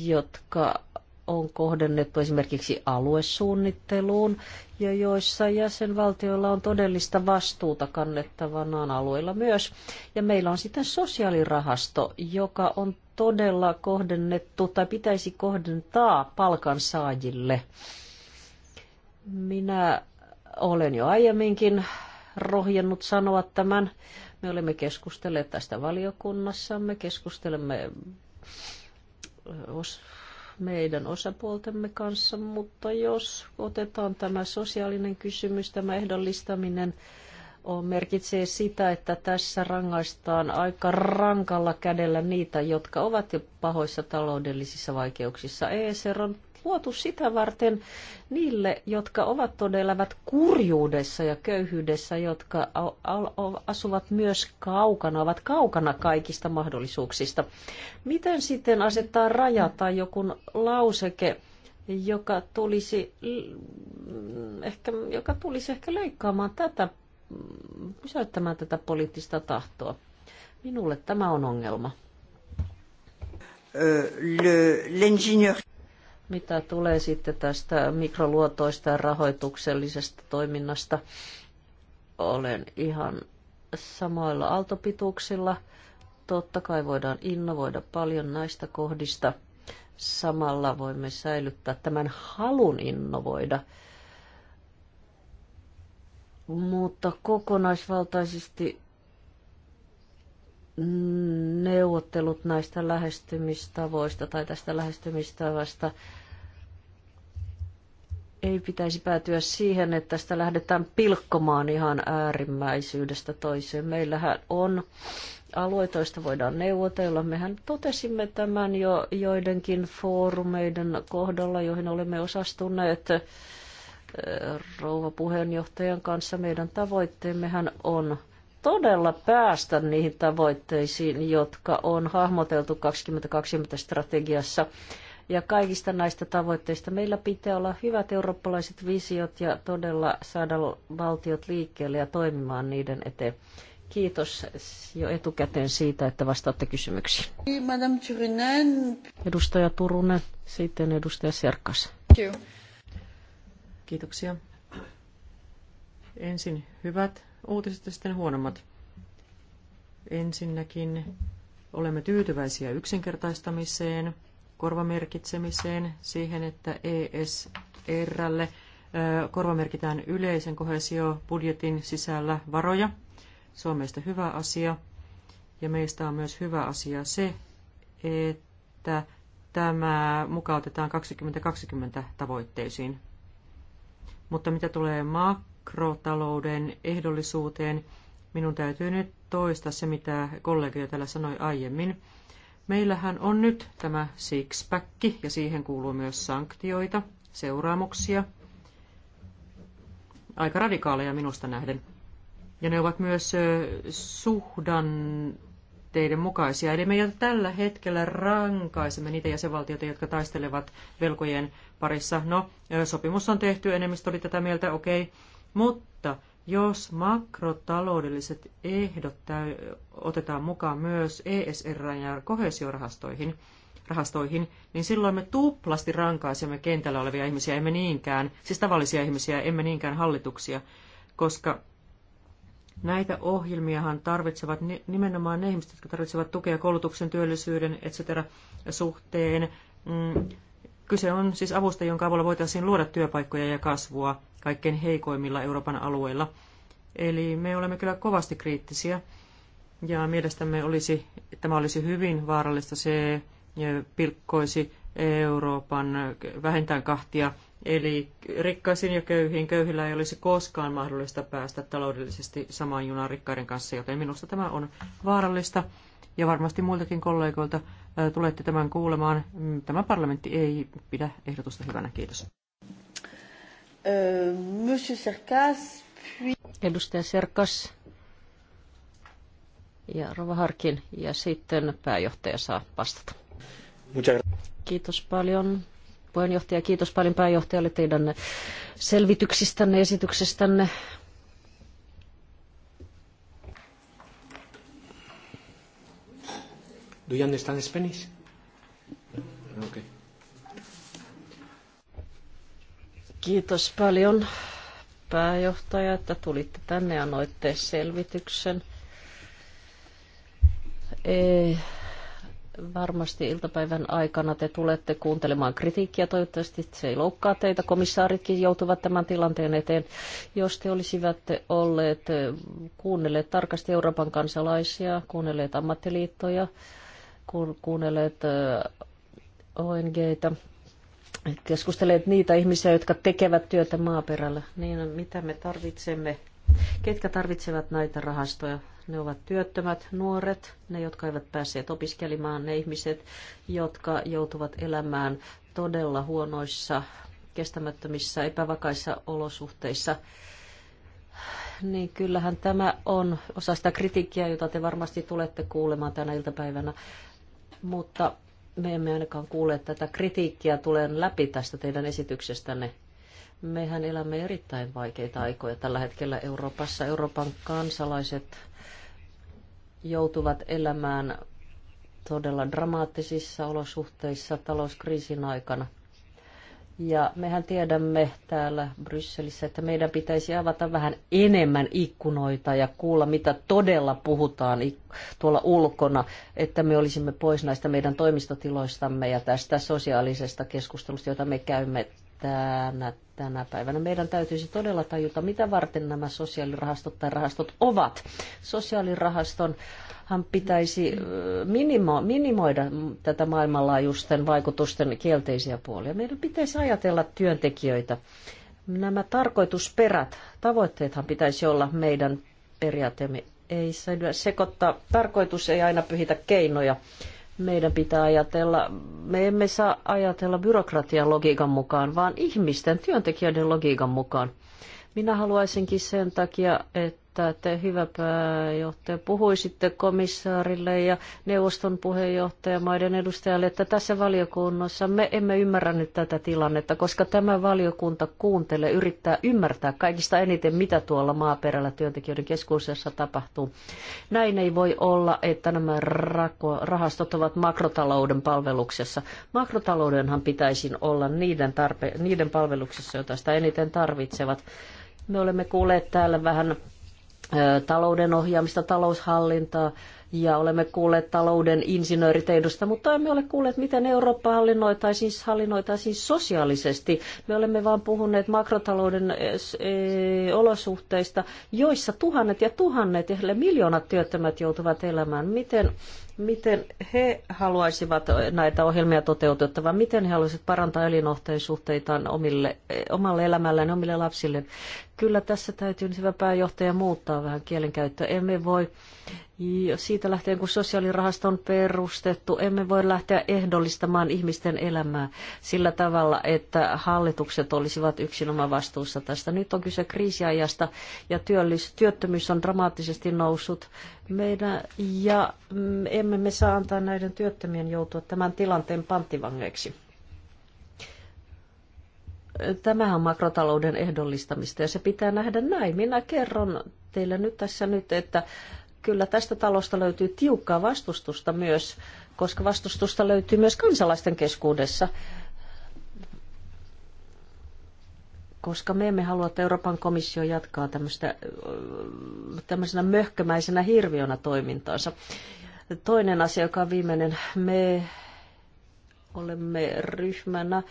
jotka on kohdennettu esimerkiksi aluesuunnitteluun ja joissa jäsenvaltioilla on todellista vastuuta kannettavanaan alueilla myös. Ja meillä on sitten sosiaalirahasto, joka on todella kohdennettu tai pitäisi kohdentaa palkansaajille. Minä olen jo aiemminkin rohjennut sanoa tämän. Me olemme keskustelleet tästä valiokunnassamme, keskustelemme meidän osapuoltemme kanssa, mutta jos otetaan tämä sosiaalinen kysymys, tämä ehdollistaminen, on, merkitsee sitä, että tässä rangaistaan aika rankalla kädellä niitä, jotka ovat jo pahoissa taloudellisissa vaikeuksissa. ESR on luotu sitä varten niille, jotka ovat todella kurjuudessa ja köyhyydessä, jotka asuvat myös kaukana, ovat kaukana kaikista mahdollisuuksista. Miten sitten asettaa raja tai joku lauseke, joka tulisi ehkä, joka tulisi ehkä leikkaamaan tätä, pysäyttämään tätä poliittista tahtoa? Minulle tämä on ongelma euh, l'ingénieur. Mitä tulee sitten tästä mikroluotoista ja rahoituksellisesta toiminnasta, olen ihan samoilla aaltopituuksilla. Totta kai voidaan innovoida paljon näistä kohdista. Samalla voimme säilyttää tämän halun innovoida. Mutta kokonaisvaltaisesti neuvottelut näistä lähestymistavoista tai tästä lähestymistavasta ei pitäisi päätyä siihen, että sitä lähdetään pilkkomaan ihan äärimmäisyydestä toiseen. Meillähän on alueitoista voidaan neuvotella. Mehän totesimme tämän jo joidenkin foorumeiden kohdalla, joihin olemme osastuneet rouva puheenjohtajan kanssa. Meidän tavoitteemmehän on todella päästä niihin tavoitteisiin, jotka on hahmoteltu 2020 strategiassa ja kaikista näistä tavoitteista. Meillä pitää olla hyvät eurooppalaiset visiot ja todella saada valtiot liikkeelle ja toimimaan niiden eteen. Kiitos jo etukäteen siitä, että vastaatte kysymyksiin. Madame Turunen. Edustaja Turunen, sitten edustaja Serkas. Kiitoksia. Ensin hyvät uutiset ja sitten huonommat. Ensinnäkin olemme tyytyväisiä yksinkertaistamiseen – korvamerkitsemiseen, siihen, että ESRlle korvamerkitään yleisen kohesiobudjetin sisällä varoja. Se on meistä hyvä asia. Ja meistä on myös hyvä asia se, että tämä mukautetaan 2020 tavoitteisiin. Mutta mitä tulee makrotalouden ehdollisuuteen, minun täytyy nyt toistaa se, mitä kollegio täällä sanoi aiemmin. Meillähän on nyt tämä sixpäkki ja siihen kuuluu myös sanktioita, seuraamuksia. Aika radikaaleja minusta nähden. Ja ne ovat myös suhdanteiden mukaisia. Eli me jo tällä hetkellä rankaisemme niitä jäsenvaltioita, jotka taistelevat velkojen parissa. No, sopimus on tehty, enemmistö oli tätä mieltä, okei. Okay. Mutta jos makrotaloudelliset ehdot otetaan mukaan myös ESR- ja kohesiorahastoihin, rahastoihin, niin silloin me tuplasti rankaisemme kentällä olevia ihmisiä, emme niinkään, siis tavallisia ihmisiä, emme niinkään hallituksia, koska näitä ohjelmiahan tarvitsevat nimenomaan ne ihmiset, jotka tarvitsevat tukea koulutuksen, työllisyyden, etc. suhteen. Mm, kyse on siis avusta, jonka avulla voitaisiin luoda työpaikkoja ja kasvua kaikkein heikoimmilla Euroopan alueilla. Eli me olemme kyllä kovasti kriittisiä ja mielestämme olisi, tämä olisi hyvin vaarallista. Se e, pilkkoisi Euroopan vähintään kahtia, eli rikkaisiin ja köyhiin. Köyhillä ei olisi koskaan mahdollista päästä taloudellisesti samaan junaan rikkaiden kanssa, joten minusta tämä on vaarallista. Ja varmasti muiltakin kollegoilta e, tulette tämän kuulemaan. Tämä parlamentti ei pidä ehdotusta hyvänä. Kiitos. Euh, Monsieur Serkas, puis... Edustaja Serkas ja Rova Harkin ja sitten pääjohtaja saa vastata. Kiitos paljon puheenjohtaja. Kiitos paljon pääjohtajalle teidän selvityksistänne, esityksestänne. Do you understand Spanish? Okay. Kiitos paljon pääjohtaja, että tulitte tänne ja noitte selvityksen. E- varmasti iltapäivän aikana te tulette kuuntelemaan kritiikkiä. Toivottavasti se ei loukkaa teitä. Komissaaritkin joutuvat tämän tilanteen eteen. Jos te olisivat olleet e, kuunnelleet tarkasti Euroopan kansalaisia, kuunnelleet ammattiliittoja, kuunnelleet e, ONGtä, keskustelleet niitä ihmisiä, jotka tekevät työtä maaperällä, niin mitä me tarvitsemme, ketkä tarvitsevat näitä rahastoja? Ne ovat työttömät, nuoret, ne, jotka eivät päässeet opiskelemaan, ne ihmiset, jotka joutuvat elämään todella huonoissa, kestämättömissä, epävakaissa olosuhteissa niin kyllähän tämä on osa sitä kritiikkiä, jota te varmasti tulette kuulemaan tänä iltapäivänä. Mutta me emme ainakaan kuule tätä kritiikkiä tulen läpi tästä teidän esityksestänne. Mehän elämme erittäin vaikeita aikoja tällä hetkellä Euroopassa. Euroopan kansalaiset joutuvat elämään todella dramaattisissa olosuhteissa talouskriisin aikana – ja mehän tiedämme täällä Brysselissä, että meidän pitäisi avata vähän enemmän ikkunoita ja kuulla, mitä todella puhutaan tuolla ulkona, että me olisimme pois näistä meidän toimistotiloistamme ja tästä sosiaalisesta keskustelusta, jota me käymme tänä, tänä päivänä. Meidän täytyisi todella tajuta, mitä varten nämä sosiaalirahastot tai rahastot ovat. Sosiaalirahaston hän pitäisi minimo, minimoida tätä maailmanlaajuisten vaikutusten kielteisiä puolia. Meidän pitäisi ajatella työntekijöitä. Nämä tarkoitusperät, tavoitteethan pitäisi olla meidän periaatteemme. Ei sekoittaa, tarkoitus ei aina pyhitä keinoja meidän pitää ajatella, me emme saa ajatella byrokratian logiikan mukaan, vaan ihmisten, työntekijöiden logiikan mukaan. Minä haluaisinkin sen takia, että ehdottaa, että hyvä pääjohtaja puhuisitte komissaarille ja neuvoston puheenjohtaja maiden edustajalle, että tässä valiokunnassa me emme ymmärrä nyt tätä tilannetta, koska tämä valiokunta kuuntelee, yrittää ymmärtää kaikista eniten, mitä tuolla maaperällä työntekijöiden keskuudessa tapahtuu. Näin ei voi olla, että nämä rahastot ovat makrotalouden palveluksessa. Makrotaloudenhan pitäisi olla niiden, tarpe- niiden palveluksessa, joita sitä eniten tarvitsevat. Me olemme kuulleet täällä vähän talouden ohjaamista, taloushallintaa ja olemme kuulleet talouden insinööriteidosta, mutta emme ole kuulleet, miten Eurooppa hallinnoitaisiin, hallinnoitaisiin sosiaalisesti. Me olemme vain puhuneet makrotalouden olosuhteista, joissa tuhannet ja tuhannet ja miljoonat työttömät joutuvat elämään. Miten, miten he haluaisivat näitä ohjelmia toteutettavan, miten he haluaisivat parantaa elinohteisuhteitaan omille, omalle elämälleen, omille lapsille. Kyllä tässä täytyy nyt hyvä pääjohtaja muuttaa vähän kielenkäyttöä. Emme voi, siitä lähtien kun sosiaalirahasto on perustettu, emme voi lähteä ehdollistamaan ihmisten elämää sillä tavalla, että hallitukset olisivat yksin oma vastuussa tästä. Nyt on kyse kriisiajasta ja työllis, työttömyys on dramaattisesti noussut meidän, ja emme me saa antaa näiden työttömien joutua tämän tilanteen panttivangeiksi. Tämähän on makrotalouden ehdollistamista ja se pitää nähdä näin. Minä kerron teille nyt tässä nyt, että kyllä tästä talosta löytyy tiukkaa vastustusta myös, koska vastustusta löytyy myös kansalaisten keskuudessa. koska me emme halua, että Euroopan komissio jatkaa tämmöistä, tämmöisenä möhkömäisenä hirviönä toimintaansa. Toinen asia, joka on viimeinen, me olemme ryhmänä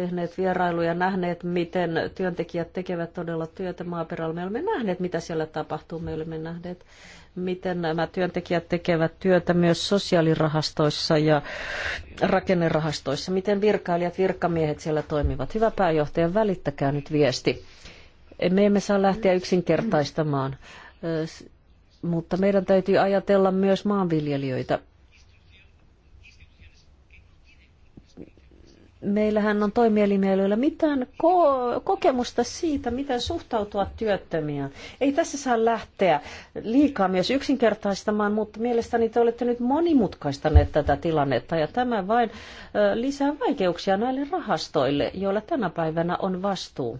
tehneet vierailuja, nähneet, miten työntekijät tekevät todella työtä maaperällä. Me olemme nähneet, mitä siellä tapahtuu. Me olemme nähneet, miten nämä työntekijät tekevät työtä myös sosiaalirahastoissa ja rakennerahastoissa. Miten virkailijat, virkamiehet siellä toimivat. Hyvä pääjohtaja, välittäkää nyt viesti. Me emme saa lähteä yksinkertaistamaan, mutta meidän täytyy ajatella myös maanviljelijöitä. meillähän on toimielimielillä mitään ko- kokemusta siitä, miten suhtautua työttömiä. Ei tässä saa lähteä liikaa myös yksinkertaistamaan, mutta mielestäni te olette nyt monimutkaistaneet tätä tilannetta ja tämä vain lisää vaikeuksia näille rahastoille, joilla tänä päivänä on vastuu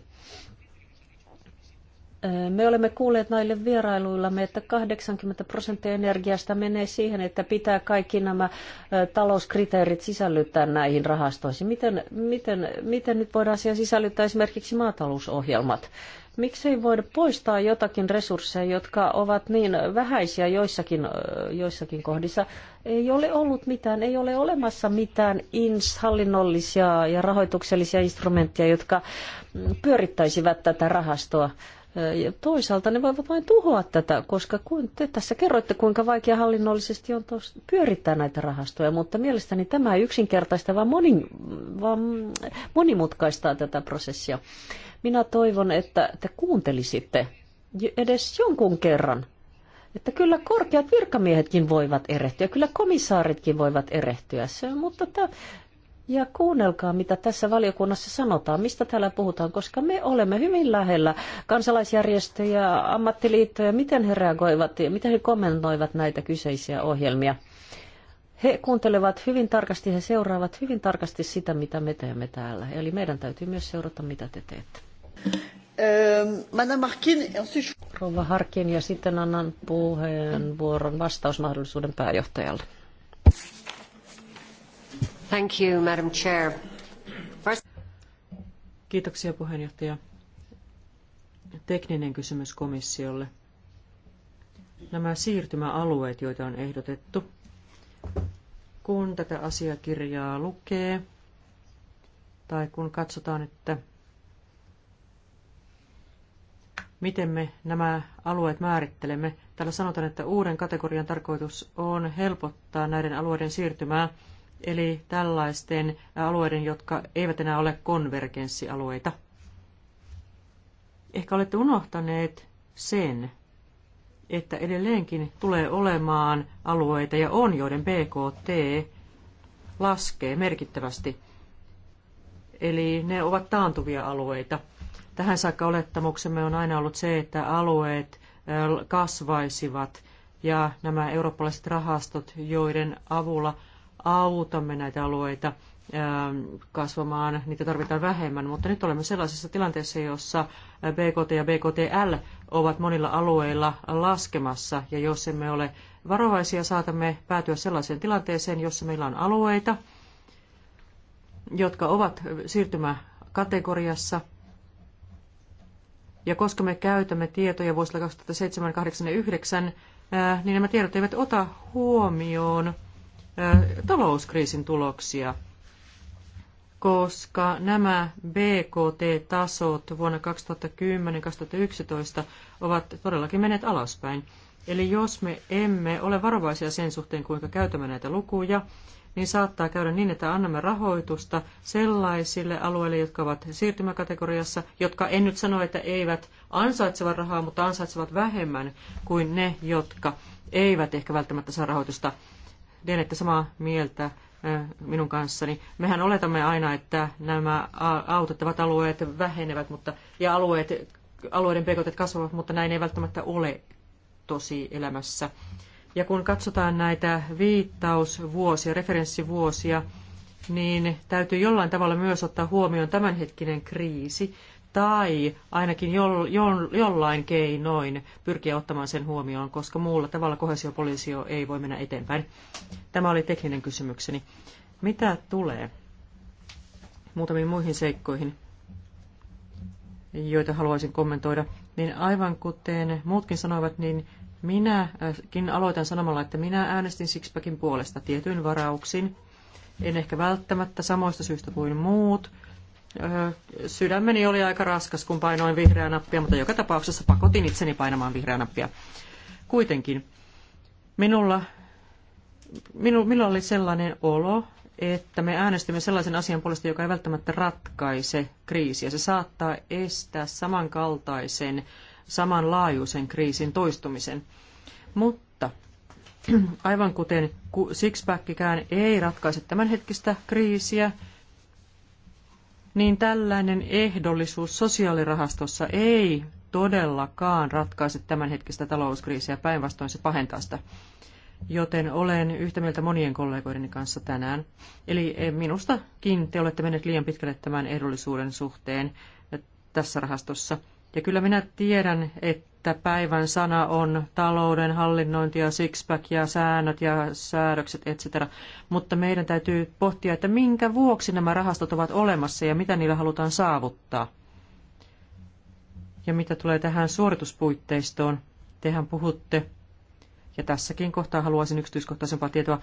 me olemme kuulleet näille vierailuillamme, että 80 prosenttia energiasta menee siihen, että pitää kaikki nämä talouskriteerit sisällyttää näihin rahastoihin. Miten, miten, miten nyt voidaan siihen sisällyttää esimerkiksi maatalousohjelmat? Miksei voida poistaa jotakin resursseja, jotka ovat niin vähäisiä joissakin, joissakin kohdissa? Ei ole ollut mitään, ei ole olemassa mitään ins, hallinnollisia ja rahoituksellisia instrumentteja, jotka mm, pyörittäisivät tätä rahastoa. Toisaalta ne voivat vain tuhoa tätä, koska kun te tässä kerroitte, kuinka vaikea hallinnollisesti on tos, pyörittää näitä rahastoja, mutta mielestäni tämä ei yksinkertaista, vaan, moni, vaan monimutkaistaa tätä prosessia. Minä toivon, että te kuuntelisitte edes jonkun kerran että kyllä korkeat virkamiehetkin voivat erehtyä, kyllä komissaaritkin voivat erehtyä, mutta tämä ja kuunnelkaa, mitä tässä valiokunnassa sanotaan, mistä täällä puhutaan, koska me olemme hyvin lähellä kansalaisjärjestöjä, ammattiliittoja, miten he reagoivat ja miten he kommentoivat näitä kyseisiä ohjelmia. He kuuntelevat hyvin tarkasti, he seuraavat hyvin tarkasti sitä, mitä me teemme täällä. Eli meidän täytyy myös seurata, mitä te teette. Ähm, Harkin, Rouva Harkin ja sitten annan puheenvuoron vastausmahdollisuuden pääjohtajalle. Thank you, Madam Chair. First... Kiitoksia puheenjohtaja. Tekninen kysymys komissiolle. Nämä siirtymäalueet, joita on ehdotettu, kun tätä asiakirjaa lukee, tai kun katsotaan, että miten me nämä alueet määrittelemme. Täällä sanotaan, että uuden kategorian tarkoitus on helpottaa näiden alueiden siirtymää eli tällaisten alueiden, jotka eivät enää ole konvergenssialueita. Ehkä olette unohtaneet sen, että edelleenkin tulee olemaan alueita ja on, joiden BKT laskee merkittävästi. Eli ne ovat taantuvia alueita. Tähän saakka olettamuksemme on aina ollut se, että alueet kasvaisivat ja nämä eurooppalaiset rahastot, joiden avulla autamme näitä alueita ähm, kasvamaan, niitä tarvitaan vähemmän, mutta nyt olemme sellaisessa tilanteessa, jossa äh, BKT ja BKTL ovat monilla alueilla laskemassa, ja jos emme ole varovaisia, saatamme päätyä sellaiseen tilanteeseen, jossa meillä on alueita, jotka ovat siirtymäkategoriassa, ja koska me käytämme tietoja vuosilta 2007, 2008 ja 2009, äh, niin nämä tiedot eivät ota huomioon – talouskriisin tuloksia, koska nämä BKT-tasot vuonna 2010-2011 ovat todellakin menneet alaspäin. Eli jos me emme ole varovaisia sen suhteen, kuinka käytämme näitä lukuja, niin saattaa käydä niin, että annamme rahoitusta sellaisille alueille, jotka ovat siirtymäkategoriassa, jotka en nyt sano, että eivät ansaitsevat rahaa, mutta ansaitsevat vähemmän kuin ne, jotka eivät ehkä välttämättä saa rahoitusta lienette samaa mieltä minun kanssani. Mehän oletamme aina, että nämä autettavat alueet vähenevät mutta, ja alueet, alueiden pekotet kasvavat, mutta näin ei välttämättä ole tosi elämässä. Ja kun katsotaan näitä viittausvuosia, referenssivuosia, niin täytyy jollain tavalla myös ottaa huomioon tämänhetkinen kriisi tai ainakin jollain keinoin pyrkiä ottamaan sen huomioon, koska muulla tavalla kohesiopoliisio ei voi mennä eteenpäin. Tämä oli tekninen kysymykseni. Mitä tulee muutamiin muihin seikkoihin, joita haluaisin kommentoida, niin aivan kuten muutkin sanoivat, niin minäkin aloitan sanomalla, että minä äänestin Sixpackin puolesta tietyin varauksin. En ehkä välttämättä samoista syistä kuin muut, Sydämeni oli aika raskas, kun painoin vihreää nappia, mutta joka tapauksessa pakotin itseni painamaan vihreää nappia. Kuitenkin minulla, minu, minulla oli sellainen olo, että me äänestimme sellaisen asian puolesta, joka ei välttämättä ratkaise kriisiä. Se saattaa estää samankaltaisen, samanlaajuisen kriisin toistumisen. Mutta aivan kuten sixpackikään ei ratkaise tämänhetkistä kriisiä, niin tällainen ehdollisuus sosiaalirahastossa ei todellakaan ratkaise tämänhetkistä talouskriisiä, päinvastoin se pahentaa sitä. Joten olen yhtä mieltä monien kollegoideni kanssa tänään. Eli e, minustakin te olette menneet liian pitkälle tämän ehdollisuuden suhteen e, tässä rahastossa. Ja kyllä minä tiedän, että päivän sana on talouden hallinnointi ja sixpack ja säännöt ja säädökset, etc. Mutta meidän täytyy pohtia, että minkä vuoksi nämä rahastot ovat olemassa ja mitä niillä halutaan saavuttaa. Ja mitä tulee tähän suorituspuitteistoon, tehän puhutte, ja tässäkin kohtaa haluaisin yksityiskohtaisempaa tietoa,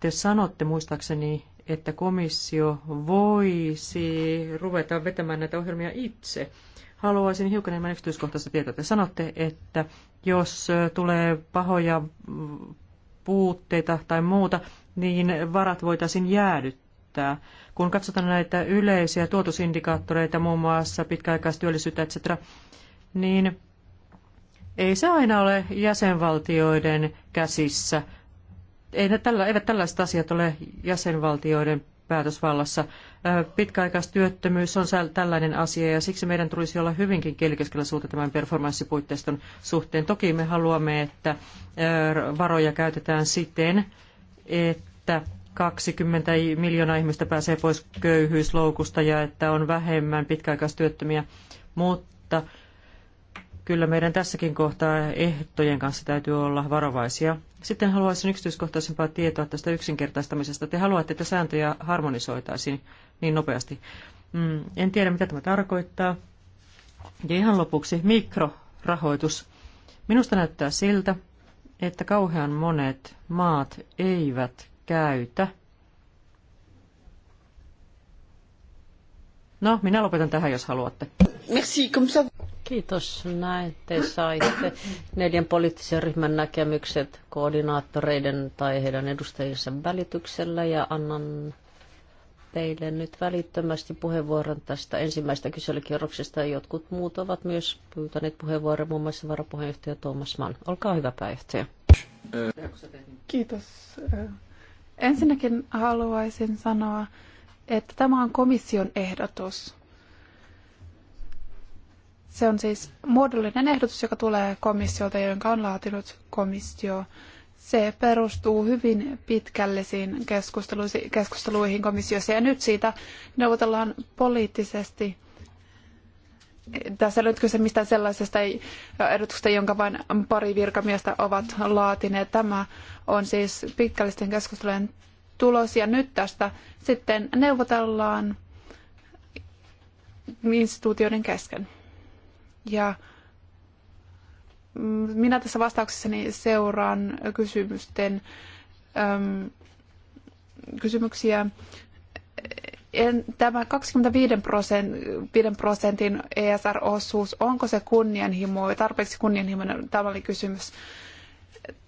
te sanotte muistaakseni, että komissio voisi ruveta vetämään näitä ohjelmia itse – Haluaisin hiukan enemmän yksityiskohtaista tietoa. Te sanotte, että jos tulee pahoja puutteita tai muuta, niin varat voitaisiin jäädyttää. Kun katsotaan näitä yleisiä tuotosindikaattoreita, muun muassa pitkäaikaistyöllisyyttä, etc., niin ei se aina ole jäsenvaltioiden käsissä. Ei tällä, eivät tällaiset asiat ole jäsenvaltioiden päätösvallassa. Pitkäaikaistyöttömyys on tällainen asia ja siksi meidän tulisi olla hyvinkin kielikeskellä suuta tämän performanssipuitteiston suhteen. Toki me haluamme, että varoja käytetään siten, että 20 miljoonaa ihmistä pääsee pois köyhyysloukusta ja että on vähemmän pitkäaikaistyöttömiä, mutta kyllä meidän tässäkin kohtaa ehtojen kanssa täytyy olla varovaisia. Sitten haluaisin yksityiskohtaisempaa tietoa tästä yksinkertaistamisesta. Te haluatte, että sääntöjä harmonisoitaisiin niin nopeasti. Mm, en tiedä, mitä tämä tarkoittaa. Ja ihan lopuksi mikrorahoitus. Minusta näyttää siltä, että kauhean monet maat eivät käytä. No, minä lopetan tähän, jos haluatte. Merci, comme ça. Kiitos. Näin te saitte neljän poliittisen ryhmän näkemykset koordinaattoreiden tai heidän edustajiensa välityksellä ja annan teille nyt välittömästi puheenvuoron tästä ensimmäistä kyselykierroksesta. Jotkut muut ovat myös pyytäneet puheenvuoron, muun muassa varapuheenjohtaja Tuomas Mann. Olkaa hyvä pääjohtaja. Kiitos. Ensinnäkin haluaisin sanoa, että tämä on komission ehdotus se on siis muodollinen ehdotus, joka tulee komissiolta, jonka on laatinut komissio. Se perustuu hyvin pitkällisiin keskusteluihin komissiossa ja nyt siitä neuvotellaan poliittisesti tässä ei ole kyse mistään sellaisesta ehdotuksesta, jonka vain pari virkamiestä ovat laatineet. Tämä on siis pitkällisten keskustelujen tulos ja nyt tästä sitten neuvotellaan instituutioiden kesken. Ja mm, minä tässä vastauksessani seuraan kysymysten äm, kysymyksiä. En, tämä 25 prosentin, ESR-osuus, onko se kunnianhimo, tarpeeksi kunnianhimoinen? Tämä oli kysymys.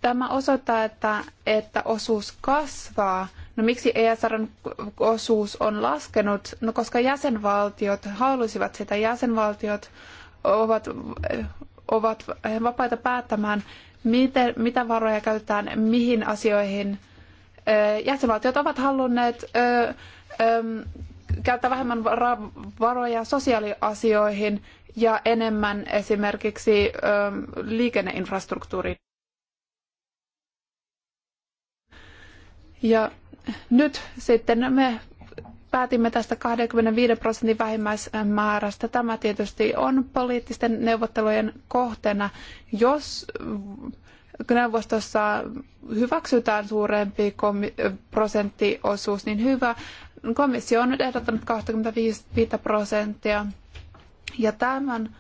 Tämä osoittaa, että, että osuus kasvaa. No miksi ESRn osuus on laskenut? No koska jäsenvaltiot halusivat sitä. Jäsenvaltiot ovat, ovat vapaita päättämään, miten, mitä varoja käytetään mihin asioihin. Jäsenvaltiot ovat halunneet käyttää vähemmän varoja sosiaaliasioihin ja enemmän esimerkiksi liikenneinfrastruktuuriin. Ja nyt sitten me päätimme tästä 25 prosentin vähimmäismäärästä. Tämä tietysti on poliittisten neuvottelujen kohteena. Jos neuvostossa hyväksytään suurempi prosenttiosuus, niin hyvä. Komissio on nyt ehdottanut 25 prosenttia. Ja tämän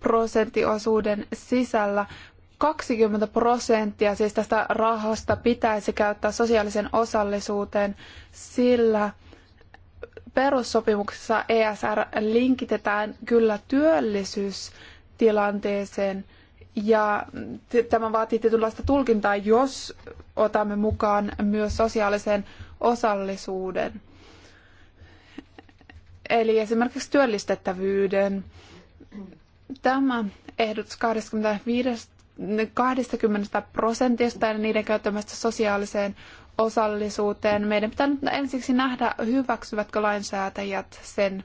prosenttiosuuden sisällä 20 prosenttia siis tästä rahasta pitäisi käyttää sosiaaliseen osallisuuteen, sillä – perussopimuksessa ESR linkitetään kyllä työllisyystilanteeseen ja tämä vaatii tietynlaista tulkintaa, jos otamme mukaan myös sosiaalisen osallisuuden. Eli esimerkiksi työllistettävyyden. Tämä ehdotus 25 20 prosentista ja niiden käyttämästä sosiaaliseen osallisuuteen. Meidän pitää nyt ensiksi nähdä, hyväksyvätkö lainsäätäjät sen.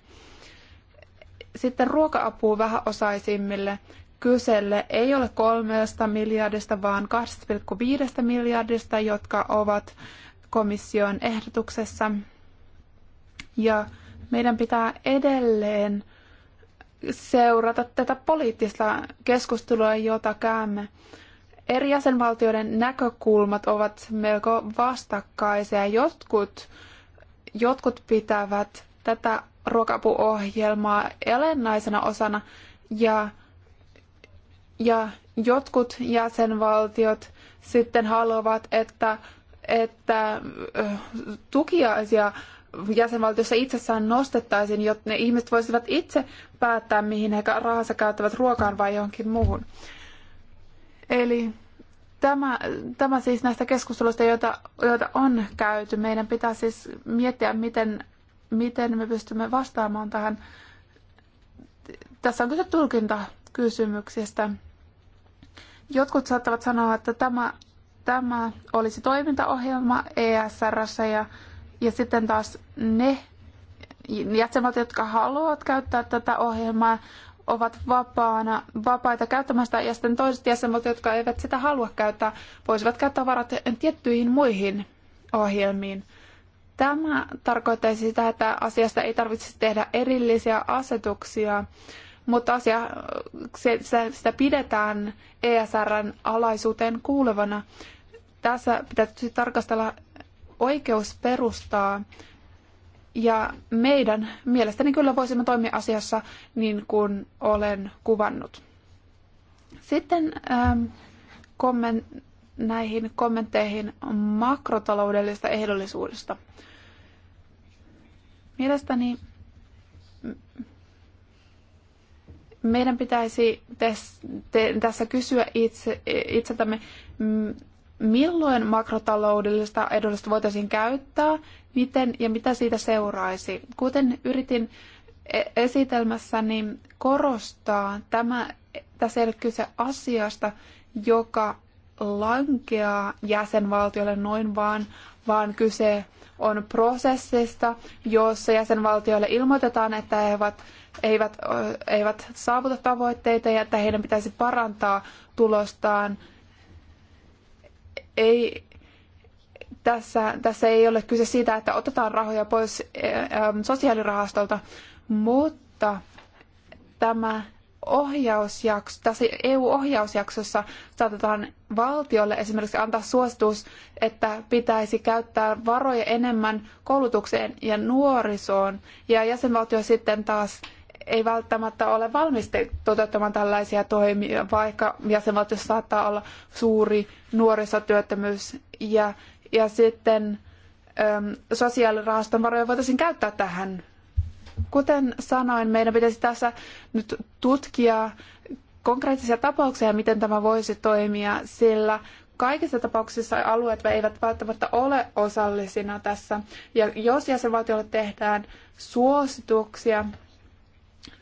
Sitten ruoka-apua vähäosaisimmille kyselle ei ole kolmesta miljardista, vaan 2,5 miljardista, jotka ovat komission ehdotuksessa. Ja meidän pitää edelleen seurata tätä poliittista keskustelua, jota käymme eri jäsenvaltioiden näkökulmat ovat melko vastakkaisia. Jotkut, jotkut pitävät tätä ruokapuohjelmaa olennaisena osana ja, ja jotkut jäsenvaltiot sitten haluavat, että, että tukiaisia jäsenvaltiossa itsessään nostettaisiin, jotta ne ihmiset voisivat itse päättää, mihin he rahansa käyttävät ruokaan vai johonkin muuhun. Eli Tämä, tämä siis näistä keskusteluista, joita, joita on käyty. Meidän pitää siis miettiä, miten, miten me pystymme vastaamaan tähän. Tässä on kyse kysymyksestä. Jotkut saattavat sanoa, että tämä, tämä olisi toimintaohjelma ESRssä ja, ja sitten taas ne jäsenvaltiot, jotka haluavat käyttää tätä ohjelmaa, ovat vapaana, vapaita käyttämästä ja sitten toiset jäsenvaltiot, jotka eivät sitä halua käyttää, voisivat käyttää varat tiettyihin muihin ohjelmiin. Tämä tarkoittaisi sitä, että asiasta ei tarvitsisi tehdä erillisiä asetuksia, mutta asia, se, se, sitä pidetään ESRn alaisuuteen kuuluvana. Tässä pitäisi tarkastella oikeusperustaa perustaa ja meidän mielestäni kyllä voisimme toimia asiassa niin kuin olen kuvannut. Sitten ähm, komment- näihin kommentteihin makrotaloudellisesta ehdollisuudesta. Mielestäni meidän pitäisi tässä kysyä itse, itseltämme, mm, milloin makrotaloudellista edullista voitaisiin käyttää, miten ja mitä siitä seuraisi. Kuten yritin e- esitelmässäni korostaa, tämä, tässä ei ole kyse asiasta, joka lankeaa jäsenvaltiolle noin vaan, vaan kyse on prosessista, jossa jäsenvaltioille ilmoitetaan, että he ovat, eivät, eivät saavuta tavoitteita ja että heidän pitäisi parantaa tulostaan ei, tässä, tässä ei ole kyse siitä, että otetaan rahoja pois eh, eh, sosiaalirahastolta, mutta tämä ohjausjakso, tässä EU-ohjausjaksossa saatetaan valtiolle esimerkiksi antaa suositus, että pitäisi käyttää varoja enemmän koulutukseen ja nuorisoon, ja jäsenvaltio sitten taas ei välttämättä ole valmis toteuttamaan tällaisia toimia, vaikka jäsenvaltiossa saattaa olla suuri nuorisotyöttömyys ja, ja sitten äm, sosiaalirahaston varoja voitaisiin käyttää tähän. Kuten sanoin, meidän pitäisi tässä nyt tutkia konkreettisia tapauksia, miten tämä voisi toimia, sillä kaikissa tapauksissa alueet eivät välttämättä ole osallisina tässä. Ja jos jäsenvaltiolle tehdään suosituksia,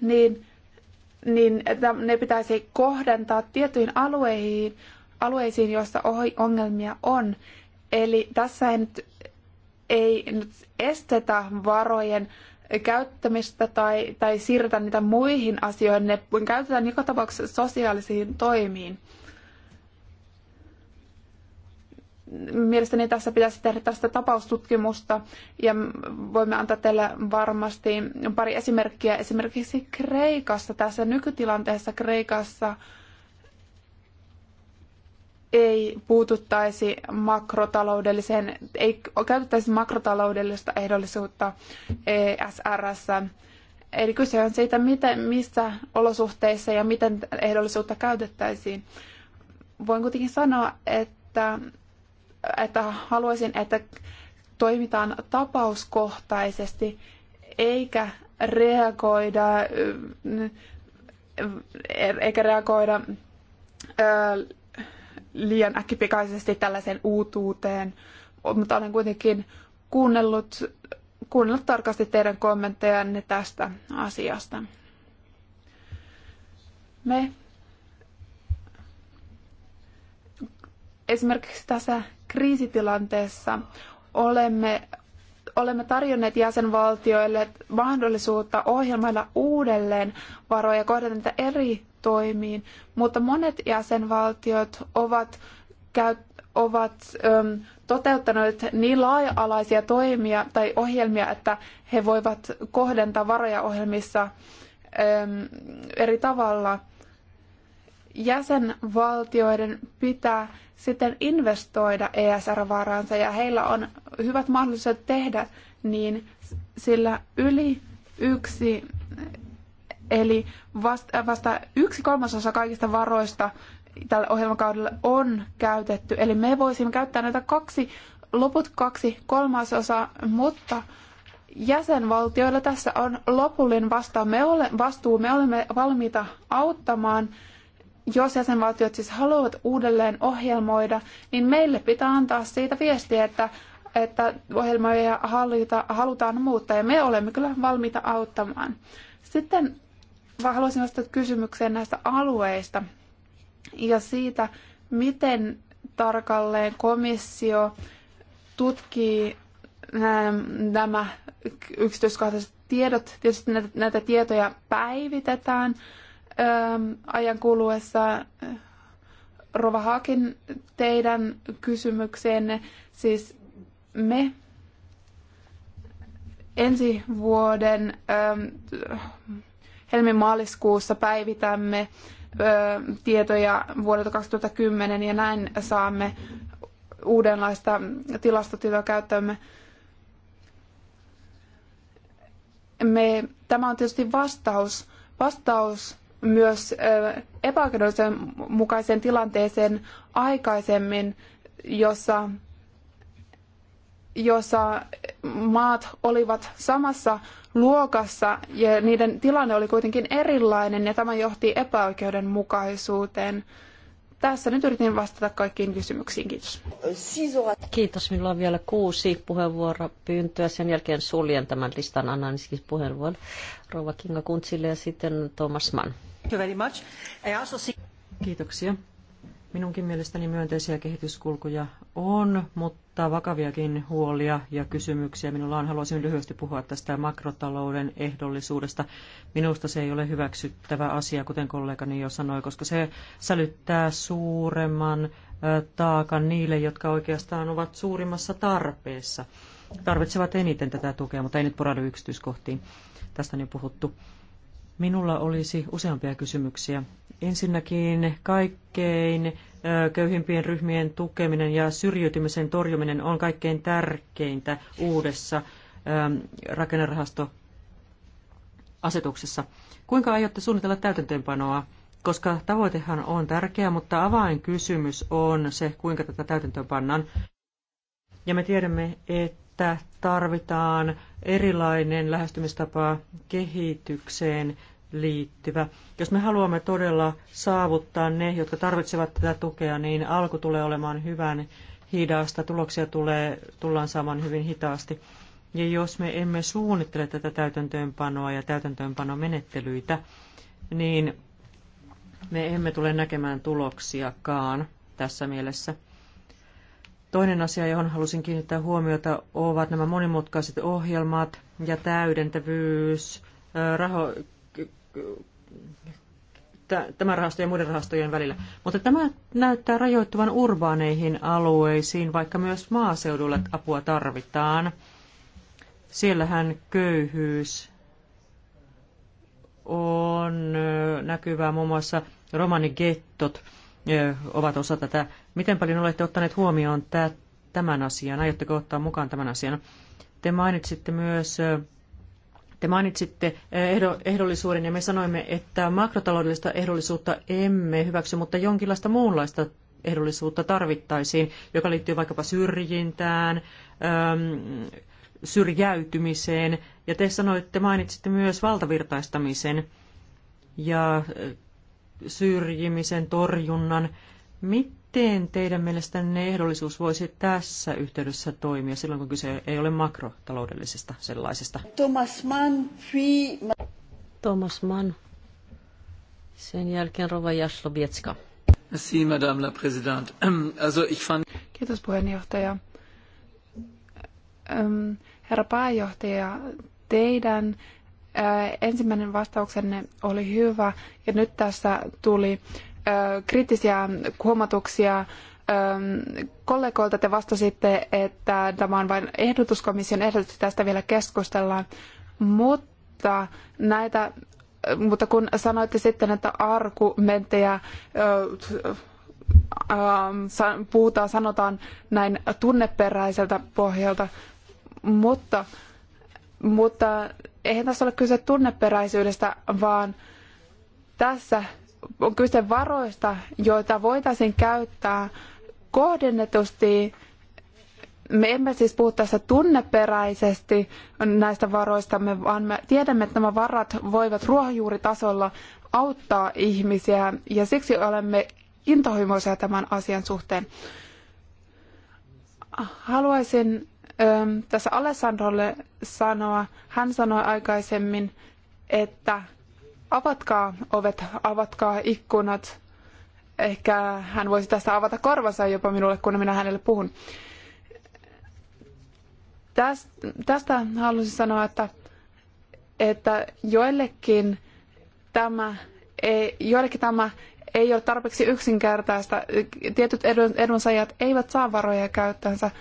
niin, niin että ne pitäisi kohdentaa tiettyihin alueihin, alueisiin, joissa ongelmia on. Eli tässä ei nyt, ei nyt estetä varojen käyttämistä tai, tai siirretä niitä muihin asioihin, ne käytetään joka tapauksessa sosiaalisiin toimiin. mielestäni tässä pitäisi tehdä tästä tapaustutkimusta ja voimme antaa teille varmasti pari esimerkkiä. Esimerkiksi Kreikassa, tässä nykytilanteessa Kreikassa ei puututtaisi makrotaloudelliseen, ei käytettäisi makrotaloudellista ehdollisuutta ESRS. Eli kyse on siitä, miten, missä olosuhteissa ja miten ehdollisuutta käytettäisiin. Voin kuitenkin sanoa, että että haluaisin, että toimitaan tapauskohtaisesti eikä reagoida, eikä reagoida liian äkkipikaisesti tällaiseen uutuuteen, mutta olen kuitenkin kuunnellut, kuunnellut tarkasti teidän kommenttejanne tästä asiasta. Me esimerkiksi tässä kriisitilanteessa olemme, olemme tarjonneet jäsenvaltioille mahdollisuutta ohjelmoida uudelleen varoja kohdentaa eri toimiin, mutta monet jäsenvaltiot ovat, käy, ovat äm, toteuttaneet niin laaja-alaisia toimia tai ohjelmia, että he voivat kohdentaa varoja ohjelmissa äm, eri tavalla. Jäsenvaltioiden pitää sitten investoida ESR-varaansa ja heillä on hyvät mahdollisuudet tehdä niin, sillä yli yksi, eli vasta, äh, vasta yksi kolmasosa kaikista varoista tällä ohjelmakaudella on käytetty. Eli me voisimme käyttää näitä kaksi, loput kaksi kolmasosaa, mutta jäsenvaltioilla tässä on lopullinen vastuu. Me olemme valmiita auttamaan jos jäsenvaltiot siis haluavat uudelleen ohjelmoida, niin meille pitää antaa siitä viestiä, että, että ohjelmoja hallita, halutaan muuttaa ja me olemme kyllä valmiita auttamaan. Sitten vaan haluaisin nostaa kysymykseen näistä alueista ja siitä, miten tarkalleen komissio tutkii ähm, nämä yksityiskohtaiset tiedot. Tietysti näitä, näitä tietoja päivitetään, Ähm, ajan kuluessa äh, Rova Haakin teidän kysymykseenne. Siis me ensi vuoden ähm, helmimaaliskuussa päivitämme ähm, tietoja vuodelta 2010 ja näin saamme uudenlaista tilastotietoa käyttöömme. Me, tämä on tietysti vastaus, vastaus myös epäoikeudenmukaisen tilanteeseen aikaisemmin, jossa, jossa maat olivat samassa luokassa ja niiden tilanne oli kuitenkin erilainen ja tämä johti epäoikeudenmukaisuuteen. Tässä nyt yritin vastata kaikkiin kysymyksiin. Kiitos. Kiitos. Minulla on vielä kuusi puheenvuoropyyntöä. Sen jälkeen suljen tämän listan. Annan siis puheenvuoron Rouva Kinga Kuntsille ja sitten Thomas Mann. Kiitoksia. Minunkin mielestäni myönteisiä kehityskulkuja on, mutta vakaviakin huolia ja kysymyksiä. Minulla on, haluaisin lyhyesti puhua tästä makrotalouden ehdollisuudesta. Minusta se ei ole hyväksyttävä asia, kuten kollegani jo sanoi, koska se sälyttää suuremman taakan niille, jotka oikeastaan ovat suurimmassa tarpeessa. Tarvitsevat eniten tätä tukea, mutta ei nyt poradu yksityiskohtiin. Tästä on jo puhuttu. Minulla olisi useampia kysymyksiä. Ensinnäkin kaikkein köyhimpien ryhmien tukeminen ja syrjäytymisen torjuminen on kaikkein tärkeintä uudessa rakennerahastoasetuksessa. Kuinka aiotte suunnitella täytäntöönpanoa? Koska tavoitehan on tärkeä, mutta avainkysymys on se, kuinka tätä täytäntöön pannaan. Ja me tiedämme, että tarvitaan erilainen lähestymistapa kehitykseen liittyvä. Jos me haluamme todella saavuttaa ne, jotka tarvitsevat tätä tukea, niin alku tulee olemaan hyvän hidasta, tuloksia tulee, tullaan saamaan hyvin hitaasti. Ja jos me emme suunnittele tätä täytäntöönpanoa ja täytäntöönpanomenettelyitä, niin me emme tule näkemään tuloksiakaan tässä mielessä. Toinen asia, johon halusin kiinnittää huomiota, ovat nämä monimutkaiset ohjelmat ja täydentävyys, raho- tämän rahastojen ja muiden rahastojen välillä. Mutta tämä näyttää rajoittuvan urbaaneihin alueisiin, vaikka myös maaseudulle apua tarvitaan. Siellähän köyhyys on näkyvää muun muassa romanigettot ovat osa tätä. Miten paljon olette ottaneet huomioon tämän asian? Aiotteko ottaa mukaan tämän asian? Te mainitsitte myös te mainitsitte eh, ehdollisuuden ja me sanoimme, että makrotaloudellista ehdollisuutta emme hyväksy, mutta jonkinlaista muunlaista ehdollisuutta tarvittaisiin, joka liittyy vaikkapa syrjintään, ehm, syrjäytymiseen. Ja te sanoitte, mainitsitte myös valtavirtaistamisen ja eh, syrjimisen torjunnan. Mit, miten teidän mielestänne ehdollisuus voisi tässä yhteydessä toimia silloin, kun kyse ei ole makrotaloudellisesta sellaisesta? Thomas Mann, free... Thomas Mann. Sen jälkeen Rova Jaslobietska. Merci, Madame la Présidente. Also, ich fand... Kiitos puheenjohtaja. Herra pääjohtaja, teidän ensimmäinen vastauksenne oli hyvä ja nyt tässä tuli kriittisiä huomautuksia kollegoilta te vastasitte, että tämä on vain ehdotuskomission ehdotus, tästä vielä keskustellaan. Mutta näitä, mutta kun sanoitte sitten, että argumentteja puhutaan, sanotaan näin tunneperäiseltä pohjalta, mutta, mutta eihän tässä ole kyse tunneperäisyydestä, vaan tässä on kyse varoista, joita voitaisiin käyttää kohdennetusti. Me emme siis puhu tässä tunneperäisesti näistä varoista, vaan me tiedämme, että nämä varat voivat ruohonjuuritasolla auttaa ihmisiä ja siksi olemme intohimoisia tämän asian suhteen. Haluaisin ähm, tässä Alessandrolle sanoa, hän sanoi aikaisemmin, että avatkaa ovet, avatkaa ikkunat. Ehkä hän voisi tästä avata korvansa jopa minulle, kun minä hänelle puhun. Tästä halusin sanoa, että, että joillekin tämä ei, joillekin tämä ei ole tarpeeksi yksinkertaista. Tietyt edunsaajat eivät saa varoja käyttöönsä.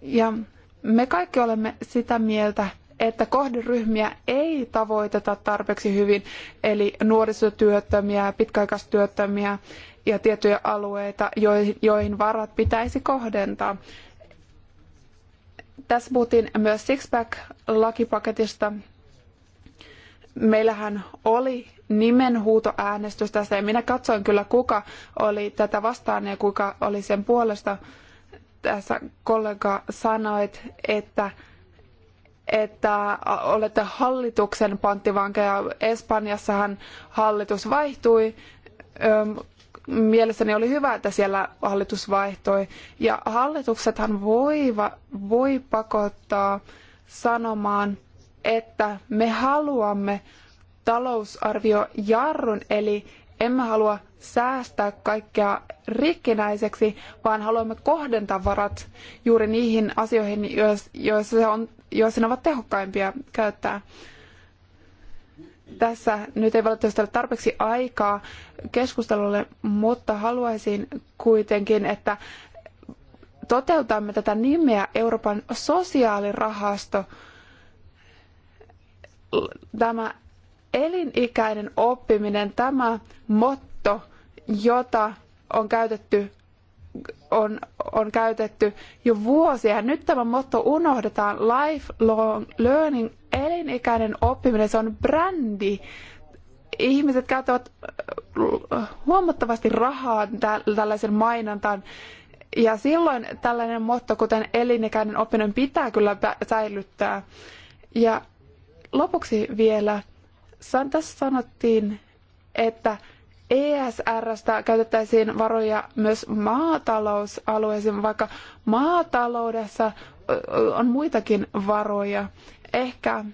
Ja me kaikki olemme sitä mieltä, että kohderyhmiä ei tavoiteta tarpeeksi hyvin, eli nuorisotyöttömiä, pitkäaikaistyöttömiä ja tiettyjä alueita, joihin varat pitäisi kohdentaa. Tässä puhuttiin myös Sixpack-lakipaketista. Meillähän oli nimenhuutoäänestys tässä, ja minä katsoin kyllä, kuka oli tätä vastaan ja kuka oli sen puolesta. Tässä kollega sanoit, että että olette hallituksen panttivankeja. Espanjassahan hallitus vaihtui. Mielestäni oli hyvä, että siellä hallitus vaihtoi. Ja hallituksethan voiva, voi pakottaa sanomaan, että me haluamme talousarviojarrun, eli emme halua säästää kaikkea rikkinäiseksi, vaan haluamme kohdentaa varat juuri niihin asioihin, joissa, on, joissa ne ovat tehokkaimpia käyttää. Tässä nyt ei valitettavasti ole tarpeeksi aikaa keskustelulle, mutta haluaisin kuitenkin, että toteutamme tätä nimeä Euroopan sosiaalirahasto. Tämä Elinikäinen oppiminen, tämä motto, jota on käytetty on, on käytetty jo vuosia. Nyt tämä motto unohdetaan. Lifelong learning, elinikäinen oppiminen, se on brändi. Ihmiset käyttävät äh, huomattavasti rahaa tällaisen mainontaan. Ja silloin tällainen motto, kuten elinikäinen oppiminen, pitää kyllä säilyttää. Ja lopuksi vielä tässä sanottiin, että ESRstä käytettäisiin varoja myös maatalousalueisiin, vaikka maataloudessa on muitakin varoja. Ehkä,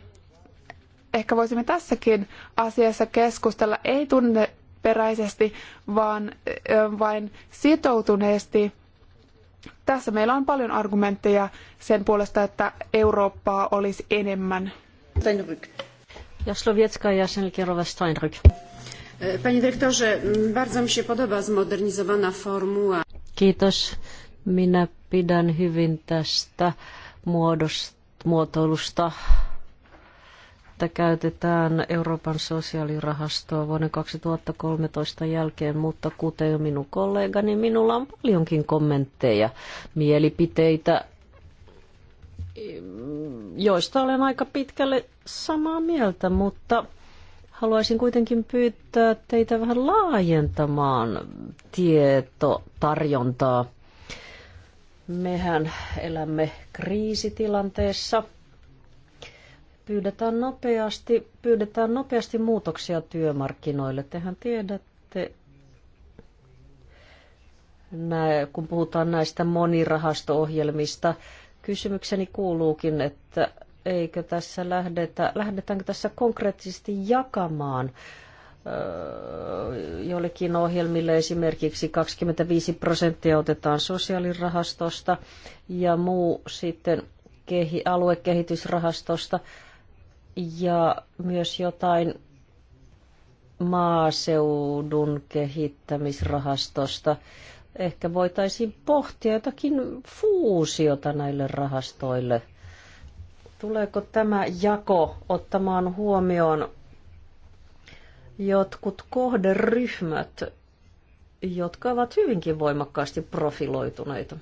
ehkä voisimme tässäkin asiassa keskustella ei tunneperäisesti, vaan vain sitoutuneesti. Tässä meillä on paljon argumentteja sen puolesta, että Eurooppaa olisi enemmän. Steinrück. Panie dyrektorze, mm, bardzo mi się podoba zmodernizowana formuła. Kiitos. Minä pidän hyvin tästä muotoilusta, että käytetään Euroopan sosiaalirahastoa vuoden 2013 jälkeen, mutta kuten minun kollegani, minulla on paljonkin kommentteja, mielipiteitä joista olen aika pitkälle samaa mieltä, mutta haluaisin kuitenkin pyytää teitä vähän laajentamaan tietotarjontaa. Mehän elämme kriisitilanteessa. Pyydetään nopeasti, pyydetään nopeasti muutoksia työmarkkinoille. Tehän tiedätte, kun puhutaan näistä monirahasto-ohjelmista, Kysymykseni kuuluukin, että eikö tässä lähdetä, lähdetäänkö tässä konkreettisesti jakamaan öö, joillekin ohjelmille esimerkiksi 25 prosenttia otetaan sosiaalirahastosta ja muu sitten kehi, aluekehitysrahastosta ja myös jotain maaseudun kehittämisrahastosta. Ehkä voitaisiin pohtia jotakin fuusiota näille rahastoille. Tuleeko tämä jako ottamaan huomioon jotkut kohderyhmät, jotka ovat hyvinkin voimakkaasti profiloituneita?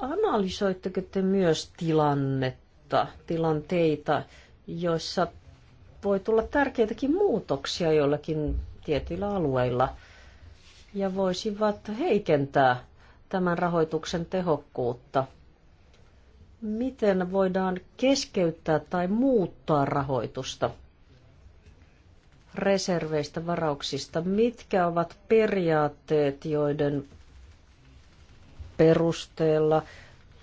Analysoitteko te myös tilannetta, tilanteita, joissa voi tulla tärkeitäkin muutoksia joillakin tietyillä alueilla – ja voisivat heikentää tämän rahoituksen tehokkuutta. Miten voidaan keskeyttää tai muuttaa rahoitusta reserveistä varauksista? Mitkä ovat periaatteet, joiden perusteella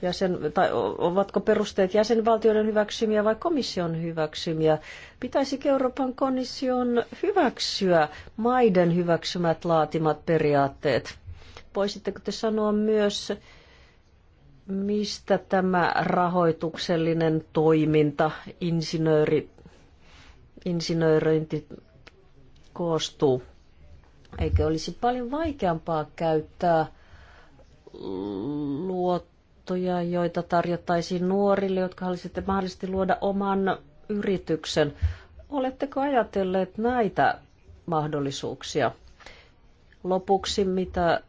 jäsen, tai ovatko perusteet jäsenvaltioiden hyväksymiä vai komission hyväksymiä? Pitäisikö Euroopan komission hyväksyä maiden hyväksymät laatimat periaatteet? Voisitteko te sanoa myös, mistä tämä rahoituksellinen toiminta, insinööri, insinööriinti koostuu? Eikö olisi paljon vaikeampaa käyttää luot juttuja, joita tarjottaisiin nuorille, jotka haluaisitte mahdollisesti luoda oman yrityksen. Oletteko ajatelleet näitä mahdollisuuksia? Lopuksi, mitä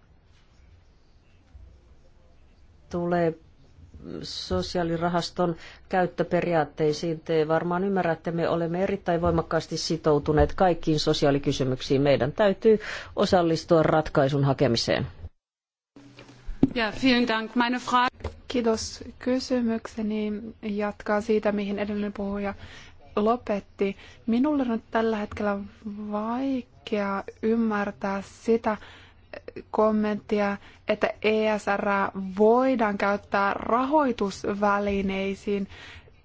tulee sosiaalirahaston käyttöperiaatteisiin. Te varmaan ymmärrätte, me olemme erittäin voimakkaasti sitoutuneet kaikkiin sosiaalikysymyksiin. Meidän täytyy osallistua ratkaisun hakemiseen. Kiitos. Kysymykseni jatkaa siitä, mihin edellinen puhuja lopetti. Minulle on tällä hetkellä vaikea ymmärtää sitä eh, kommenttia, että ESR voidaan käyttää rahoitusvälineisiin.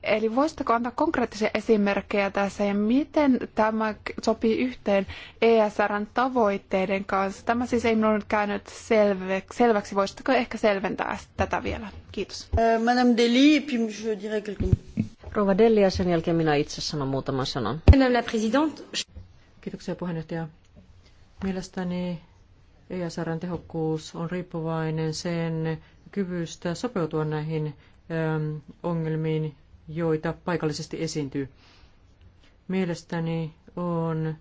Eli voisitteko antaa konkreettisia esimerkkejä tässä ja miten tämä sopii yhteen ESRn tavoitteiden kanssa? Tämä siis ei minulle käynyt selväksi. Voisitteko ehkä selventää tätä vielä? Kiitos. Äh, Madame Deli, puis je dirai quelques Rouva Deli ja sen jälkeen minä itse sanon muutaman sanan. Madame la Présidente. Kiitoksia puheenjohtaja. Mielestäni ESRn tehokkuus on riippuvainen sen kyvystä sopeutua näihin ähm, ongelmiin joita paikallisesti esiintyy. Mielestäni on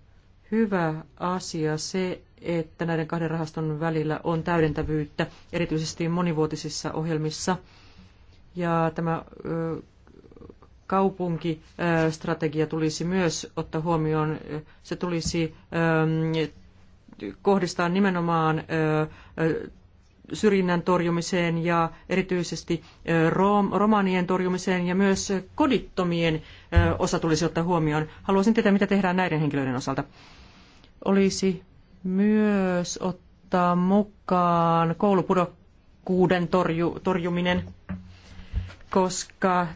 hyvä asia se, että näiden kahden rahaston välillä on täydentävyyttä, erityisesti monivuotisissa ohjelmissa. Ja tämä kaupunkistrategia tulisi myös ottaa huomioon. Se tulisi kohdistaa nimenomaan syrjinnän torjumiseen ja erityisesti romanien torjumiseen ja myös kodittomien osa tulisi ottaa huomioon. Haluaisin tietää, mitä tehdään näiden henkilöiden osalta. Olisi myös ottaa mukaan koulupudokkuuden torju, torjuminen, koska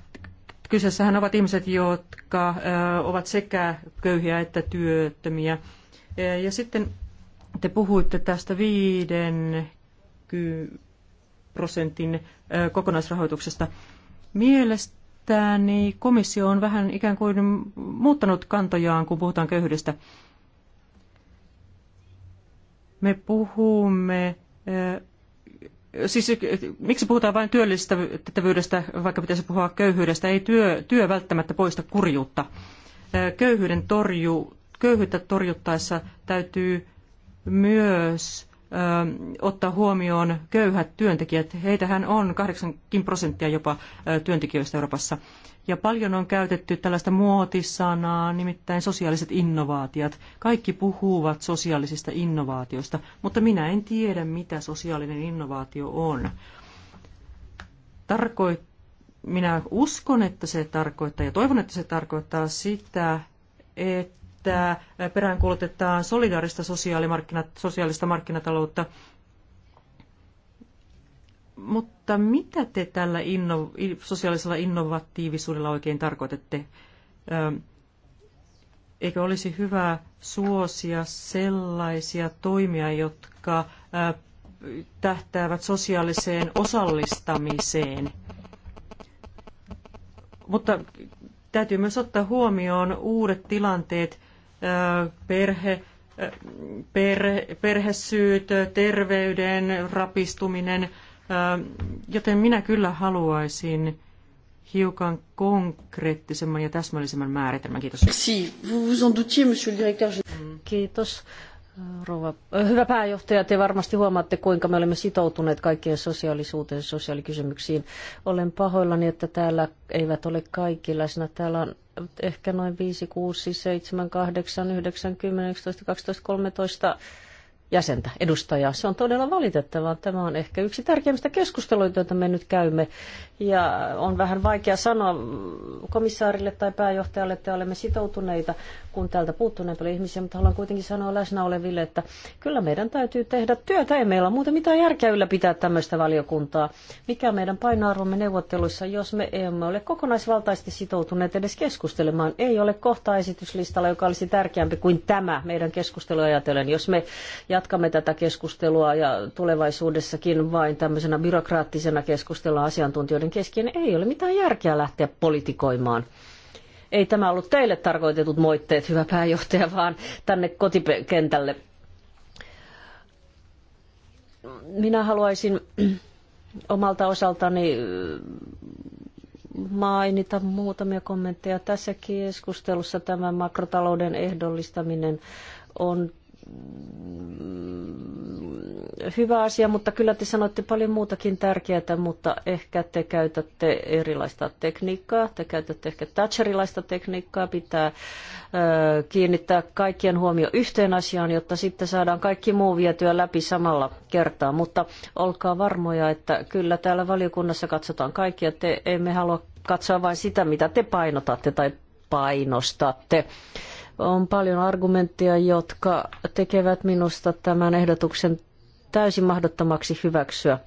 kyseessähän ovat ihmiset, jotka ovat sekä köyhiä että työttömiä. Ja sitten te puhuitte tästä viiden prosentin kokonaisrahoituksesta. Mielestäni komissio on vähän ikään kuin muuttanut kantojaan, kun puhutaan köyhyydestä. Me puhumme siis miksi puhutaan vain työllistettävyydestä, vaikka pitäisi puhua köyhyydestä? Ei työ, työ välttämättä poista kurjuutta. Köyhyyden torju, köyhyyttä torjuttaessa täytyy myös Ähm, ottaa huomioon köyhät työntekijät. Heitähän on 80 prosenttia jopa äh, työntekijöistä Euroopassa. Ja paljon on käytetty tällaista muotisanaa, nimittäin sosiaaliset innovaatiot. Kaikki puhuvat sosiaalisista innovaatioista, mutta minä en tiedä, mitä sosiaalinen innovaatio on. Tarkoit, minä uskon, että se tarkoittaa ja toivon, että se tarkoittaa sitä, että että peräänkuulutetaan solidaarista sosiaalimarkkinat, sosiaalista markkinataloutta. Mutta mitä te tällä inno, sosiaalisella innovatiivisuudella oikein tarkoitatte? Eikö olisi hyvä suosia sellaisia toimia, jotka tähtäävät sosiaaliseen osallistamiseen? Mutta täytyy myös ottaa huomioon uudet tilanteet, perhe, perhe, perhesyyt, terveyden rapistuminen, joten minä kyllä haluaisin hiukan konkreettisemman ja täsmällisemmän määritelmän. Kiitos. Si, vous vous en doutiez, monsieur le directeur. Kiitos. Rouva, hyvä pääjohtaja, te varmasti huomaatte, kuinka me olemme sitoutuneet kaikkien sosiaalisuuteen ja sosiaalikysymyksiin. Olen pahoillani, että täällä eivät ole kaikki läsnä. Täällä on ehkä noin 5, 6, 7, 8, 9, 10, 11, 12, 13 jäsentä, edustajaa. Se on todella valitettavaa. Tämä on ehkä yksi tärkeimmistä keskusteluita, joita me nyt käymme ja on vähän vaikea sanoa komissaarille tai pääjohtajalle, että olemme sitoutuneita, kun täältä puuttuu näin ihmisiä, mutta haluan kuitenkin sanoa läsnä oleville, että kyllä meidän täytyy tehdä työtä, ei meillä ole muuta mitään järkeä ylläpitää tämmöistä valiokuntaa. Mikä meidän painoarvomme neuvotteluissa, jos me emme ole kokonaisvaltaisesti sitoutuneet edes keskustelemaan, ei ole kohta esityslistalla, joka olisi tärkeämpi kuin tämä meidän keskustelu ajatellen. Jos me jatkamme tätä keskustelua ja tulevaisuudessakin vain tämmöisenä byrokraattisena keskustelua asiantuntijoiden kesken ei ole mitään järkeä lähteä politikoimaan. Ei tämä ollut teille tarkoitetut moitteet, hyvä pääjohtaja, vaan tänne kotikentälle. Minä haluaisin omalta osaltani mainita muutamia kommentteja. Tässä keskustelussa tämä makrotalouden ehdollistaminen on Mm, hyvä asia, mutta kyllä te sanoitte paljon muutakin tärkeää, mutta ehkä te käytätte erilaista tekniikkaa, te käytätte ehkä Thatcherilaista tekniikkaa, pitää ö, kiinnittää kaikkien huomio yhteen asiaan, jotta sitten saadaan kaikki muu vietyä läpi samalla kertaa, mutta olkaa varmoja, että kyllä täällä valiokunnassa katsotaan kaikkia, te emme halua katsoa vain sitä, mitä te painotatte tai painostatte. On paljon argumentteja, jotka tekevät minusta tämän ehdotuksen täysin mahdottomaksi hyväksyä.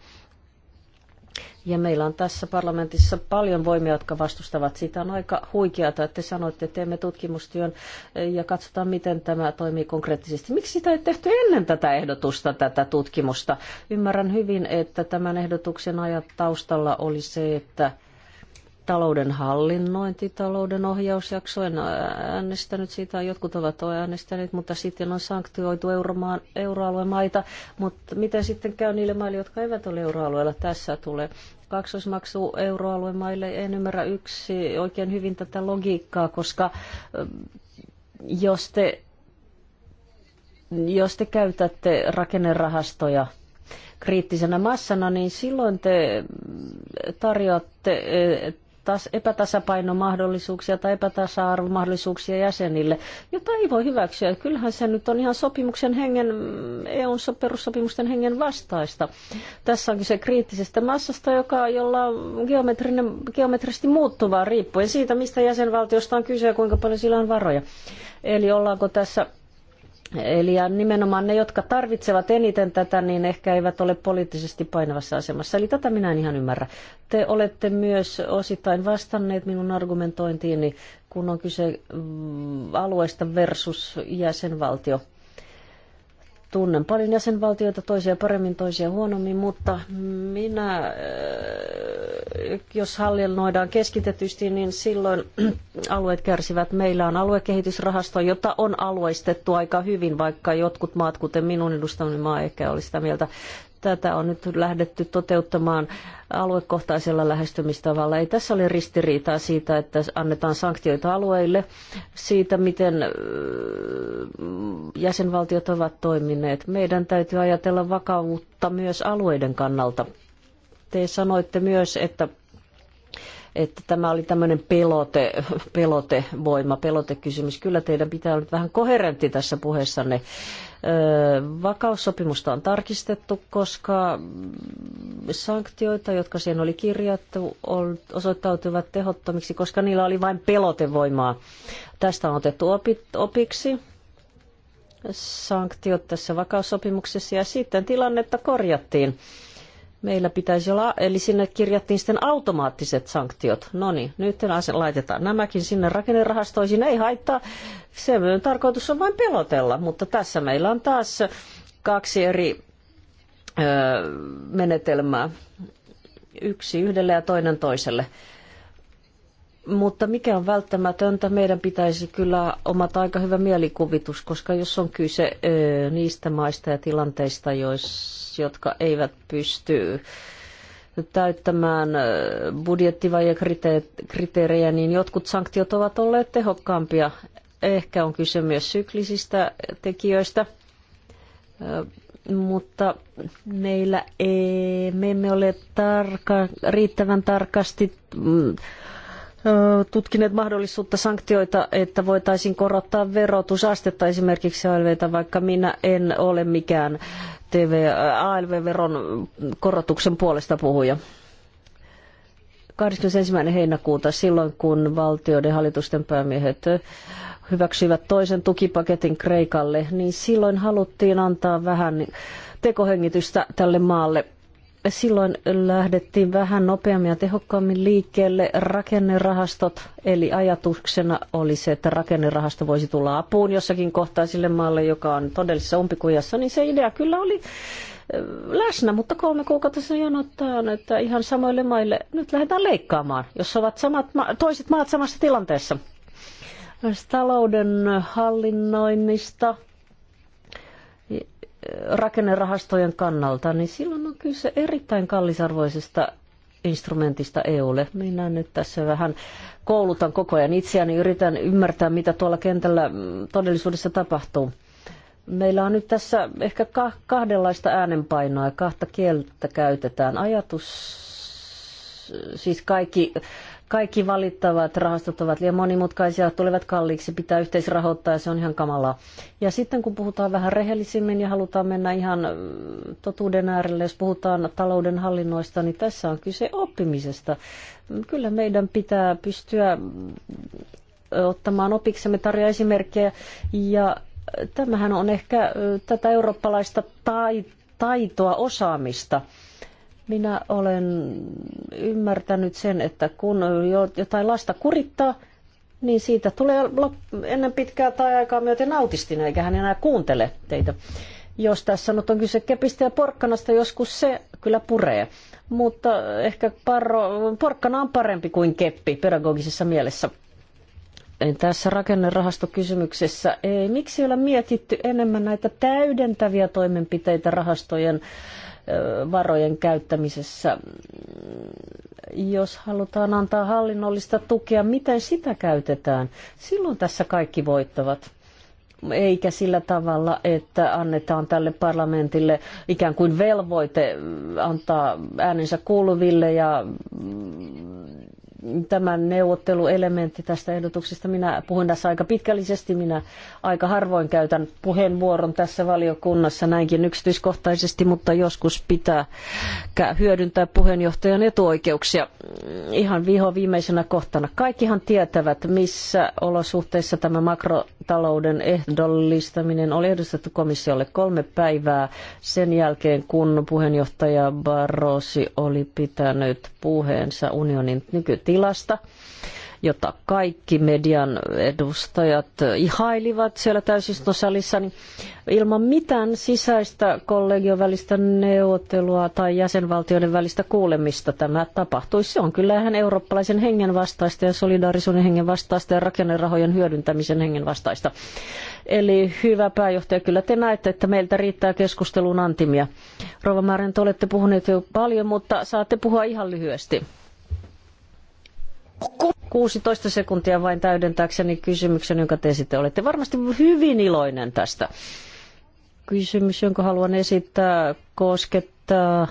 Ja meillä on tässä parlamentissa paljon voimia, jotka vastustavat sitä. On aika huikeata, että te sanoitte, että teemme tutkimustyön ja katsotaan, miten tämä toimii konkreettisesti. Miksi sitä ei tehty ennen tätä ehdotusta, tätä tutkimusta? Ymmärrän hyvin, että tämän ehdotuksen ajat taustalla oli se, että talouden hallinnointi, talouden ohjausjakso, en äänestänyt siitä, jotkut ovat äänestäneet, mutta sitten on sanktioitu euromaan, euroalueen maita, mutta miten sitten käy niille maille, jotka eivät ole euroalueella, tässä tulee kaksoismaksu euroalueen maille, en ymmärrä yksi oikein hyvin tätä logiikkaa, koska jos te, jos te käytätte rakennerahastoja, kriittisenä massana, niin silloin te tarjoatte taas epätasapainomahdollisuuksia tai epätasa-arvomahdollisuuksia jäsenille, jota ei voi hyväksyä. Kyllähän se nyt on ihan sopimuksen hengen, EUn perussopimusten hengen vastaista. Tässä on kyse kriittisestä massasta, joka, jolla on geometrinen, geometrisesti muuttuvaa riippuen siitä, mistä jäsenvaltiosta on kyse ja kuinka paljon sillä on varoja. Eli ollaanko tässä Eli ja nimenomaan ne, jotka tarvitsevat eniten tätä, niin ehkä eivät ole poliittisesti painavassa asemassa. Eli tätä minä en ihan ymmärrä. Te olette myös osittain vastanneet minun argumentointiini, kun on kyse mm, alueesta versus jäsenvaltio. Tunnen paljon jäsenvaltioita, toisia paremmin, toisia huonommin, mutta minä, äh, jos hallinnoidaan keskitetysti, niin silloin alueet kärsivät. Meillä on aluekehitysrahasto, jota on alueistettu aika hyvin, vaikka jotkut maat, kuten minun edustamani maa, ehkä oli sitä mieltä. Tätä on nyt lähdetty toteuttamaan aluekohtaisella lähestymistavalla. Ei tässä ole ristiriitaa siitä, että annetaan sanktioita alueille siitä, miten jäsenvaltiot ovat toimineet. Meidän täytyy ajatella vakautta myös alueiden kannalta. Te sanoitte myös, että että tämä oli tämmöinen pelote, pelotevoima, pelotekysymys. Kyllä teidän pitää olla vähän koherentti tässä puheessanne. Vakaussopimusta on tarkistettu, koska sanktioita, jotka siihen oli kirjattu, osoittautuivat tehottomiksi, koska niillä oli vain pelotevoimaa. Tästä on otettu opiksi sanktiot tässä vakaussopimuksessa ja sitten tilannetta korjattiin meillä pitäisi olla, eli sinne kirjattiin sitten automaattiset sanktiot. No niin, nyt laitetaan nämäkin sinne rakennerahastoihin, ei haittaa. Se tarkoitus on vain pelotella, mutta tässä meillä on taas kaksi eri öö, menetelmää. Yksi yhdelle ja toinen toiselle. Mutta mikä on välttämätöntä, meidän pitäisi kyllä omata aika hyvä mielikuvitus, koska jos on kyse niistä maista ja tilanteista, jos, jotka eivät pysty täyttämään budjettivajekriteerejä, niin jotkut sanktiot ovat olleet tehokkaampia. Ehkä on kyse myös syklisistä tekijöistä, mutta meillä ei, me emme ole tarka, riittävän tarkasti mm, tutkineet mahdollisuutta sanktioita, että voitaisiin korottaa verotusastetta esimerkiksi alveita, vaikka minä en ole mikään TV, äh, ALV-veron korotuksen puolesta puhuja. 21. heinäkuuta silloin, kun valtioiden hallitusten päämiehet hyväksyivät toisen tukipaketin Kreikalle, niin silloin haluttiin antaa vähän tekohengitystä tälle maalle silloin lähdettiin vähän nopeammin ja tehokkaammin liikkeelle. Rakennerahastot, eli ajatuksena oli se, että rakennerahasto voisi tulla apuun jossakin kohtaa sille maalle, joka on todellisessa umpikujassa, niin se idea kyllä oli äh, läsnä, mutta kolme kuukautta se jonottaa että ihan samoille maille nyt lähdetään leikkaamaan, jos ovat samat ma- toiset maat samassa tilanteessa. Talouden hallinnoinnista, rakennerahastojen kannalta, niin silloin on kyse erittäin kallisarvoisesta instrumentista EUlle. Minä nyt tässä vähän koulutan koko ajan itseäni, yritän ymmärtää, mitä tuolla kentällä mm, todellisuudessa tapahtuu. Meillä on nyt tässä ehkä kahdenlaista äänenpainoa ja kahta kieltä käytetään. Ajatus, siis kaikki kaikki valittavat rahastot ovat liian monimutkaisia, tulevat kalliiksi, pitää yhteisrahoittaa ja se on ihan kamalaa. Ja sitten kun puhutaan vähän rehellisimmin ja halutaan mennä ihan totuuden äärelle, jos puhutaan talouden hallinnoista, niin tässä on kyse oppimisesta. Kyllä meidän pitää pystyä ottamaan opiksemme tarjoa esimerkkejä ja tämähän on ehkä tätä eurooppalaista taitoa, osaamista – minä olen ymmärtänyt sen, että kun jotain lasta kurittaa, niin siitä tulee ennen pitkää tai aikaa myöten autistinen, eikä hän enää kuuntele teitä. Jos tässä nyt on kyse kepistä ja porkkanasta, joskus se kyllä puree. Mutta ehkä parro, porkkana on parempi kuin keppi pedagogisessa mielessä. Tässä rakennerahastokysymyksessä ei, miksi ei ole mietitty enemmän näitä täydentäviä toimenpiteitä rahastojen äh, varojen käyttämisessä. Jos halutaan antaa hallinnollista tukea, miten sitä käytetään? Silloin tässä kaikki voittavat eikä sillä tavalla, että annetaan tälle parlamentille ikään kuin velvoite antaa äänensä kuuluville ja mm, tämän neuvotteluelementti tästä ehdotuksesta. Minä puhun tässä aika pitkällisesti, minä aika harvoin käytän puheenvuoron tässä valiokunnassa näinkin yksityiskohtaisesti, mutta joskus pitää hyödyntää puheenjohtajan etuoikeuksia. Ihan viho viimeisenä kohtana. Kaikkihan tietävät, missä olosuhteissa tämä makrotalouden ehdollistaminen oli ehdostettu komissiolle kolme päivää sen jälkeen, kun puheenjohtaja Barrosi oli pitänyt puheensa unionin nyky tilasta jota kaikki median edustajat ihailivat siellä täysistuntosalissa, niin ilman mitään sisäistä kollegion välistä neuvottelua tai jäsenvaltioiden välistä kuulemista tämä tapahtuisi. Se on kyllähän eurooppalaisen hengen vastaista ja solidaarisuuden hengen vastaista ja rakennerahojen hyödyntämisen hengen vastaista. Eli hyvä pääjohtaja, kyllä te näette, että meiltä riittää keskustelun antimia. Rova Maren, te olette puhuneet jo paljon, mutta saatte puhua ihan lyhyesti. 16 sekuntia vain täydentääkseni kysymyksen, jonka te sitten olette varmasti hyvin iloinen tästä. Kysymys, jonka haluan esittää, koskettaa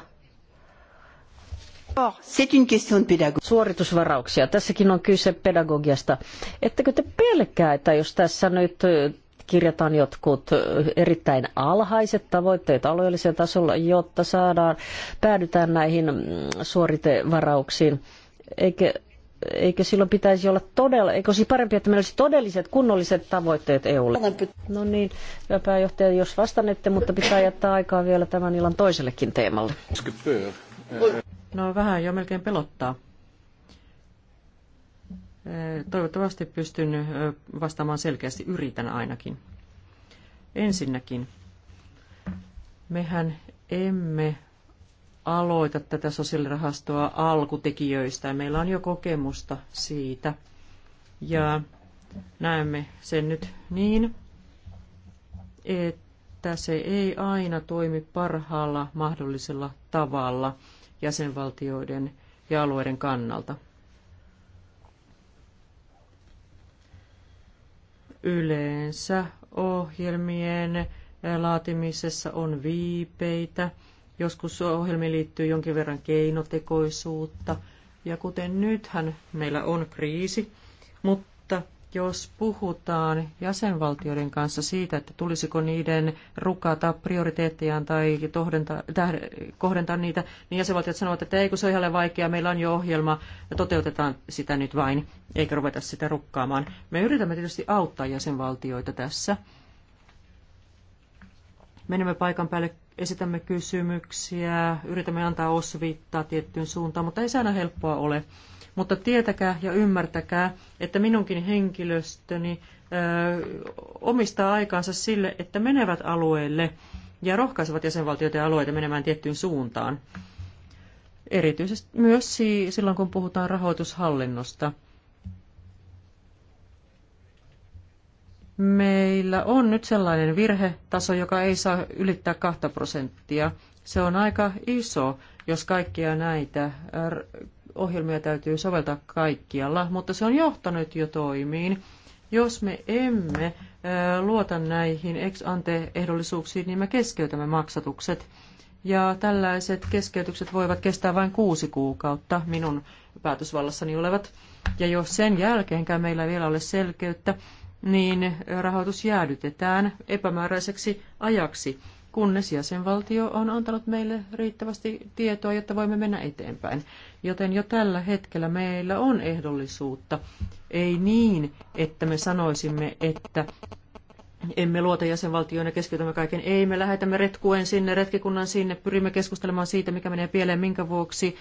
oh, Suoritusvarauksia. Tässäkin on kyse pedagogiasta. Ettekö te pelkää, että jos tässä nyt kirjataan jotkut erittäin alhaiset tavoitteet alueellisella tasolla, jotta saadaan, päädytään näihin mm, suoritevarauksiin, eikä eikö silloin pitäisi olla todella, eikö olisi parempi, että meillä olisi todelliset, kunnolliset tavoitteet EUlle? No niin, hyvä pääjohtaja, jos vastannette, mutta pitää jättää aikaa vielä tämän illan toisellekin teemalle. No vähän jo melkein pelottaa. Eh, toivottavasti pystyn eh, vastaamaan selkeästi, yritän ainakin. Ensinnäkin, mehän emme aloita tätä sosiaalirahastoa alkutekijöistä. Meillä on jo kokemusta siitä ja näemme sen nyt niin, että se ei aina toimi parhaalla mahdollisella tavalla jäsenvaltioiden ja alueiden kannalta. Yleensä ohjelmien laatimisessa on viipeitä Joskus ohjelmiin liittyy jonkin verran keinotekoisuutta. Ja kuten nythän meillä on kriisi, mutta jos puhutaan jäsenvaltioiden kanssa siitä, että tulisiko niiden rukata prioriteettejaan tai kohdentaa niitä, niin jäsenvaltiot sanovat, että ei kun se on ihan vaikeaa, meillä on jo ohjelma ja toteutetaan sitä nyt vain, eikä ruveta sitä rukkaamaan. Me yritämme tietysti auttaa jäsenvaltioita tässä menemme paikan päälle, esitämme kysymyksiä, yritämme antaa osviittaa tiettyyn suuntaan, mutta ei se aina helppoa ole. Mutta tietäkää ja ymmärtäkää, että minunkin henkilöstöni ö, omistaa aikaansa sille, että menevät alueelle ja rohkaisevat jäsenvaltioita ja alueita menemään tiettyyn suuntaan. Erityisesti myös silloin, kun puhutaan rahoitushallinnosta – meillä on nyt sellainen virhetaso, joka ei saa ylittää 2 prosenttia. Se on aika iso, jos kaikkia näitä äh, ohjelmia täytyy soveltaa kaikkialla, mutta se on johtanut jo toimiin. Jos me emme äh, luota näihin ex-ante-ehdollisuuksiin, niin me keskeytämme maksatukset. Ja tällaiset keskeytykset voivat kestää vain kuusi kuukautta, minun päätösvallassani olevat. Ja jos sen jälkeenkään meillä ei vielä ole selkeyttä, niin rahoitus jäädytetään epämääräiseksi ajaksi, kunnes jäsenvaltio on antanut meille riittävästi tietoa, jotta voimme mennä eteenpäin. Joten jo tällä hetkellä meillä on ehdollisuutta. Ei niin, että me sanoisimme, että emme luota jäsenvaltioon ja keskitymme kaiken. Ei, me lähetämme retkuen sinne, retkikunnan sinne, pyrimme keskustelemaan siitä, mikä menee pieleen, minkä vuoksi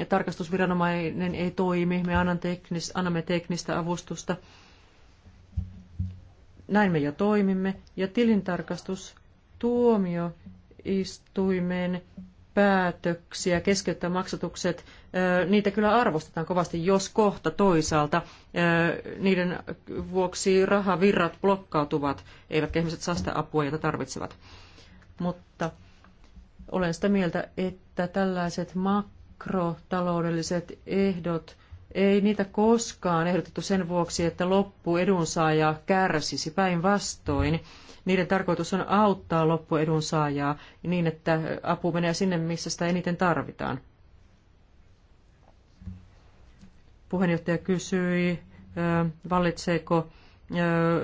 äm, tarkastusviranomainen ei toimi. Me annamme teknistä avustusta näin me jo toimimme, ja tilintarkastus tuomioistuimen päätöksiä keskeyttää maksatukset, niitä kyllä arvostetaan kovasti, jos kohta toisaalta niiden vuoksi rahavirrat blokkautuvat, eivätkä ihmiset saa sitä apua, jota tarvitsevat. Mutta olen sitä mieltä, että tällaiset makrotaloudelliset ehdot – ei niitä koskaan ehdotettu sen vuoksi, että loppu kärsisi päinvastoin. Niiden tarkoitus on auttaa loppuedunsaajaa niin, että apu menee sinne, missä sitä eniten tarvitaan. Puheenjohtaja kysyi, vallitseeko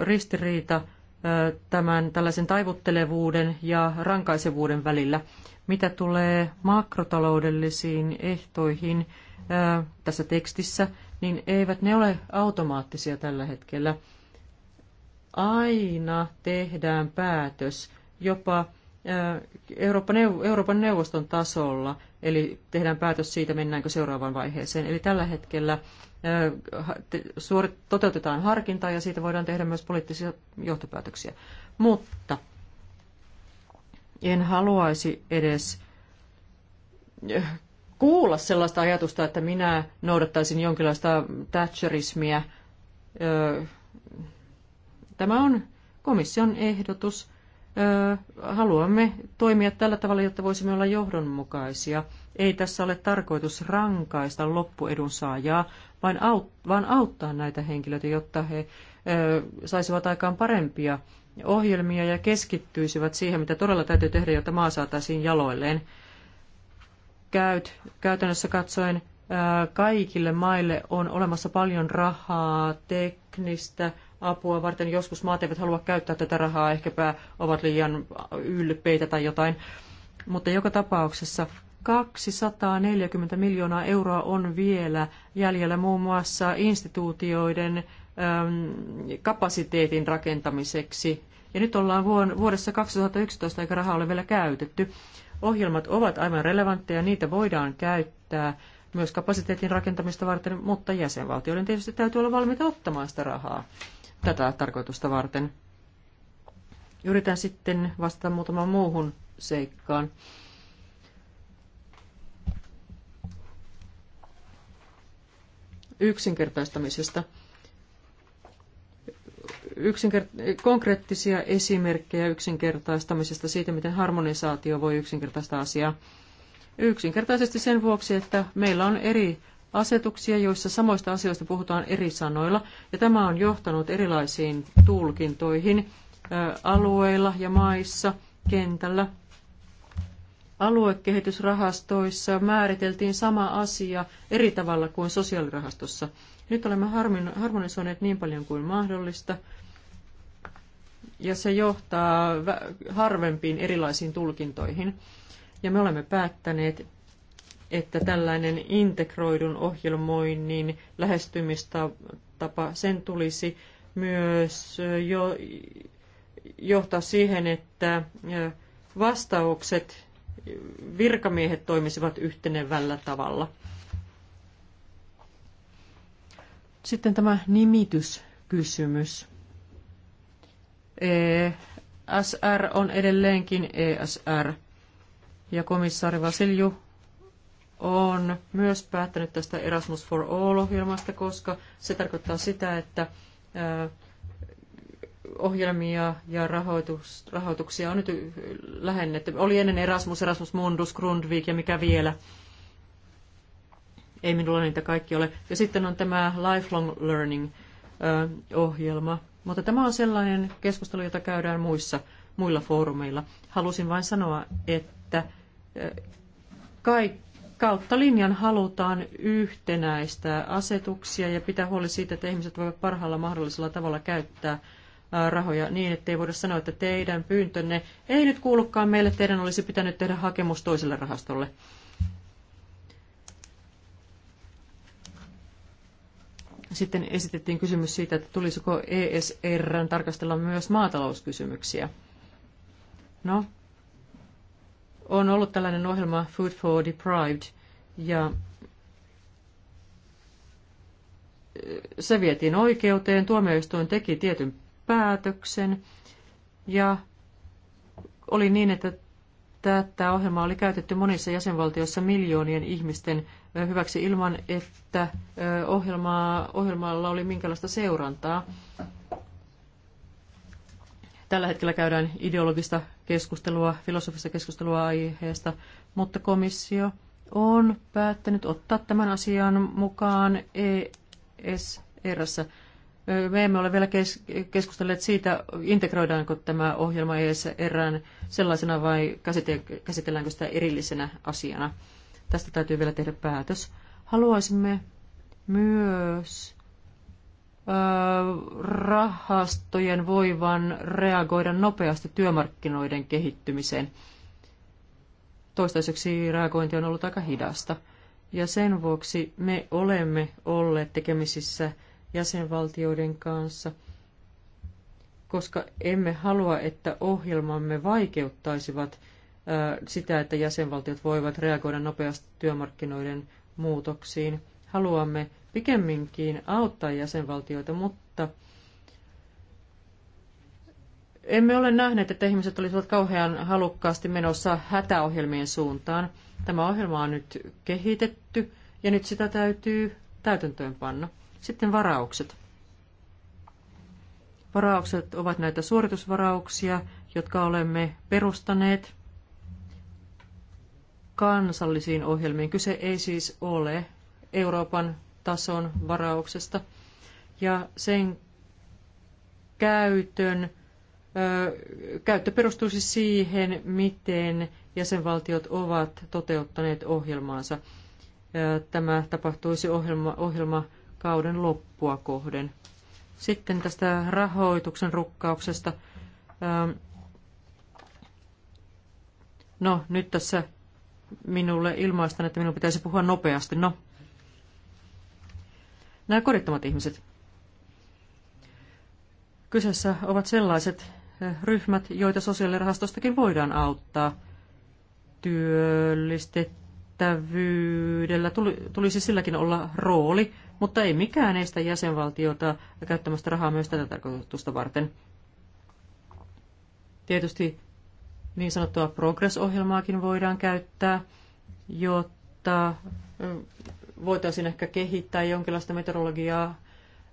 ristiriita tämän tällaisen taivuttelevuuden ja rankaisevuuden välillä. Mitä tulee makrotaloudellisiin ehtoihin, tässä tekstissä, niin eivät ne ole automaattisia tällä hetkellä. Aina tehdään päätös jopa Euroopan neuvoston tasolla, eli tehdään päätös siitä, mennäänkö seuraavaan vaiheeseen. Eli tällä hetkellä toteutetaan harkintaa ja siitä voidaan tehdä myös poliittisia johtopäätöksiä. Mutta en haluaisi edes kuulla sellaista ajatusta, että minä noudattaisin jonkinlaista Thatcherismia. Tämä on komission ehdotus. Haluamme toimia tällä tavalla, jotta voisimme olla johdonmukaisia. Ei tässä ole tarkoitus rankaista loppuedunsaajaa, vaan, aut, vaan auttaa näitä henkilöitä, jotta he saisivat aikaan parempia ohjelmia ja keskittyisivät siihen, mitä todella täytyy tehdä, jotta maa saataisiin jaloilleen käyt, käytännössä katsoen kaikille maille on olemassa paljon rahaa, teknistä apua varten. Joskus maat eivät halua käyttää tätä rahaa, ehkäpä ovat liian ylpeitä tai jotain. Mutta joka tapauksessa 240 miljoonaa euroa on vielä jäljellä muun muassa instituutioiden äm, kapasiteetin rakentamiseksi. Ja nyt ollaan vuodessa 2011, eikä rahaa ole vielä käytetty. Ohjelmat ovat aivan relevantteja, niitä voidaan käyttää myös kapasiteetin rakentamista varten, mutta jäsenvaltioiden tietysti täytyy olla valmiita ottamaan sitä rahaa tätä tarkoitusta varten. Yritän sitten vastata muutamaan muuhun seikkaan. Yksinkertaistamisesta yksinkert- konkreettisia esimerkkejä yksinkertaistamisesta siitä, miten harmonisaatio voi yksinkertaistaa asiaa. Yksinkertaisesti sen vuoksi, että meillä on eri asetuksia, joissa samoista asioista puhutaan eri sanoilla, ja tämä on johtanut erilaisiin tulkintoihin alueilla ja maissa, kentällä. Aluekehitysrahastoissa määriteltiin sama asia eri tavalla kuin sosiaalirahastossa. Nyt olemme harmonisoineet niin paljon kuin mahdollista, ja se johtaa harvempiin erilaisiin tulkintoihin. Ja me olemme päättäneet, että tällainen integroidun ohjelmoinnin lähestymistapa, sen tulisi myös eh, jo, johtaa siihen, että eh, vastaukset virkamiehet toimisivat yhtenevällä tavalla. Sitten tämä nimityskysymys. ESR on edelleenkin ESR. Ja komissaari Vasilju on myös päättänyt tästä Erasmus for All-ohjelmasta, koska se tarkoittaa sitä, että ohjelmia ja rahoitus, rahoituksia on nyt lähennetty. Oli ennen Erasmus, Erasmus Mundus, Grundvik ja mikä vielä. Ei minulla niitä kaikki ole. Ja sitten on tämä Lifelong Learning-ohjelma. Mutta tämä on sellainen keskustelu, jota käydään muissa, muilla foorumeilla. Halusin vain sanoa, että kai, kautta linjan halutaan yhtenäistää asetuksia ja pitää huoli siitä, että ihmiset voivat parhaalla mahdollisella tavalla käyttää rahoja niin, ettei voida sanoa, että teidän pyyntönne ei nyt kuulukaan meille, teidän olisi pitänyt tehdä hakemus toiselle rahastolle. Sitten esitettiin kysymys siitä, että tulisiko ESR tarkastella myös maatalouskysymyksiä. No, on ollut tällainen ohjelma Food for Deprived, ja se vietiin oikeuteen, tuomioistuin teki tietyn päätöksen, ja oli niin, että Tätä ohjelmaa oli käytetty monissa jäsenvaltioissa miljoonien ihmisten hyväksi ilman, että ohjelmaa, ohjelmalla oli minkälaista seurantaa. Tällä hetkellä käydään ideologista keskustelua, filosofista keskustelua aiheesta, mutta komissio on päättänyt ottaa tämän asian mukaan ESRssä me emme ole vielä keskustelleet siitä, integroidaanko tämä ohjelma ESRään sellaisena vai käsitelläänkö sitä erillisenä asiana. Tästä täytyy vielä tehdä päätös. Haluaisimme myös rahastojen voivan reagoida nopeasti työmarkkinoiden kehittymiseen. Toistaiseksi reagointi on ollut aika hidasta. Ja sen vuoksi me olemme olleet tekemisissä jäsenvaltioiden kanssa, koska emme halua, että ohjelmamme vaikeuttaisivat sitä, että jäsenvaltiot voivat reagoida nopeasti työmarkkinoiden muutoksiin. Haluamme pikemminkin auttaa jäsenvaltioita, mutta emme ole nähneet, että ihmiset olisivat kauhean halukkaasti menossa hätäohjelmien suuntaan. Tämä ohjelma on nyt kehitetty ja nyt sitä täytyy täytäntöönpanna. Sitten varaukset. Varaukset ovat näitä suoritusvarauksia, jotka olemme perustaneet kansallisiin ohjelmiin. Kyse ei siis ole Euroopan tason varauksesta. Ja sen käytön, ö, käyttö perustuisi siis siihen, miten jäsenvaltiot ovat toteuttaneet ohjelmaansa. Tämä tapahtuisi ohjelma, ohjelma kauden loppua kohden. Sitten tästä rahoituksen rukkauksesta. Ähm, no, nyt tässä minulle ilmaistan, että minun pitäisi puhua nopeasti. No, nämä korittomat ihmiset. Kyseessä ovat sellaiset äh, ryhmät, joita sosiaalirahastostakin voidaan auttaa. Työllistetty kestävyydellä tulisi silläkin olla rooli, mutta ei mikään estä jäsenvaltiota käyttämästä rahaa myös tätä tarkoitusta varten. Tietysti niin sanottua progress-ohjelmaakin voidaan käyttää, jotta voitaisiin ehkä kehittää jonkinlaista meteorologiaa,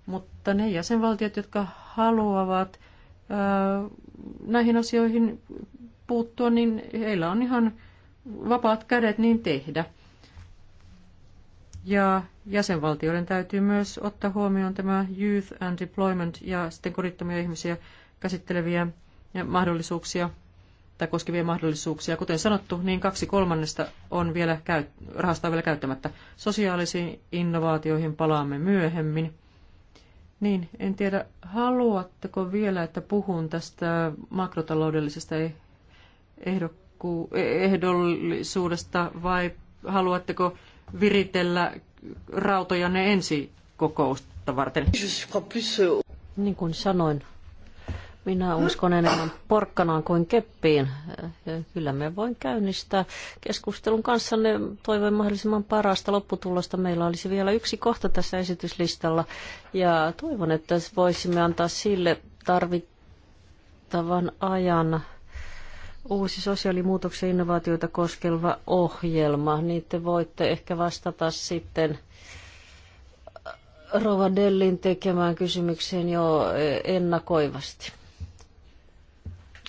mutta ne jäsenvaltiot, jotka haluavat näihin asioihin puuttua, niin heillä on ihan vapaat kädet niin tehdä. Ja jäsenvaltioiden täytyy myös ottaa huomioon tämä youth and deployment ja sitten kodittomia ihmisiä käsitteleviä mahdollisuuksia tai koskevia mahdollisuuksia. Kuten sanottu, niin kaksi kolmannesta on vielä käy, rahasta on vielä käyttämättä. Sosiaalisiin innovaatioihin palaamme myöhemmin. Niin, en tiedä, haluatteko vielä, että puhun tästä makrotaloudellisesta ehdok- ehdollisuudesta vai haluatteko viritellä rautoja ne ensi kokousta varten? Euh, niin kuin sanoin, minä uskon enemmän porkkanaan kuin keppiin. Kyllä me voin käynnistää keskustelun Ne Toivon mahdollisimman parasta lopputulosta. Meillä olisi vielä yksi kohta tässä esityslistalla. Ja toivon, että voisimme antaa sille tarvittavan ajan uusi sosiaalimuutoksen innovaatioita koskeva ohjelma, niin te voitte ehkä vastata sitten Rova Dellin tekemään kysymykseen jo ennakoivasti.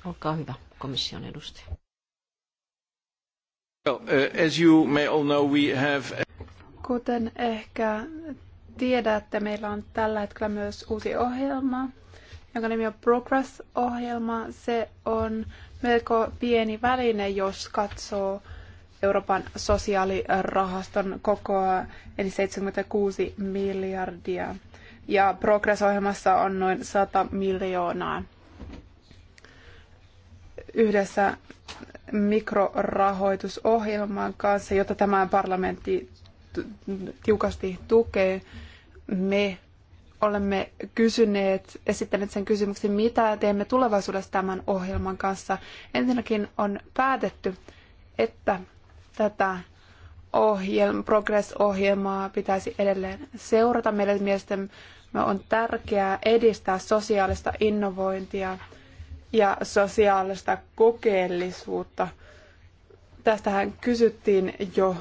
Olkaa hyvä, komission edustaja. Kuten ehkä tiedätte, meillä on tällä hetkellä myös uusi ohjelma, jonka nimi on Progress-ohjelma. Se on melko pieni väline, jos katsoo Euroopan sosiaalirahaston kokoa, eli 76 miljardia. Ja Progress-ohjelmassa on noin 100 miljoonaa. Yhdessä mikrorahoitusohjelman kanssa, jota tämä parlamentti tiukasti tukee, me olemme kysyneet, esittäneet sen kysymyksen, mitä teemme tulevaisuudessa tämän ohjelman kanssa. Ensinnäkin on päätetty, että tätä ohjelma, Progress-ohjelmaa pitäisi edelleen seurata. Meidän mielestämme on tärkeää edistää sosiaalista innovointia ja sosiaalista kokeellisuutta. Tästähän kysyttiin jo,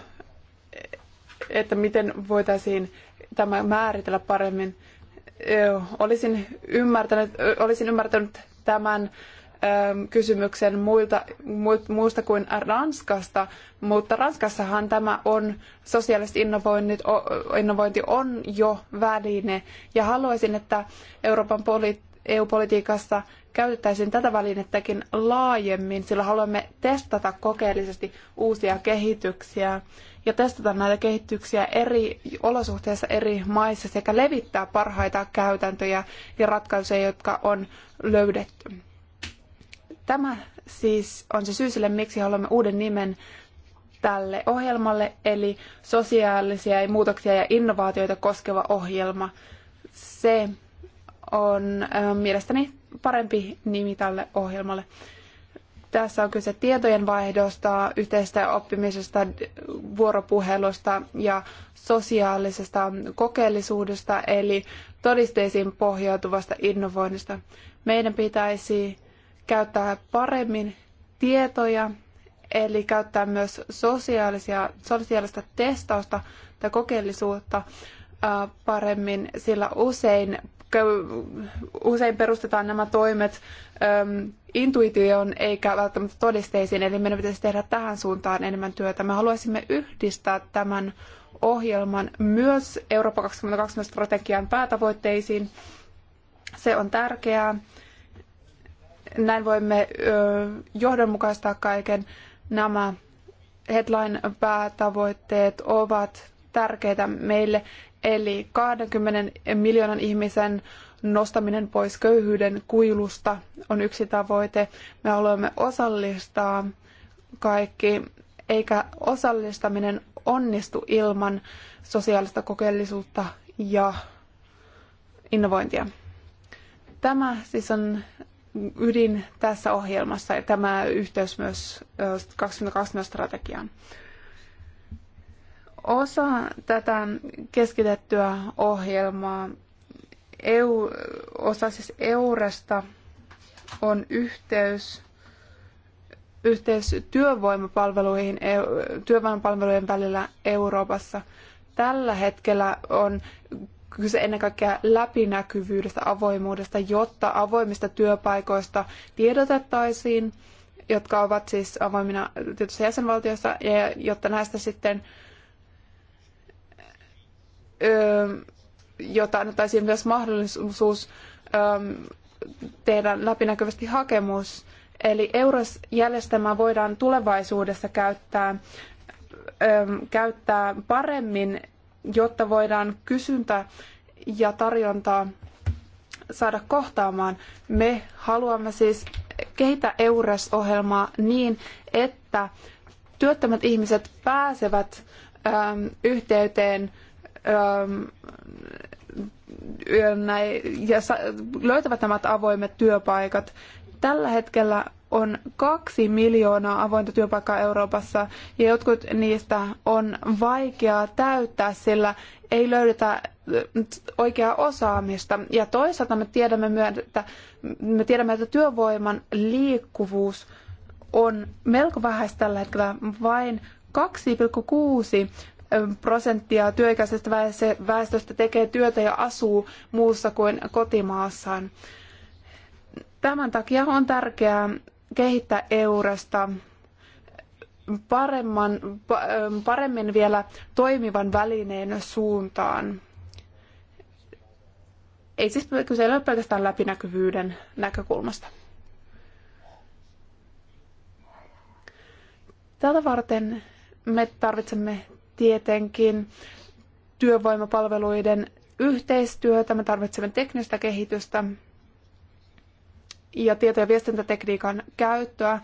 että miten voitaisiin tämä määritellä paremmin olisin ymmärtänyt, olisin ymmärtänyt tämän kysymyksen muilta, muusta kuin Ranskasta, mutta Ranskassahan tämä on, sosiaaliset innovoinnit, innovointi on jo väline, ja haluaisin, että Euroopan EU-politiikassa käytettäisiin tätä välinettäkin laajemmin, sillä haluamme testata kokeellisesti uusia kehityksiä ja testata näitä kehityksiä eri olosuhteissa eri maissa sekä levittää parhaita käytäntöjä ja ratkaisuja, jotka on löydetty. Tämä siis on se syy sille, miksi haluamme uuden nimen tälle ohjelmalle, eli sosiaalisia muutoksia ja innovaatioita koskeva ohjelma. Se on mielestäni parempi nimi tälle ohjelmalle. Tässä on kyse tietojen vaihdosta, yhteisestä oppimisesta, vuoropuhelusta ja sosiaalisesta kokeellisuudesta, eli todisteisiin pohjautuvasta innovoinnista. Meidän pitäisi käyttää paremmin tietoja, eli käyttää myös sosiaalisia, sosiaalista testausta tai kokeellisuutta paremmin, sillä usein usein perustetaan nämä toimet äm, intuitioon eikä välttämättä todisteisiin, eli meidän pitäisi tehdä tähän suuntaan enemmän työtä. Me haluaisimme yhdistää tämän ohjelman myös Eurooppa 2020 strategian päätavoitteisiin. Se on tärkeää. Näin voimme johdonmukaistaa kaiken. Nämä headline-päätavoitteet ovat tärkeitä meille Eli 20 miljoonan ihmisen nostaminen pois köyhyyden kuilusta on yksi tavoite. Me haluamme osallistaa kaikki, eikä osallistaminen onnistu ilman sosiaalista kokeellisuutta ja innovointia. Tämä siis on ydin tässä ohjelmassa ja tämä yhteys myös 2020 strategiaan. Osa tätä keskitettyä ohjelmaa, EU, osa siis Euresta, on yhteys, yhteys työvoimapalveluihin, e, työvoimapalvelujen välillä Euroopassa. Tällä hetkellä on kyse ennen kaikkea läpinäkyvyydestä, avoimuudesta, jotta avoimista työpaikoista tiedotettaisiin, jotka ovat siis avoimina tietyissä jäsenvaltioissa, ja jotta näistä sitten jota annettaisiin myös mahdollisuus tehdä läpinäkyvästi hakemus. Eli EURES-järjestelmää voidaan tulevaisuudessa käyttää, käyttää paremmin, jotta voidaan kysyntä ja tarjontaa saada kohtaamaan. Me haluamme siis kehittää EURES-ohjelmaa niin, että työttömät ihmiset pääsevät yhteyteen ja löytävät nämä avoimet työpaikat. Tällä hetkellä on kaksi miljoonaa avointa työpaikkaa Euroopassa ja jotkut niistä on vaikeaa täyttää, sillä ei löydetä oikeaa osaamista. Ja toisaalta me tiedämme, myös, että, me tiedämme, että työvoiman liikkuvuus on melko vähäistä tällä hetkellä vain 2,6 prosenttia työikäisestä väestöstä tekee työtä ja asuu muussa kuin kotimaassaan. Tämän takia on tärkeää kehittää Eurasta paremman, paremmin vielä toimivan välineen suuntaan. Ei siis kyse ole pelkästään läpinäkyvyyden näkökulmasta. Tätä varten me tarvitsemme tietenkin työvoimapalveluiden yhteistyötä, me tarvitsemme teknistä kehitystä ja tieto- ja viestintätekniikan käyttöä.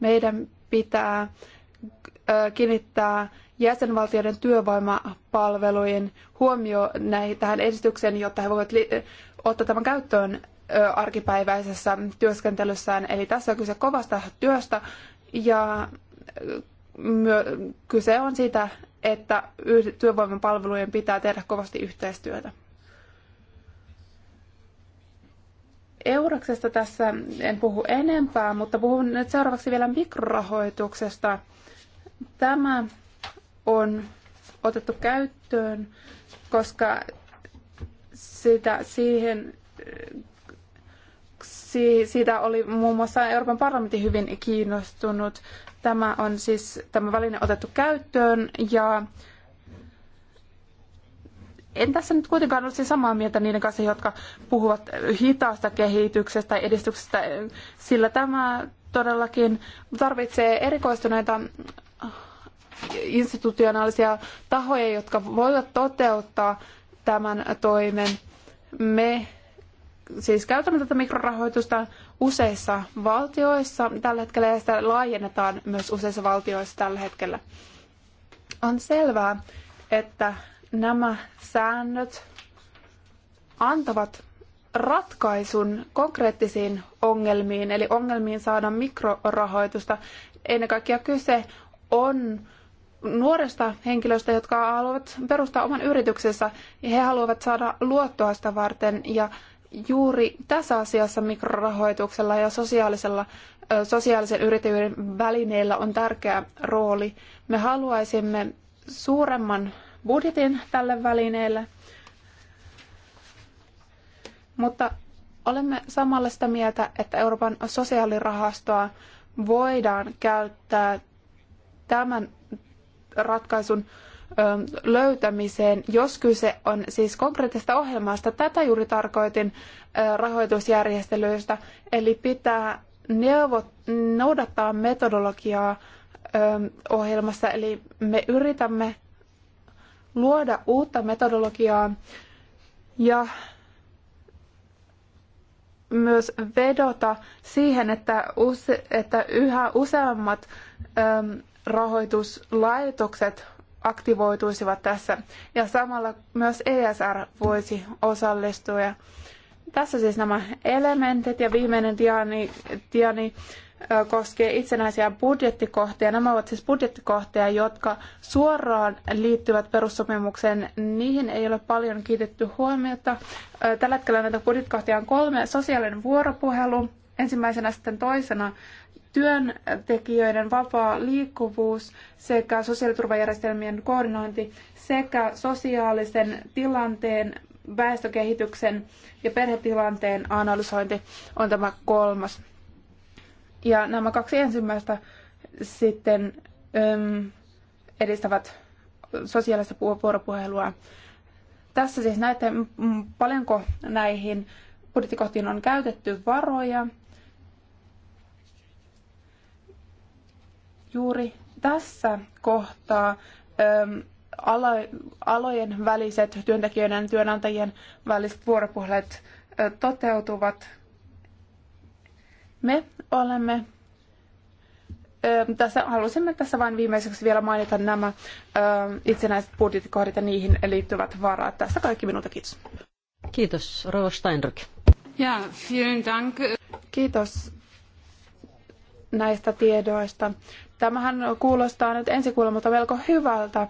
Meidän pitää kiinnittää jäsenvaltioiden työvoimapalvelujen huomio näihin, tähän edistykseen, jotta he voivat ottaa tämän käyttöön arkipäiväisessä työskentelyssään. Eli tässä on kyse kovasta työstä ja kyse on siitä, että työvoimapalvelujen pitää tehdä kovasti yhteistyötä. Euroksesta tässä en puhu enempää, mutta puhun nyt seuraavaksi vielä mikrorahoituksesta. Tämä on otettu käyttöön, koska sitä, siihen, siitä oli muun muassa Euroopan parlamentti hyvin kiinnostunut. Tämä on siis tämä väline otettu käyttöön ja en tässä nyt kuitenkaan olisi samaa mieltä niiden kanssa, jotka puhuvat hitaasta kehityksestä tai edistyksestä, sillä tämä todellakin tarvitsee erikoistuneita institutionaalisia tahoja, jotka voivat toteuttaa tämän toimen. Me siis käytämme tätä mikrorahoitusta useissa valtioissa tällä hetkellä ja sitä laajennetaan myös useissa valtioissa tällä hetkellä. On selvää, että nämä säännöt antavat ratkaisun konkreettisiin ongelmiin, eli ongelmiin saada mikrorahoitusta. Ennen kaikkea kyse on nuoresta henkilöstä, jotka haluavat perustaa oman yrityksensä, ja he haluavat saada luottoa sitä varten, ja juuri tässä asiassa mikrorahoituksella ja sosiaalisella, sosiaalisen yrittäjyyden välineillä on tärkeä rooli. Me haluaisimme suuremman budjetin tälle välineelle, mutta olemme samalla sitä mieltä, että Euroopan sosiaalirahastoa voidaan käyttää tämän ratkaisun löytämiseen, jos kyse on siis konkreettisesta ohjelmasta. Tätä juuri tarkoitin rahoitusjärjestelyistä, eli pitää neuvot, noudattaa metodologiaa ohjelmassa, eli me yritämme luoda uutta metodologiaa ja myös vedota siihen, että, use, että yhä useammat rahoituslaitokset aktivoituisivat tässä. Ja samalla myös ESR voisi osallistua. Ja tässä siis nämä elementit ja viimeinen diani, diani koskee itsenäisiä budjettikohtia. Nämä ovat siis budjettikohtia, jotka suoraan liittyvät perussopimukseen. Niihin ei ole paljon kiitetty huomiota. Tällä hetkellä näitä budjettikohtia on kolme. Sosiaalinen vuoropuhelu, ensimmäisenä sitten toisena työntekijöiden vapaa liikkuvuus sekä sosiaaliturvajärjestelmien koordinointi sekä sosiaalisen tilanteen, väestökehityksen ja perhetilanteen analysointi on tämä kolmas. Ja nämä kaksi ensimmäistä sitten äm, edistävät sosiaalista vuoropuhelua. Tässä siis näette, paljonko näihin budjettikohtiin on käytetty varoja – juuri tässä kohtaa ähm, alojen väliset työntekijöiden ja työnantajien väliset vuoropuhelut äh, toteutuvat. Me olemme ähm, tässä, halusimme tässä vain viimeiseksi vielä mainita nämä ö, ähm, itsenäiset budjettikohdat ja niihin liittyvät varat. Tässä kaikki minulta, kiitos. Kiitos, Rova Steinrück. Ja, vielen dank. Kiitos näistä tiedoista. Tämähän kuulostaa nyt ensikuulemalta melko hyvältä,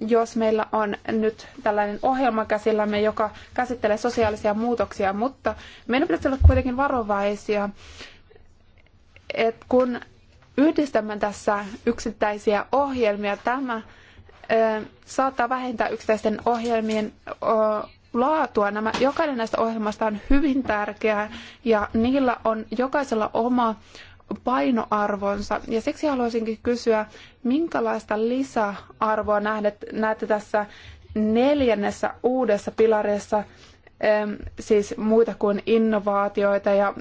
jos meillä on nyt tällainen ohjelma käsillämme, joka käsittelee sosiaalisia muutoksia, mutta meidän pitäisi olla kuitenkin varovaisia, että kun yhdistämme tässä yksittäisiä ohjelmia, tämä saattaa vähentää yksittäisten ohjelmien laatua. Nämä, jokainen näistä ohjelmista on hyvin tärkeää ja niillä on jokaisella oma painoarvonsa. Ja siksi haluaisinkin kysyä, minkälaista lisäarvoa näette, näette tässä neljännessä uudessa pilarissa, siis muita kuin innovaatioita ja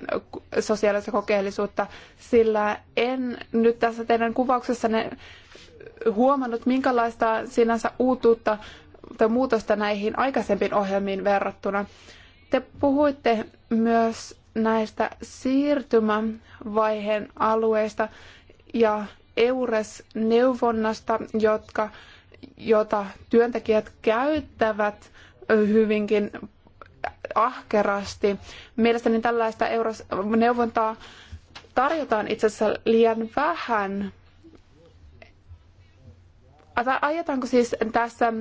sosiaalista kokeellisuutta, sillä en nyt tässä teidän kuvauksessanne huomannut, minkälaista sinänsä uutuutta tai muutosta näihin aikaisempiin ohjelmiin verrattuna. Te puhuitte myös näistä siirtymävaiheen alueista ja EURES-neuvonnasta, jotka, jota työntekijät käyttävät hyvinkin ahkerasti. Mielestäni tällaista EURES-neuvontaa tarjotaan itse asiassa liian vähän. Ajetaanko siis tässä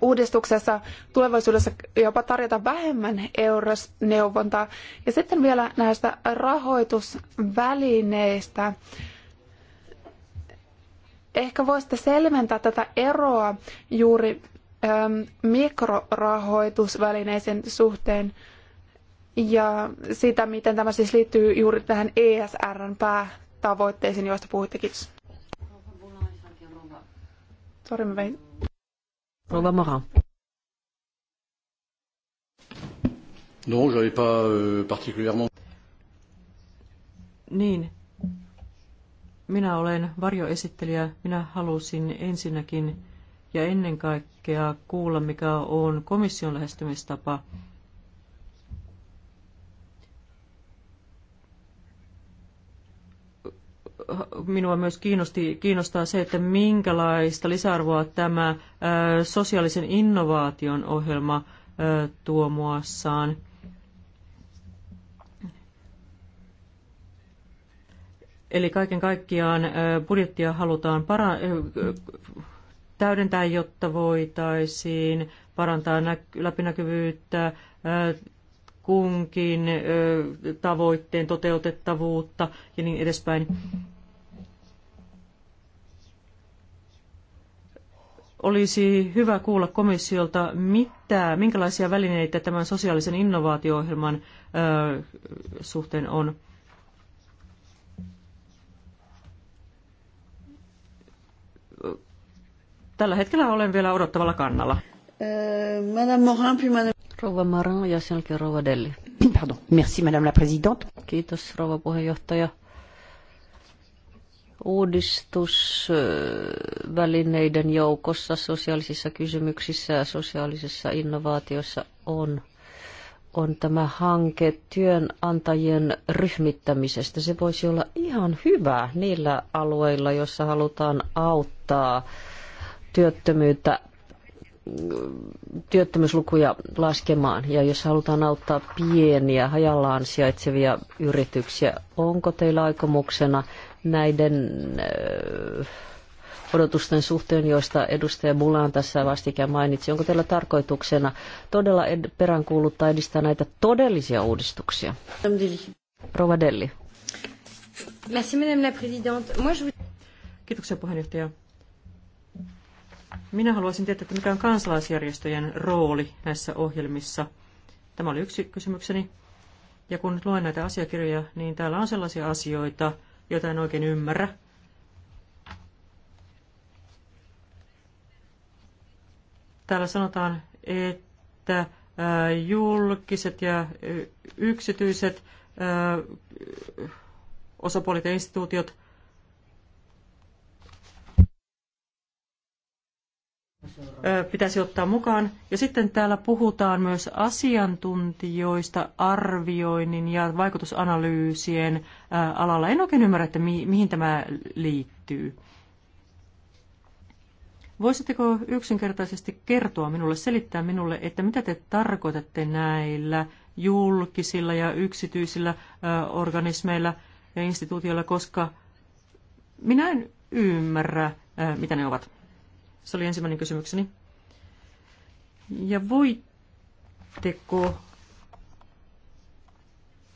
uudistuksessa tulevaisuudessa jopa tarjota vähemmän euroneuvontaa. Ja sitten vielä näistä rahoitusvälineistä. Ehkä voisitte selventää tätä eroa juuri äm, mikrorahoitusvälineisen suhteen ja sitä, miten tämä siis liittyy juuri tähän ESRn päätavoitteisiin, joista puhuitte. Kiitos. Sori, mä vein Rova Morin. Non, n'avais pas euh, particulièrement. Niin. Minä olen varjoesittelijä. Minä halusin ensinnäkin ja ennen kaikkea kuulla, mikä on komission lähestymistapa minua myös kiinnosti, kiinnostaa se, että minkälaista lisäarvoa tämä sosiaalisen innovaation ohjelma tuo muassaan. Eli kaiken kaikkiaan budjettia halutaan para- täydentää, jotta voitaisiin parantaa läpinäkyvyyttä, kunkin tavoitteen toteutettavuutta ja niin edespäin. Olisi hyvä kuulla komissiolta, mitä, minkälaisia välineitä tämän sosiaalisen innovaatio-ohjelman ö, suhteen on. Tällä hetkellä olen vielä odottavalla kannalla. Madame Morin, puis Rouva Marin ja sen jälkeen Rouva Delli. Pardon. Merci, Madame la Présidente. Kiitos, rouva puheenjohtaja uudistusvälineiden joukossa sosiaalisissa kysymyksissä ja sosiaalisessa innovaatiossa on, on tämä hanke työnantajien ryhmittämisestä. Se voisi olla ihan hyvä niillä alueilla, joissa halutaan auttaa työttömyyttä työttömyyslukuja laskemaan ja jos halutaan auttaa pieniä hajallaan sijaitsevia yrityksiä, onko teillä aikomuksena näiden äh, odotusten suhteen, joista edustaja Bulaan tässä vastikään mainitsi, onko teillä tarkoituksena todella ed- peräänkuuluttaa edistää näitä todellisia uudistuksia? Rova Delli. Merci, madame la présidente. Moi, je... Kiitoksia puheenjohtaja. Minä haluaisin tietää, että mikä on kansalaisjärjestöjen rooli näissä ohjelmissa. Tämä oli yksi kysymykseni. Ja kun luen näitä asiakirjoja, niin täällä on sellaisia asioita, joita en oikein ymmärrä. Täällä sanotaan, että äh, julkiset ja äh, yksityiset äh, osapuolit ja instituutiot pitäisi ottaa mukaan. Ja sitten täällä puhutaan myös asiantuntijoista arvioinnin ja vaikutusanalyysien alalla. En oikein ymmärrä, että mihin tämä liittyy. Voisitteko yksinkertaisesti kertoa minulle, selittää minulle, että mitä te tarkoitatte näillä julkisilla ja yksityisillä organismeilla ja instituutioilla, koska minä en ymmärrä, mitä ne ovat. Se oli ensimmäinen kysymykseni. Ja voitteko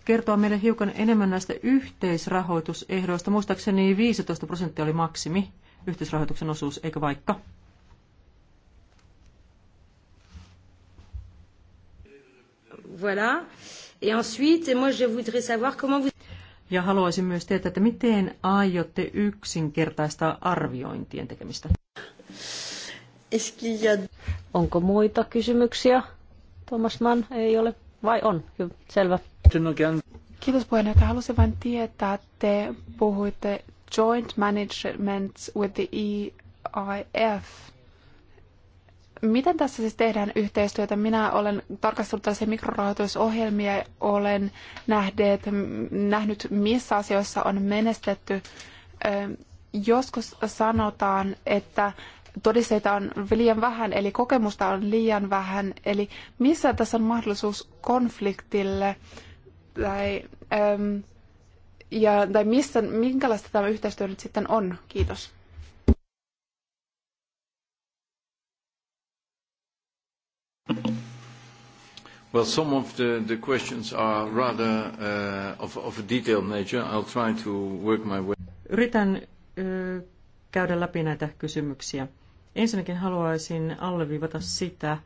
kertoa meille hiukan enemmän näistä yhteisrahoitusehdoista? Muistaakseni 15 prosenttia oli maksimi yhteisrahoituksen osuus, eikä vaikka? Voilà. Et ensuite, moi je voudrais savoir comment vous... Ja haluaisin myös tietää, että miten aiotte yksinkertaista arviointien tekemistä? Onko muita kysymyksiä? Thomas Mann ei ole. Vai on? Hyvä, selvä. Kiitos puheenjohtaja. Haluaisin vain tietää, että te puhuitte joint management with the EIF. Miten tässä siis tehdään yhteistyötä? Minä olen tarkastellut tällaisia mikrorahoitusohjelmia, olen nähdeet, nähnyt missä asioissa on menestetty. Joskus sanotaan, että todisteita on liian vähän, eli kokemusta on liian vähän, eli missä tässä on mahdollisuus konfliktille tai, äm, ja, tai missä, minkälaista tämä yhteistyö nyt sitten on? Kiitos. Well, some of the, the questions are rather uh, of, of a detailed nature. I'll try to work my way. Yritän uh, käydä läpi näitä kysymyksiä. Ensinnäkin haluaisin alleviivata sitä,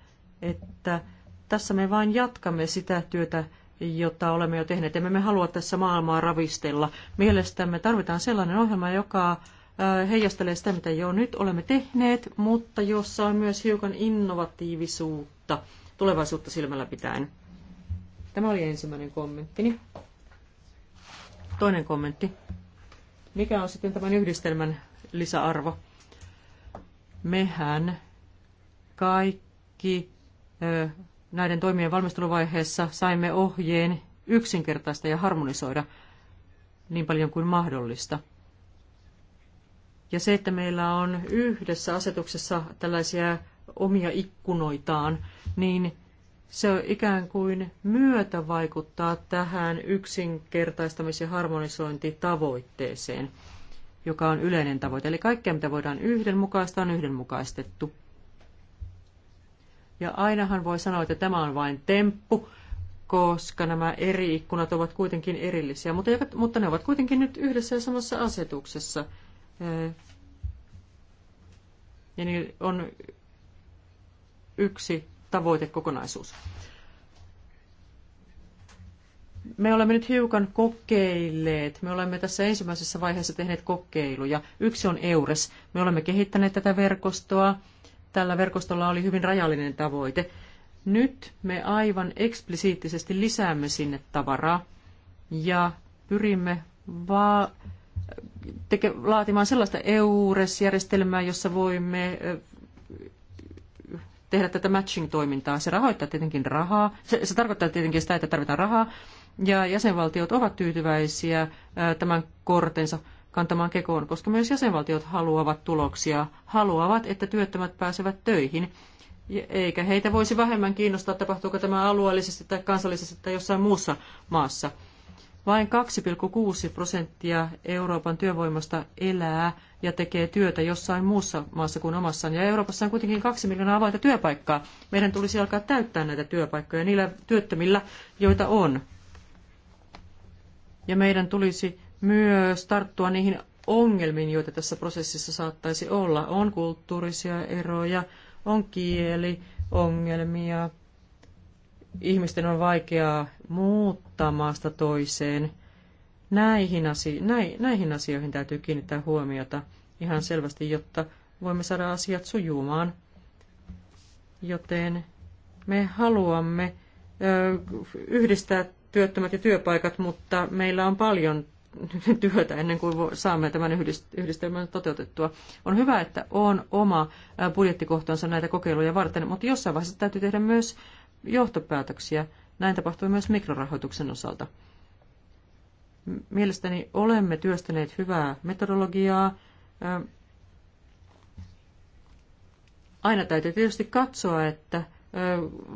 että tässä me vain jatkamme sitä työtä, jota olemme jo tehneet. Emme me halua tässä maailmaa ravistella. Mielestämme tarvitaan sellainen ohjelma, joka äh, heijastelee sitä, mitä jo nyt olemme tehneet, mutta jossa on myös hiukan innovatiivisuutta tulevaisuutta silmällä pitäen. Tämä oli ensimmäinen kommenttini. Toinen kommentti. Mikä on sitten tämän yhdistelmän lisäarvo? mehän kaikki näiden toimien valmisteluvaiheessa saimme ohjeen yksinkertaista ja harmonisoida niin paljon kuin mahdollista. Ja se, että meillä on yhdessä asetuksessa tällaisia omia ikkunoitaan, niin se ikään kuin myötä vaikuttaa tähän yksinkertaistamis- ja harmonisointitavoitteeseen joka on yleinen tavoite. Eli kaikkea, mitä voidaan yhdenmukaista, on yhdenmukaistettu. Ja ainahan voi sanoa, että tämä on vain temppu, koska nämä eri ikkunat ovat kuitenkin erillisiä, mutta, mutta ne ovat kuitenkin nyt yhdessä ja samassa asetuksessa. Ja niin on yksi tavoitekokonaisuus me olemme nyt hiukan kokeilleet. Me olemme tässä ensimmäisessä vaiheessa tehneet kokeiluja. Yksi on EURES. Me olemme kehittäneet tätä verkostoa. Tällä verkostolla oli hyvin rajallinen tavoite. Nyt me aivan eksplisiittisesti lisäämme sinne tavaraa ja pyrimme va- teke- laatimaan sellaista EURES-järjestelmää, jossa voimme tehdä tätä matching-toimintaa. Se rahoittaa tietenkin rahaa. Se, se tarkoittaa tietenkin sitä, että tarvitaan rahaa, ja jäsenvaltiot ovat tyytyväisiä tämän kortensa kantamaan kekoon, koska myös jäsenvaltiot haluavat tuloksia, haluavat, että työttömät pääsevät töihin. Eikä heitä voisi vähemmän kiinnostaa, tapahtuuko tämä alueellisesti tai kansallisesti tai jossain muussa maassa. Vain 2,6 prosenttia Euroopan työvoimasta elää ja tekee työtä jossain muussa maassa kuin omassaan. Ja Euroopassa on kuitenkin kaksi miljoonaa avainta työpaikkaa. Meidän tulisi alkaa täyttää näitä työpaikkoja niillä työttömillä, joita on ja meidän tulisi myös tarttua niihin ongelmiin, joita tässä prosessissa saattaisi olla. On kulttuurisia eroja, on kieliongelmia, ihmisten on vaikeaa muuttaa maasta toiseen. Näihin, asio- näihin asioihin täytyy kiinnittää huomiota ihan selvästi, jotta voimme saada asiat sujumaan. Joten me haluamme yhdistää työttömät ja työpaikat, mutta meillä on paljon työtä ennen kuin saamme tämän yhdistelmän toteutettua. On hyvä, että on oma budjettikohtansa näitä kokeiluja varten, mutta jossain vaiheessa täytyy tehdä myös johtopäätöksiä. Näin tapahtui myös mikrorahoituksen osalta. Mielestäni olemme työstäneet hyvää metodologiaa. Aina täytyy tietysti katsoa, että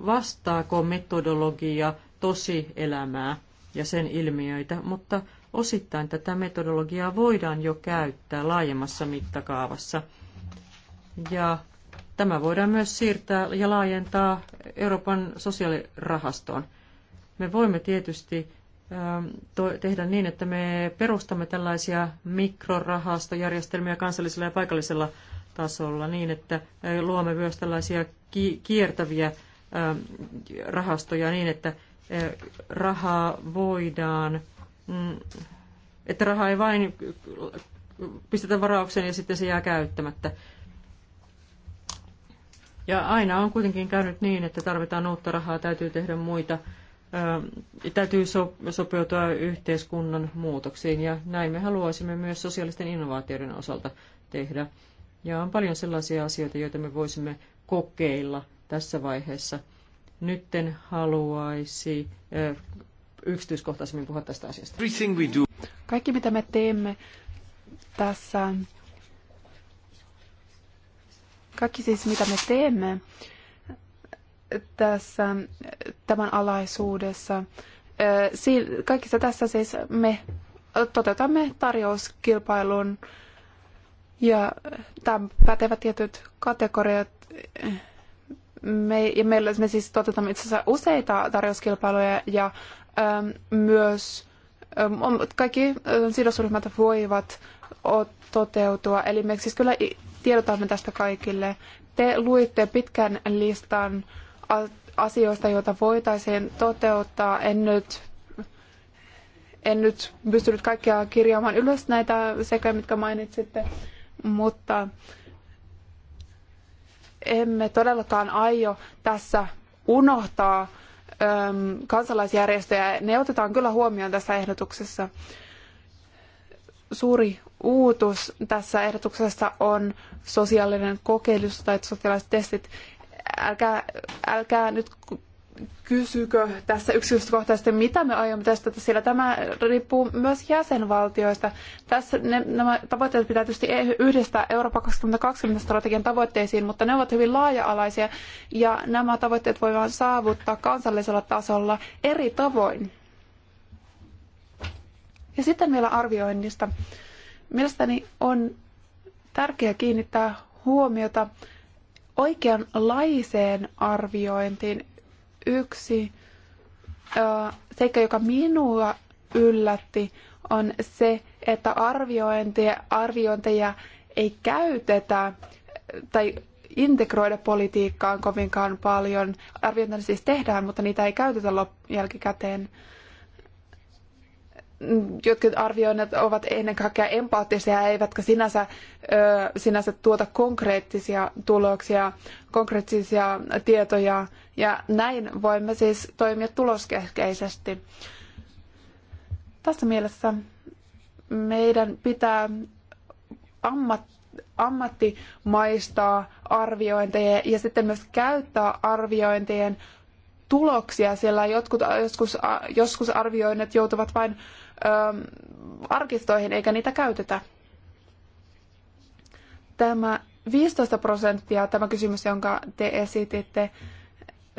vastaako metodologia tosielämää ja sen ilmiöitä, mutta osittain tätä metodologiaa voidaan jo käyttää laajemmassa mittakaavassa. Ja tämä voidaan myös siirtää ja laajentaa Euroopan sosiaalirahastoon. Me voimme tietysti ähm, tehdä niin, että me perustamme tällaisia mikrorahastojärjestelmiä kansallisella ja paikallisella tasolla niin, että äh, luomme myös tällaisia kiertäviä ähm, rahastoja niin, että rahaa voidaan, mm, että rahaa ei vain pistetä varaukseen ja sitten se jää käyttämättä. Ja aina on kuitenkin käynyt niin, että tarvitaan uutta rahaa, täytyy tehdä muita, täytyy sopeutua yhteiskunnan muutoksiin ja näin me haluaisimme myös sosiaalisten innovaatioiden osalta tehdä. Ja on paljon sellaisia asioita, joita me voisimme kokeilla tässä vaiheessa – nytten haluaisi yksityiskohtaisemmin puhua tästä asiasta. Kaikki mitä me teemme tässä, kaikki siis mitä me teemme tässä tämän alaisuudessa, kaikissa tässä siis me toteutamme tarjouskilpailun ja tämä pätevät tietyt kategoriat me, ja meillä, me siis toteutamme itse asiassa useita tarjouskilpailuja ja äm, myös äm, kaikki äm, äh, sidosryhmät voivat o, toteutua. Eli me siis kyllä tiedotamme tästä kaikille. Te luitte pitkän listan asioista, joita voitaisiin toteuttaa. En nyt, en nyt pystynyt kaikkia kirjaamaan ylös näitä sekä, mitkä mainitsitte, mutta emme todellakaan aio tässä unohtaa ähm, kansalaisjärjestöjä. Ne otetaan kyllä huomioon tässä ehdotuksessa. Suuri uutus tässä ehdotuksessa on sosiaalinen kokeilus tai sosiaaliset testit. Älkää, älkää nyt kysyykö tässä yksityiskohtaisesti, mitä me aiomme testata, sillä tämä riippuu myös jäsenvaltioista. Tässä ne, nämä tavoitteet pitää tietysti e- yhdistää Eurooppa 2020-strategian tavoitteisiin, mutta ne ovat hyvin laaja-alaisia ja nämä tavoitteet voidaan saavuttaa kansallisella tasolla eri tavoin. Ja sitten vielä arvioinnista. Mielestäni on tärkeää kiinnittää huomiota oikeanlaiseen arviointiin, yksi seikka, joka minua yllätti, on se, että arviointeja, arviointeja ei käytetä tai integroida politiikkaan kovinkaan paljon. Arviointeja siis tehdään, mutta niitä ei käytetä jälkikäteen. Jotkut arvioinnit ovat ennen kaikkea empaattisia, eivätkä sinänsä, ö, sinänsä tuota konkreettisia tuloksia, konkreettisia tietoja ja näin voimme siis toimia tuloskeskeisesti. Tässä mielessä meidän pitää ammat, ammattimaistaa arviointeja ja sitten myös käyttää arviointien tuloksia, siellä jotkut, joskus, joskus arvioinnit joutuvat vain ö, arkistoihin eikä niitä käytetä. Tämä 15 prosenttia, tämä kysymys, jonka te esititte,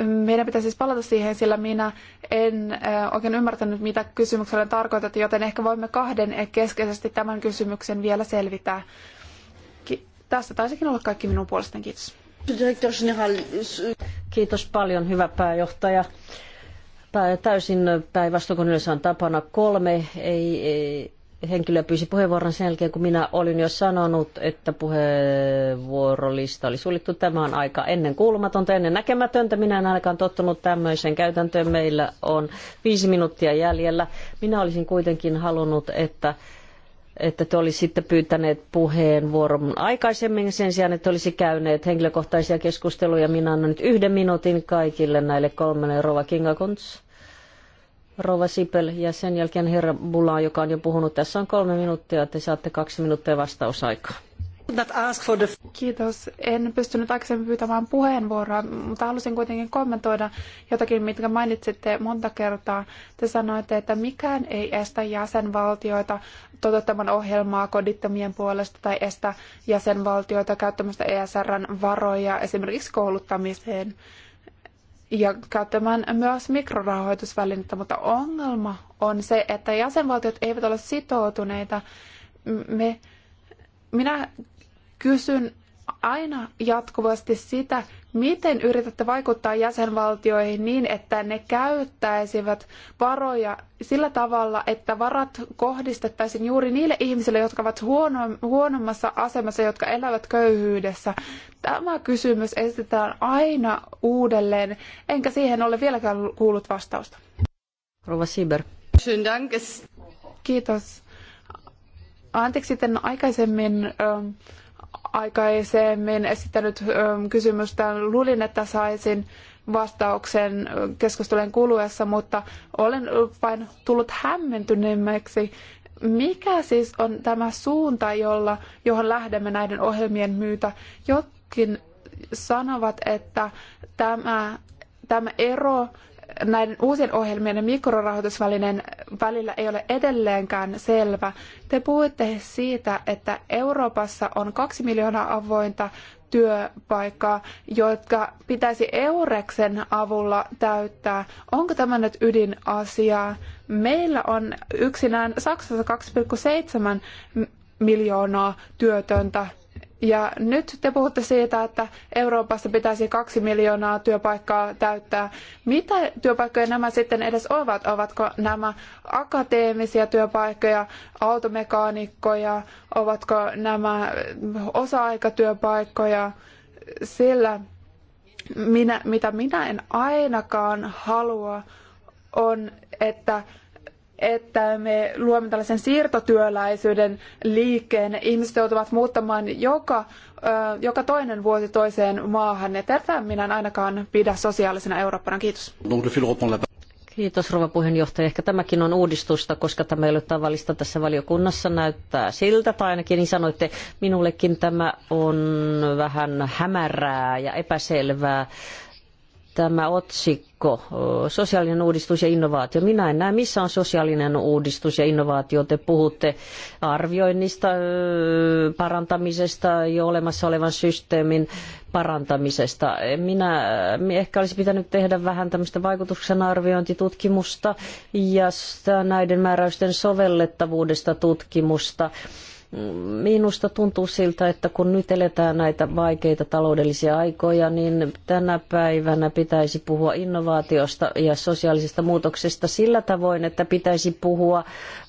meidän pitäisi siis palata siihen, sillä minä en oikein ymmärtänyt, mitä kysymyksellä tarkoitettiin, joten ehkä voimme kahden keskeisesti tämän kysymyksen vielä selvittää. Ki- tästä taisikin olla kaikki minun puolestani. Kiitos. Kiitos paljon, hyvä pääjohtaja. Pää, täysin päinvastoin kuin yleensä on tapana kolme ei, ei, henkilö pyysi puheenvuoron sen jälkeen, kun minä olin jo sanonut, että puheenvuorolista oli suljettu. tämän aika ennen kuulumatonta, ennen näkemätöntä. Minä en ainakaan tottunut tämmöiseen käytäntöön. Meillä on viisi minuuttia jäljellä. Minä olisin kuitenkin halunnut, että että te olisitte pyytäneet puheenvuoron aikaisemmin sen sijaan, että olisi käyneet henkilökohtaisia keskusteluja. Minä annan nyt yhden minuutin kaikille näille kolmelle Rova Kingakunts. Rova Sipel ja sen jälkeen herra Bula, joka on jo puhunut. Tässä on kolme minuuttia, te saatte kaksi minuuttia vastausaikaa. Kiitos. En pystynyt aikaisemmin pyytämään puheenvuoroa, mutta halusin kuitenkin kommentoida jotakin, mitkä mainitsitte monta kertaa. Te sanoitte, että mikään ei estä jäsenvaltioita toteuttamaan ohjelmaa kodittomien puolesta tai estä jäsenvaltioita käyttämästä ESRn varoja esimerkiksi kouluttamiseen ja käyttämään myös mikrorahoitusvälinettä, mutta ongelma on se, että jäsenvaltiot eivät ole sitoutuneita. Me, minä kysyn aina jatkuvasti sitä, miten yritätte vaikuttaa jäsenvaltioihin niin, että ne käyttäisivät varoja sillä tavalla, että varat kohdistettaisiin juuri niille ihmisille, jotka ovat huono, huonommassa asemassa, jotka elävät köyhyydessä. Tämä kysymys esitetään aina uudelleen, enkä siihen ole vieläkään kuullut vastausta. Rova Sieber. Kiitos. Anteeksi, sitten aikaisemmin aikaisemmin esittänyt kysymystä. Luulin, että saisin vastauksen keskustelun kuluessa, mutta olen vain tullut hämmentyneemmäksi. Mikä siis on tämä suunta, jolla, johon lähdemme näiden ohjelmien myytä? Jotkin sanovat, että tämä, tämä ero näiden uusien ohjelmien ja mikrorahoitusvälineen välillä ei ole edelleenkään selvä. Te puhuitte siitä, että Euroopassa on kaksi miljoonaa avointa työpaikkaa, jotka pitäisi Eureksen avulla täyttää. Onko tämä nyt ydinasia? Meillä on yksinään Saksassa 2,7 miljoonaa työtöntä ja nyt te puhutte siitä, että Euroopassa pitäisi kaksi miljoonaa työpaikkaa täyttää. Mitä työpaikkoja nämä sitten edes ovat? Ovatko nämä akateemisia työpaikkoja, automekaanikkoja? Ovatko nämä osa-aikatyöpaikkoja? Sillä minä, mitä minä en ainakaan halua on, että että me luomme tällaisen siirtotyöläisyyden liikkeen. Ihmiset joutuvat muuttamaan joka, joka toinen vuosi toiseen maahan. Ja tätä minä en ainakaan pidä sosiaalisena Eurooppana. Kiitos. Kiitos rouva puheenjohtaja. Ehkä tämäkin on uudistusta, koska tämä ei ole tavallista tässä valiokunnassa. Näyttää siltä, tai ainakin niin sanoitte, minullekin tämä on vähän hämärää ja epäselvää tämä otsikko, sosiaalinen uudistus ja innovaatio. Minä en näe, missä on sosiaalinen uudistus ja innovaatio. Te puhutte arvioinnista, parantamisesta, jo olemassa olevan systeemin parantamisesta. Minä ehkä olisi pitänyt tehdä vähän tämmöistä vaikutuksen arviointitutkimusta ja näiden määräysten sovellettavuudesta tutkimusta. Minusta tuntuu siltä, että kun nyt eletään näitä vaikeita taloudellisia aikoja, niin tänä päivänä pitäisi puhua innovaatiosta ja sosiaalisesta muutoksesta sillä tavoin, että pitäisi puhua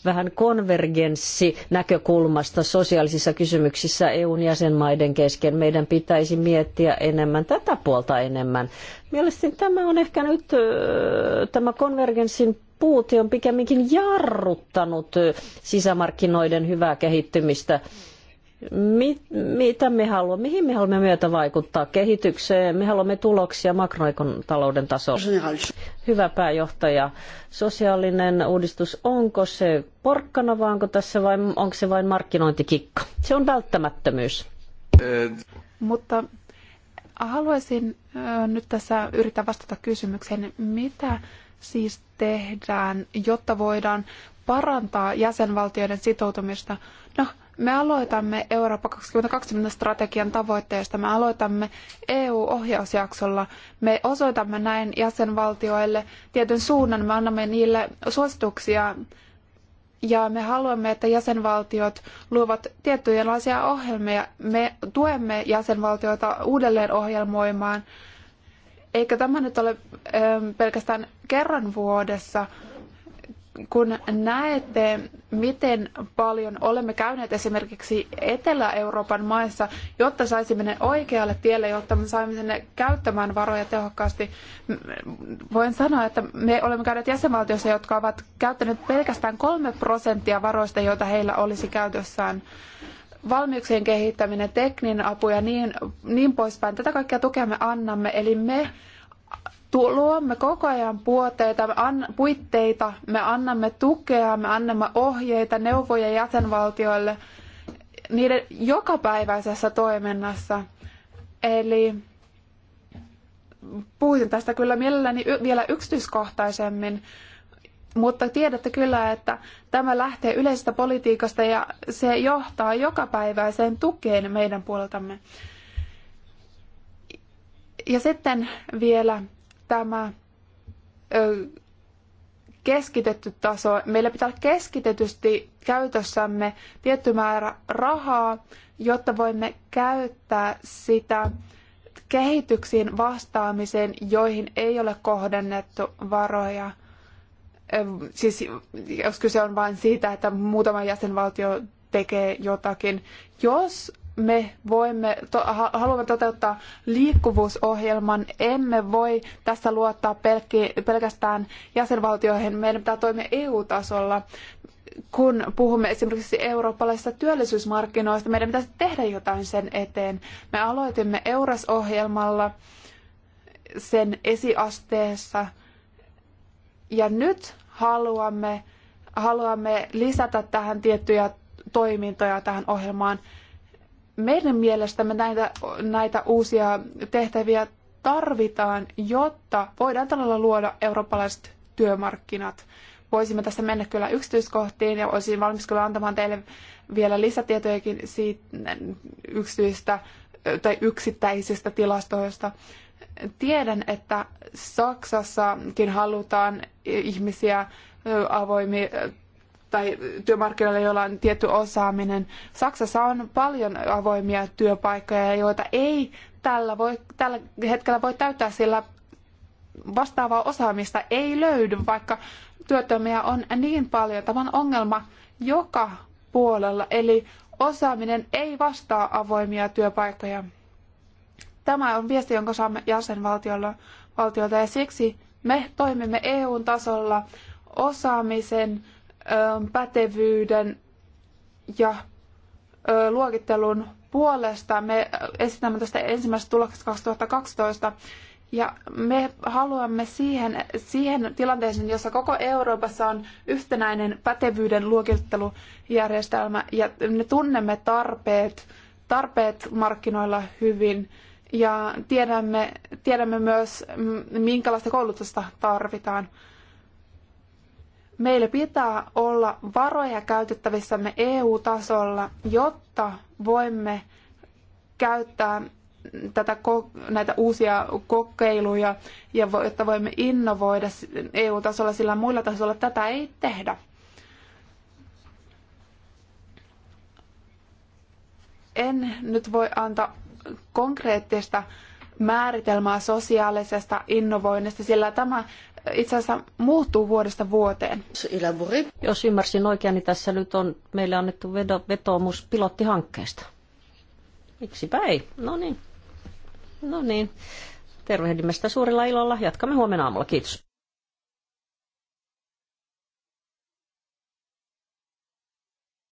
vähän konvergenssinäkökulmasta sosiaalisissa kysymyksissä EUn jäsenmaiden kesken. Meidän pitäisi miettiä enemmän tätä puolta enemmän. Mielestäni tämä on ehkä nyt tämä konvergenssin puute on pikemminkin jarruttanut sisämarkkinoiden hyvää kehittymistä. Mit, mitä me haluamme, mihin me haluamme myötä vaikuttaa kehitykseen, me haluamme tuloksia makroekonomin tasolla. Hyvä pääjohtaja, sosiaalinen uudistus, onko se porkkana vai onko, tässä vai, onko se vain markkinointikikka? Se on välttämättömyys. Mutta haluaisin nyt tässä yrittää vastata kysymykseen, mitä siis tehdään, jotta voidaan parantaa jäsenvaltioiden sitoutumista? No, me aloitamme Eurooppa 2020 strategian tavoitteesta, me aloitamme EU-ohjausjaksolla. Me osoitamme näin jäsenvaltioille tietyn suunnan, me annamme niille suosituksia ja me haluamme, että jäsenvaltiot luovat tiettyjenlaisia ohjelmia. Me tuemme jäsenvaltioita uudelleen ohjelmoimaan eikä tämä nyt ole ähm, pelkästään kerran vuodessa, kun näette, miten paljon olemme käyneet esimerkiksi Etelä-Euroopan maissa, jotta saisimme ne oikealle tielle, jotta me saimme ne käyttämään varoja tehokkaasti, voin sanoa, että me olemme käyneet jäsenvaltioissa, jotka ovat käyttäneet pelkästään kolme prosenttia varoista, joita heillä olisi käytössään valmiuksien kehittäminen, tekninen apu ja niin, niin poispäin. Tätä kaikkea tukea me annamme, eli me luomme koko ajan puotteita, me an, puitteita, me annamme tukea, me annamme ohjeita, neuvoja jäsenvaltioille niiden jokapäiväisessä toiminnassa. Eli puhuisin tästä kyllä mielelläni vielä yksityiskohtaisemmin, mutta tiedätte kyllä, että tämä lähtee yleisestä politiikasta ja se johtaa jokapäiväiseen tukeen meidän puoleltamme. Ja sitten vielä tämä keskitetty taso. Meillä pitää olla keskitetysti käytössämme tietty määrä rahaa, jotta voimme käyttää sitä kehityksiin vastaamiseen, joihin ei ole kohdennettu varoja – siis jos kyse on vain siitä, että muutama jäsenvaltio tekee jotakin. Jos me voimme, to, haluamme toteuttaa liikkuvuusohjelman, emme voi tässä luottaa pelkki, pelkästään jäsenvaltioihin. Meidän pitää toimia EU-tasolla. Kun puhumme esimerkiksi eurooppalaisista työllisyysmarkkinoista, meidän pitäisi tehdä jotain sen eteen. Me aloitimme EURES-ohjelmalla sen esiasteessa – ja nyt haluamme, haluamme lisätä tähän tiettyjä toimintoja tähän ohjelmaan. Meidän mielestämme näitä, näitä uusia tehtäviä tarvitaan, jotta voidaan todella luoda eurooppalaiset työmarkkinat. Voisimme tässä mennä kyllä yksityiskohtiin ja olisin valmis kyllä antamaan teille vielä lisätietojakin siitä yksityistä tai yksittäisistä tilastoista tiedän, että Saksassakin halutaan ihmisiä avoimia tai työmarkkinoilla, joilla on tietty osaaminen. Saksassa on paljon avoimia työpaikkoja, joita ei tällä, voi, tällä hetkellä voi täyttää, sillä vastaavaa osaamista ei löydy, vaikka työttömiä on niin paljon. Tämä on ongelma joka puolella, eli osaaminen ei vastaa avoimia työpaikkoja. Tämä on viesti, jonka saamme jäsenvaltiolta ja siksi me toimimme EUn tasolla osaamisen, pätevyyden ja luokittelun puolesta. Me esitämme tästä ensimmäisestä tuloksesta 2012 ja me haluamme siihen, siihen tilanteeseen, jossa koko Euroopassa on yhtenäinen pätevyyden luokittelujärjestelmä ja me tunnemme tarpeet, tarpeet markkinoilla hyvin ja tiedämme, tiedämme myös, minkälaista koulutusta tarvitaan. Meillä pitää olla varoja käytettävissämme EU-tasolla, jotta voimme käyttää tätä, näitä uusia kokeiluja ja jotta voimme innovoida EU-tasolla, sillä muilla tasolla tätä ei tehdä. En nyt voi antaa konkreettista määritelmää sosiaalisesta innovoinnista, sillä tämä itse asiassa muuttuu vuodesta vuoteen. Jos ymmärsin oikein, niin tässä nyt on meille annettu vedo, vetoomus pilottihankkeesta. Miksipä ei? No niin. No niin. Tervehdimme sitä suurella ilolla. Jatkamme huomenna aamulla. Kiitos.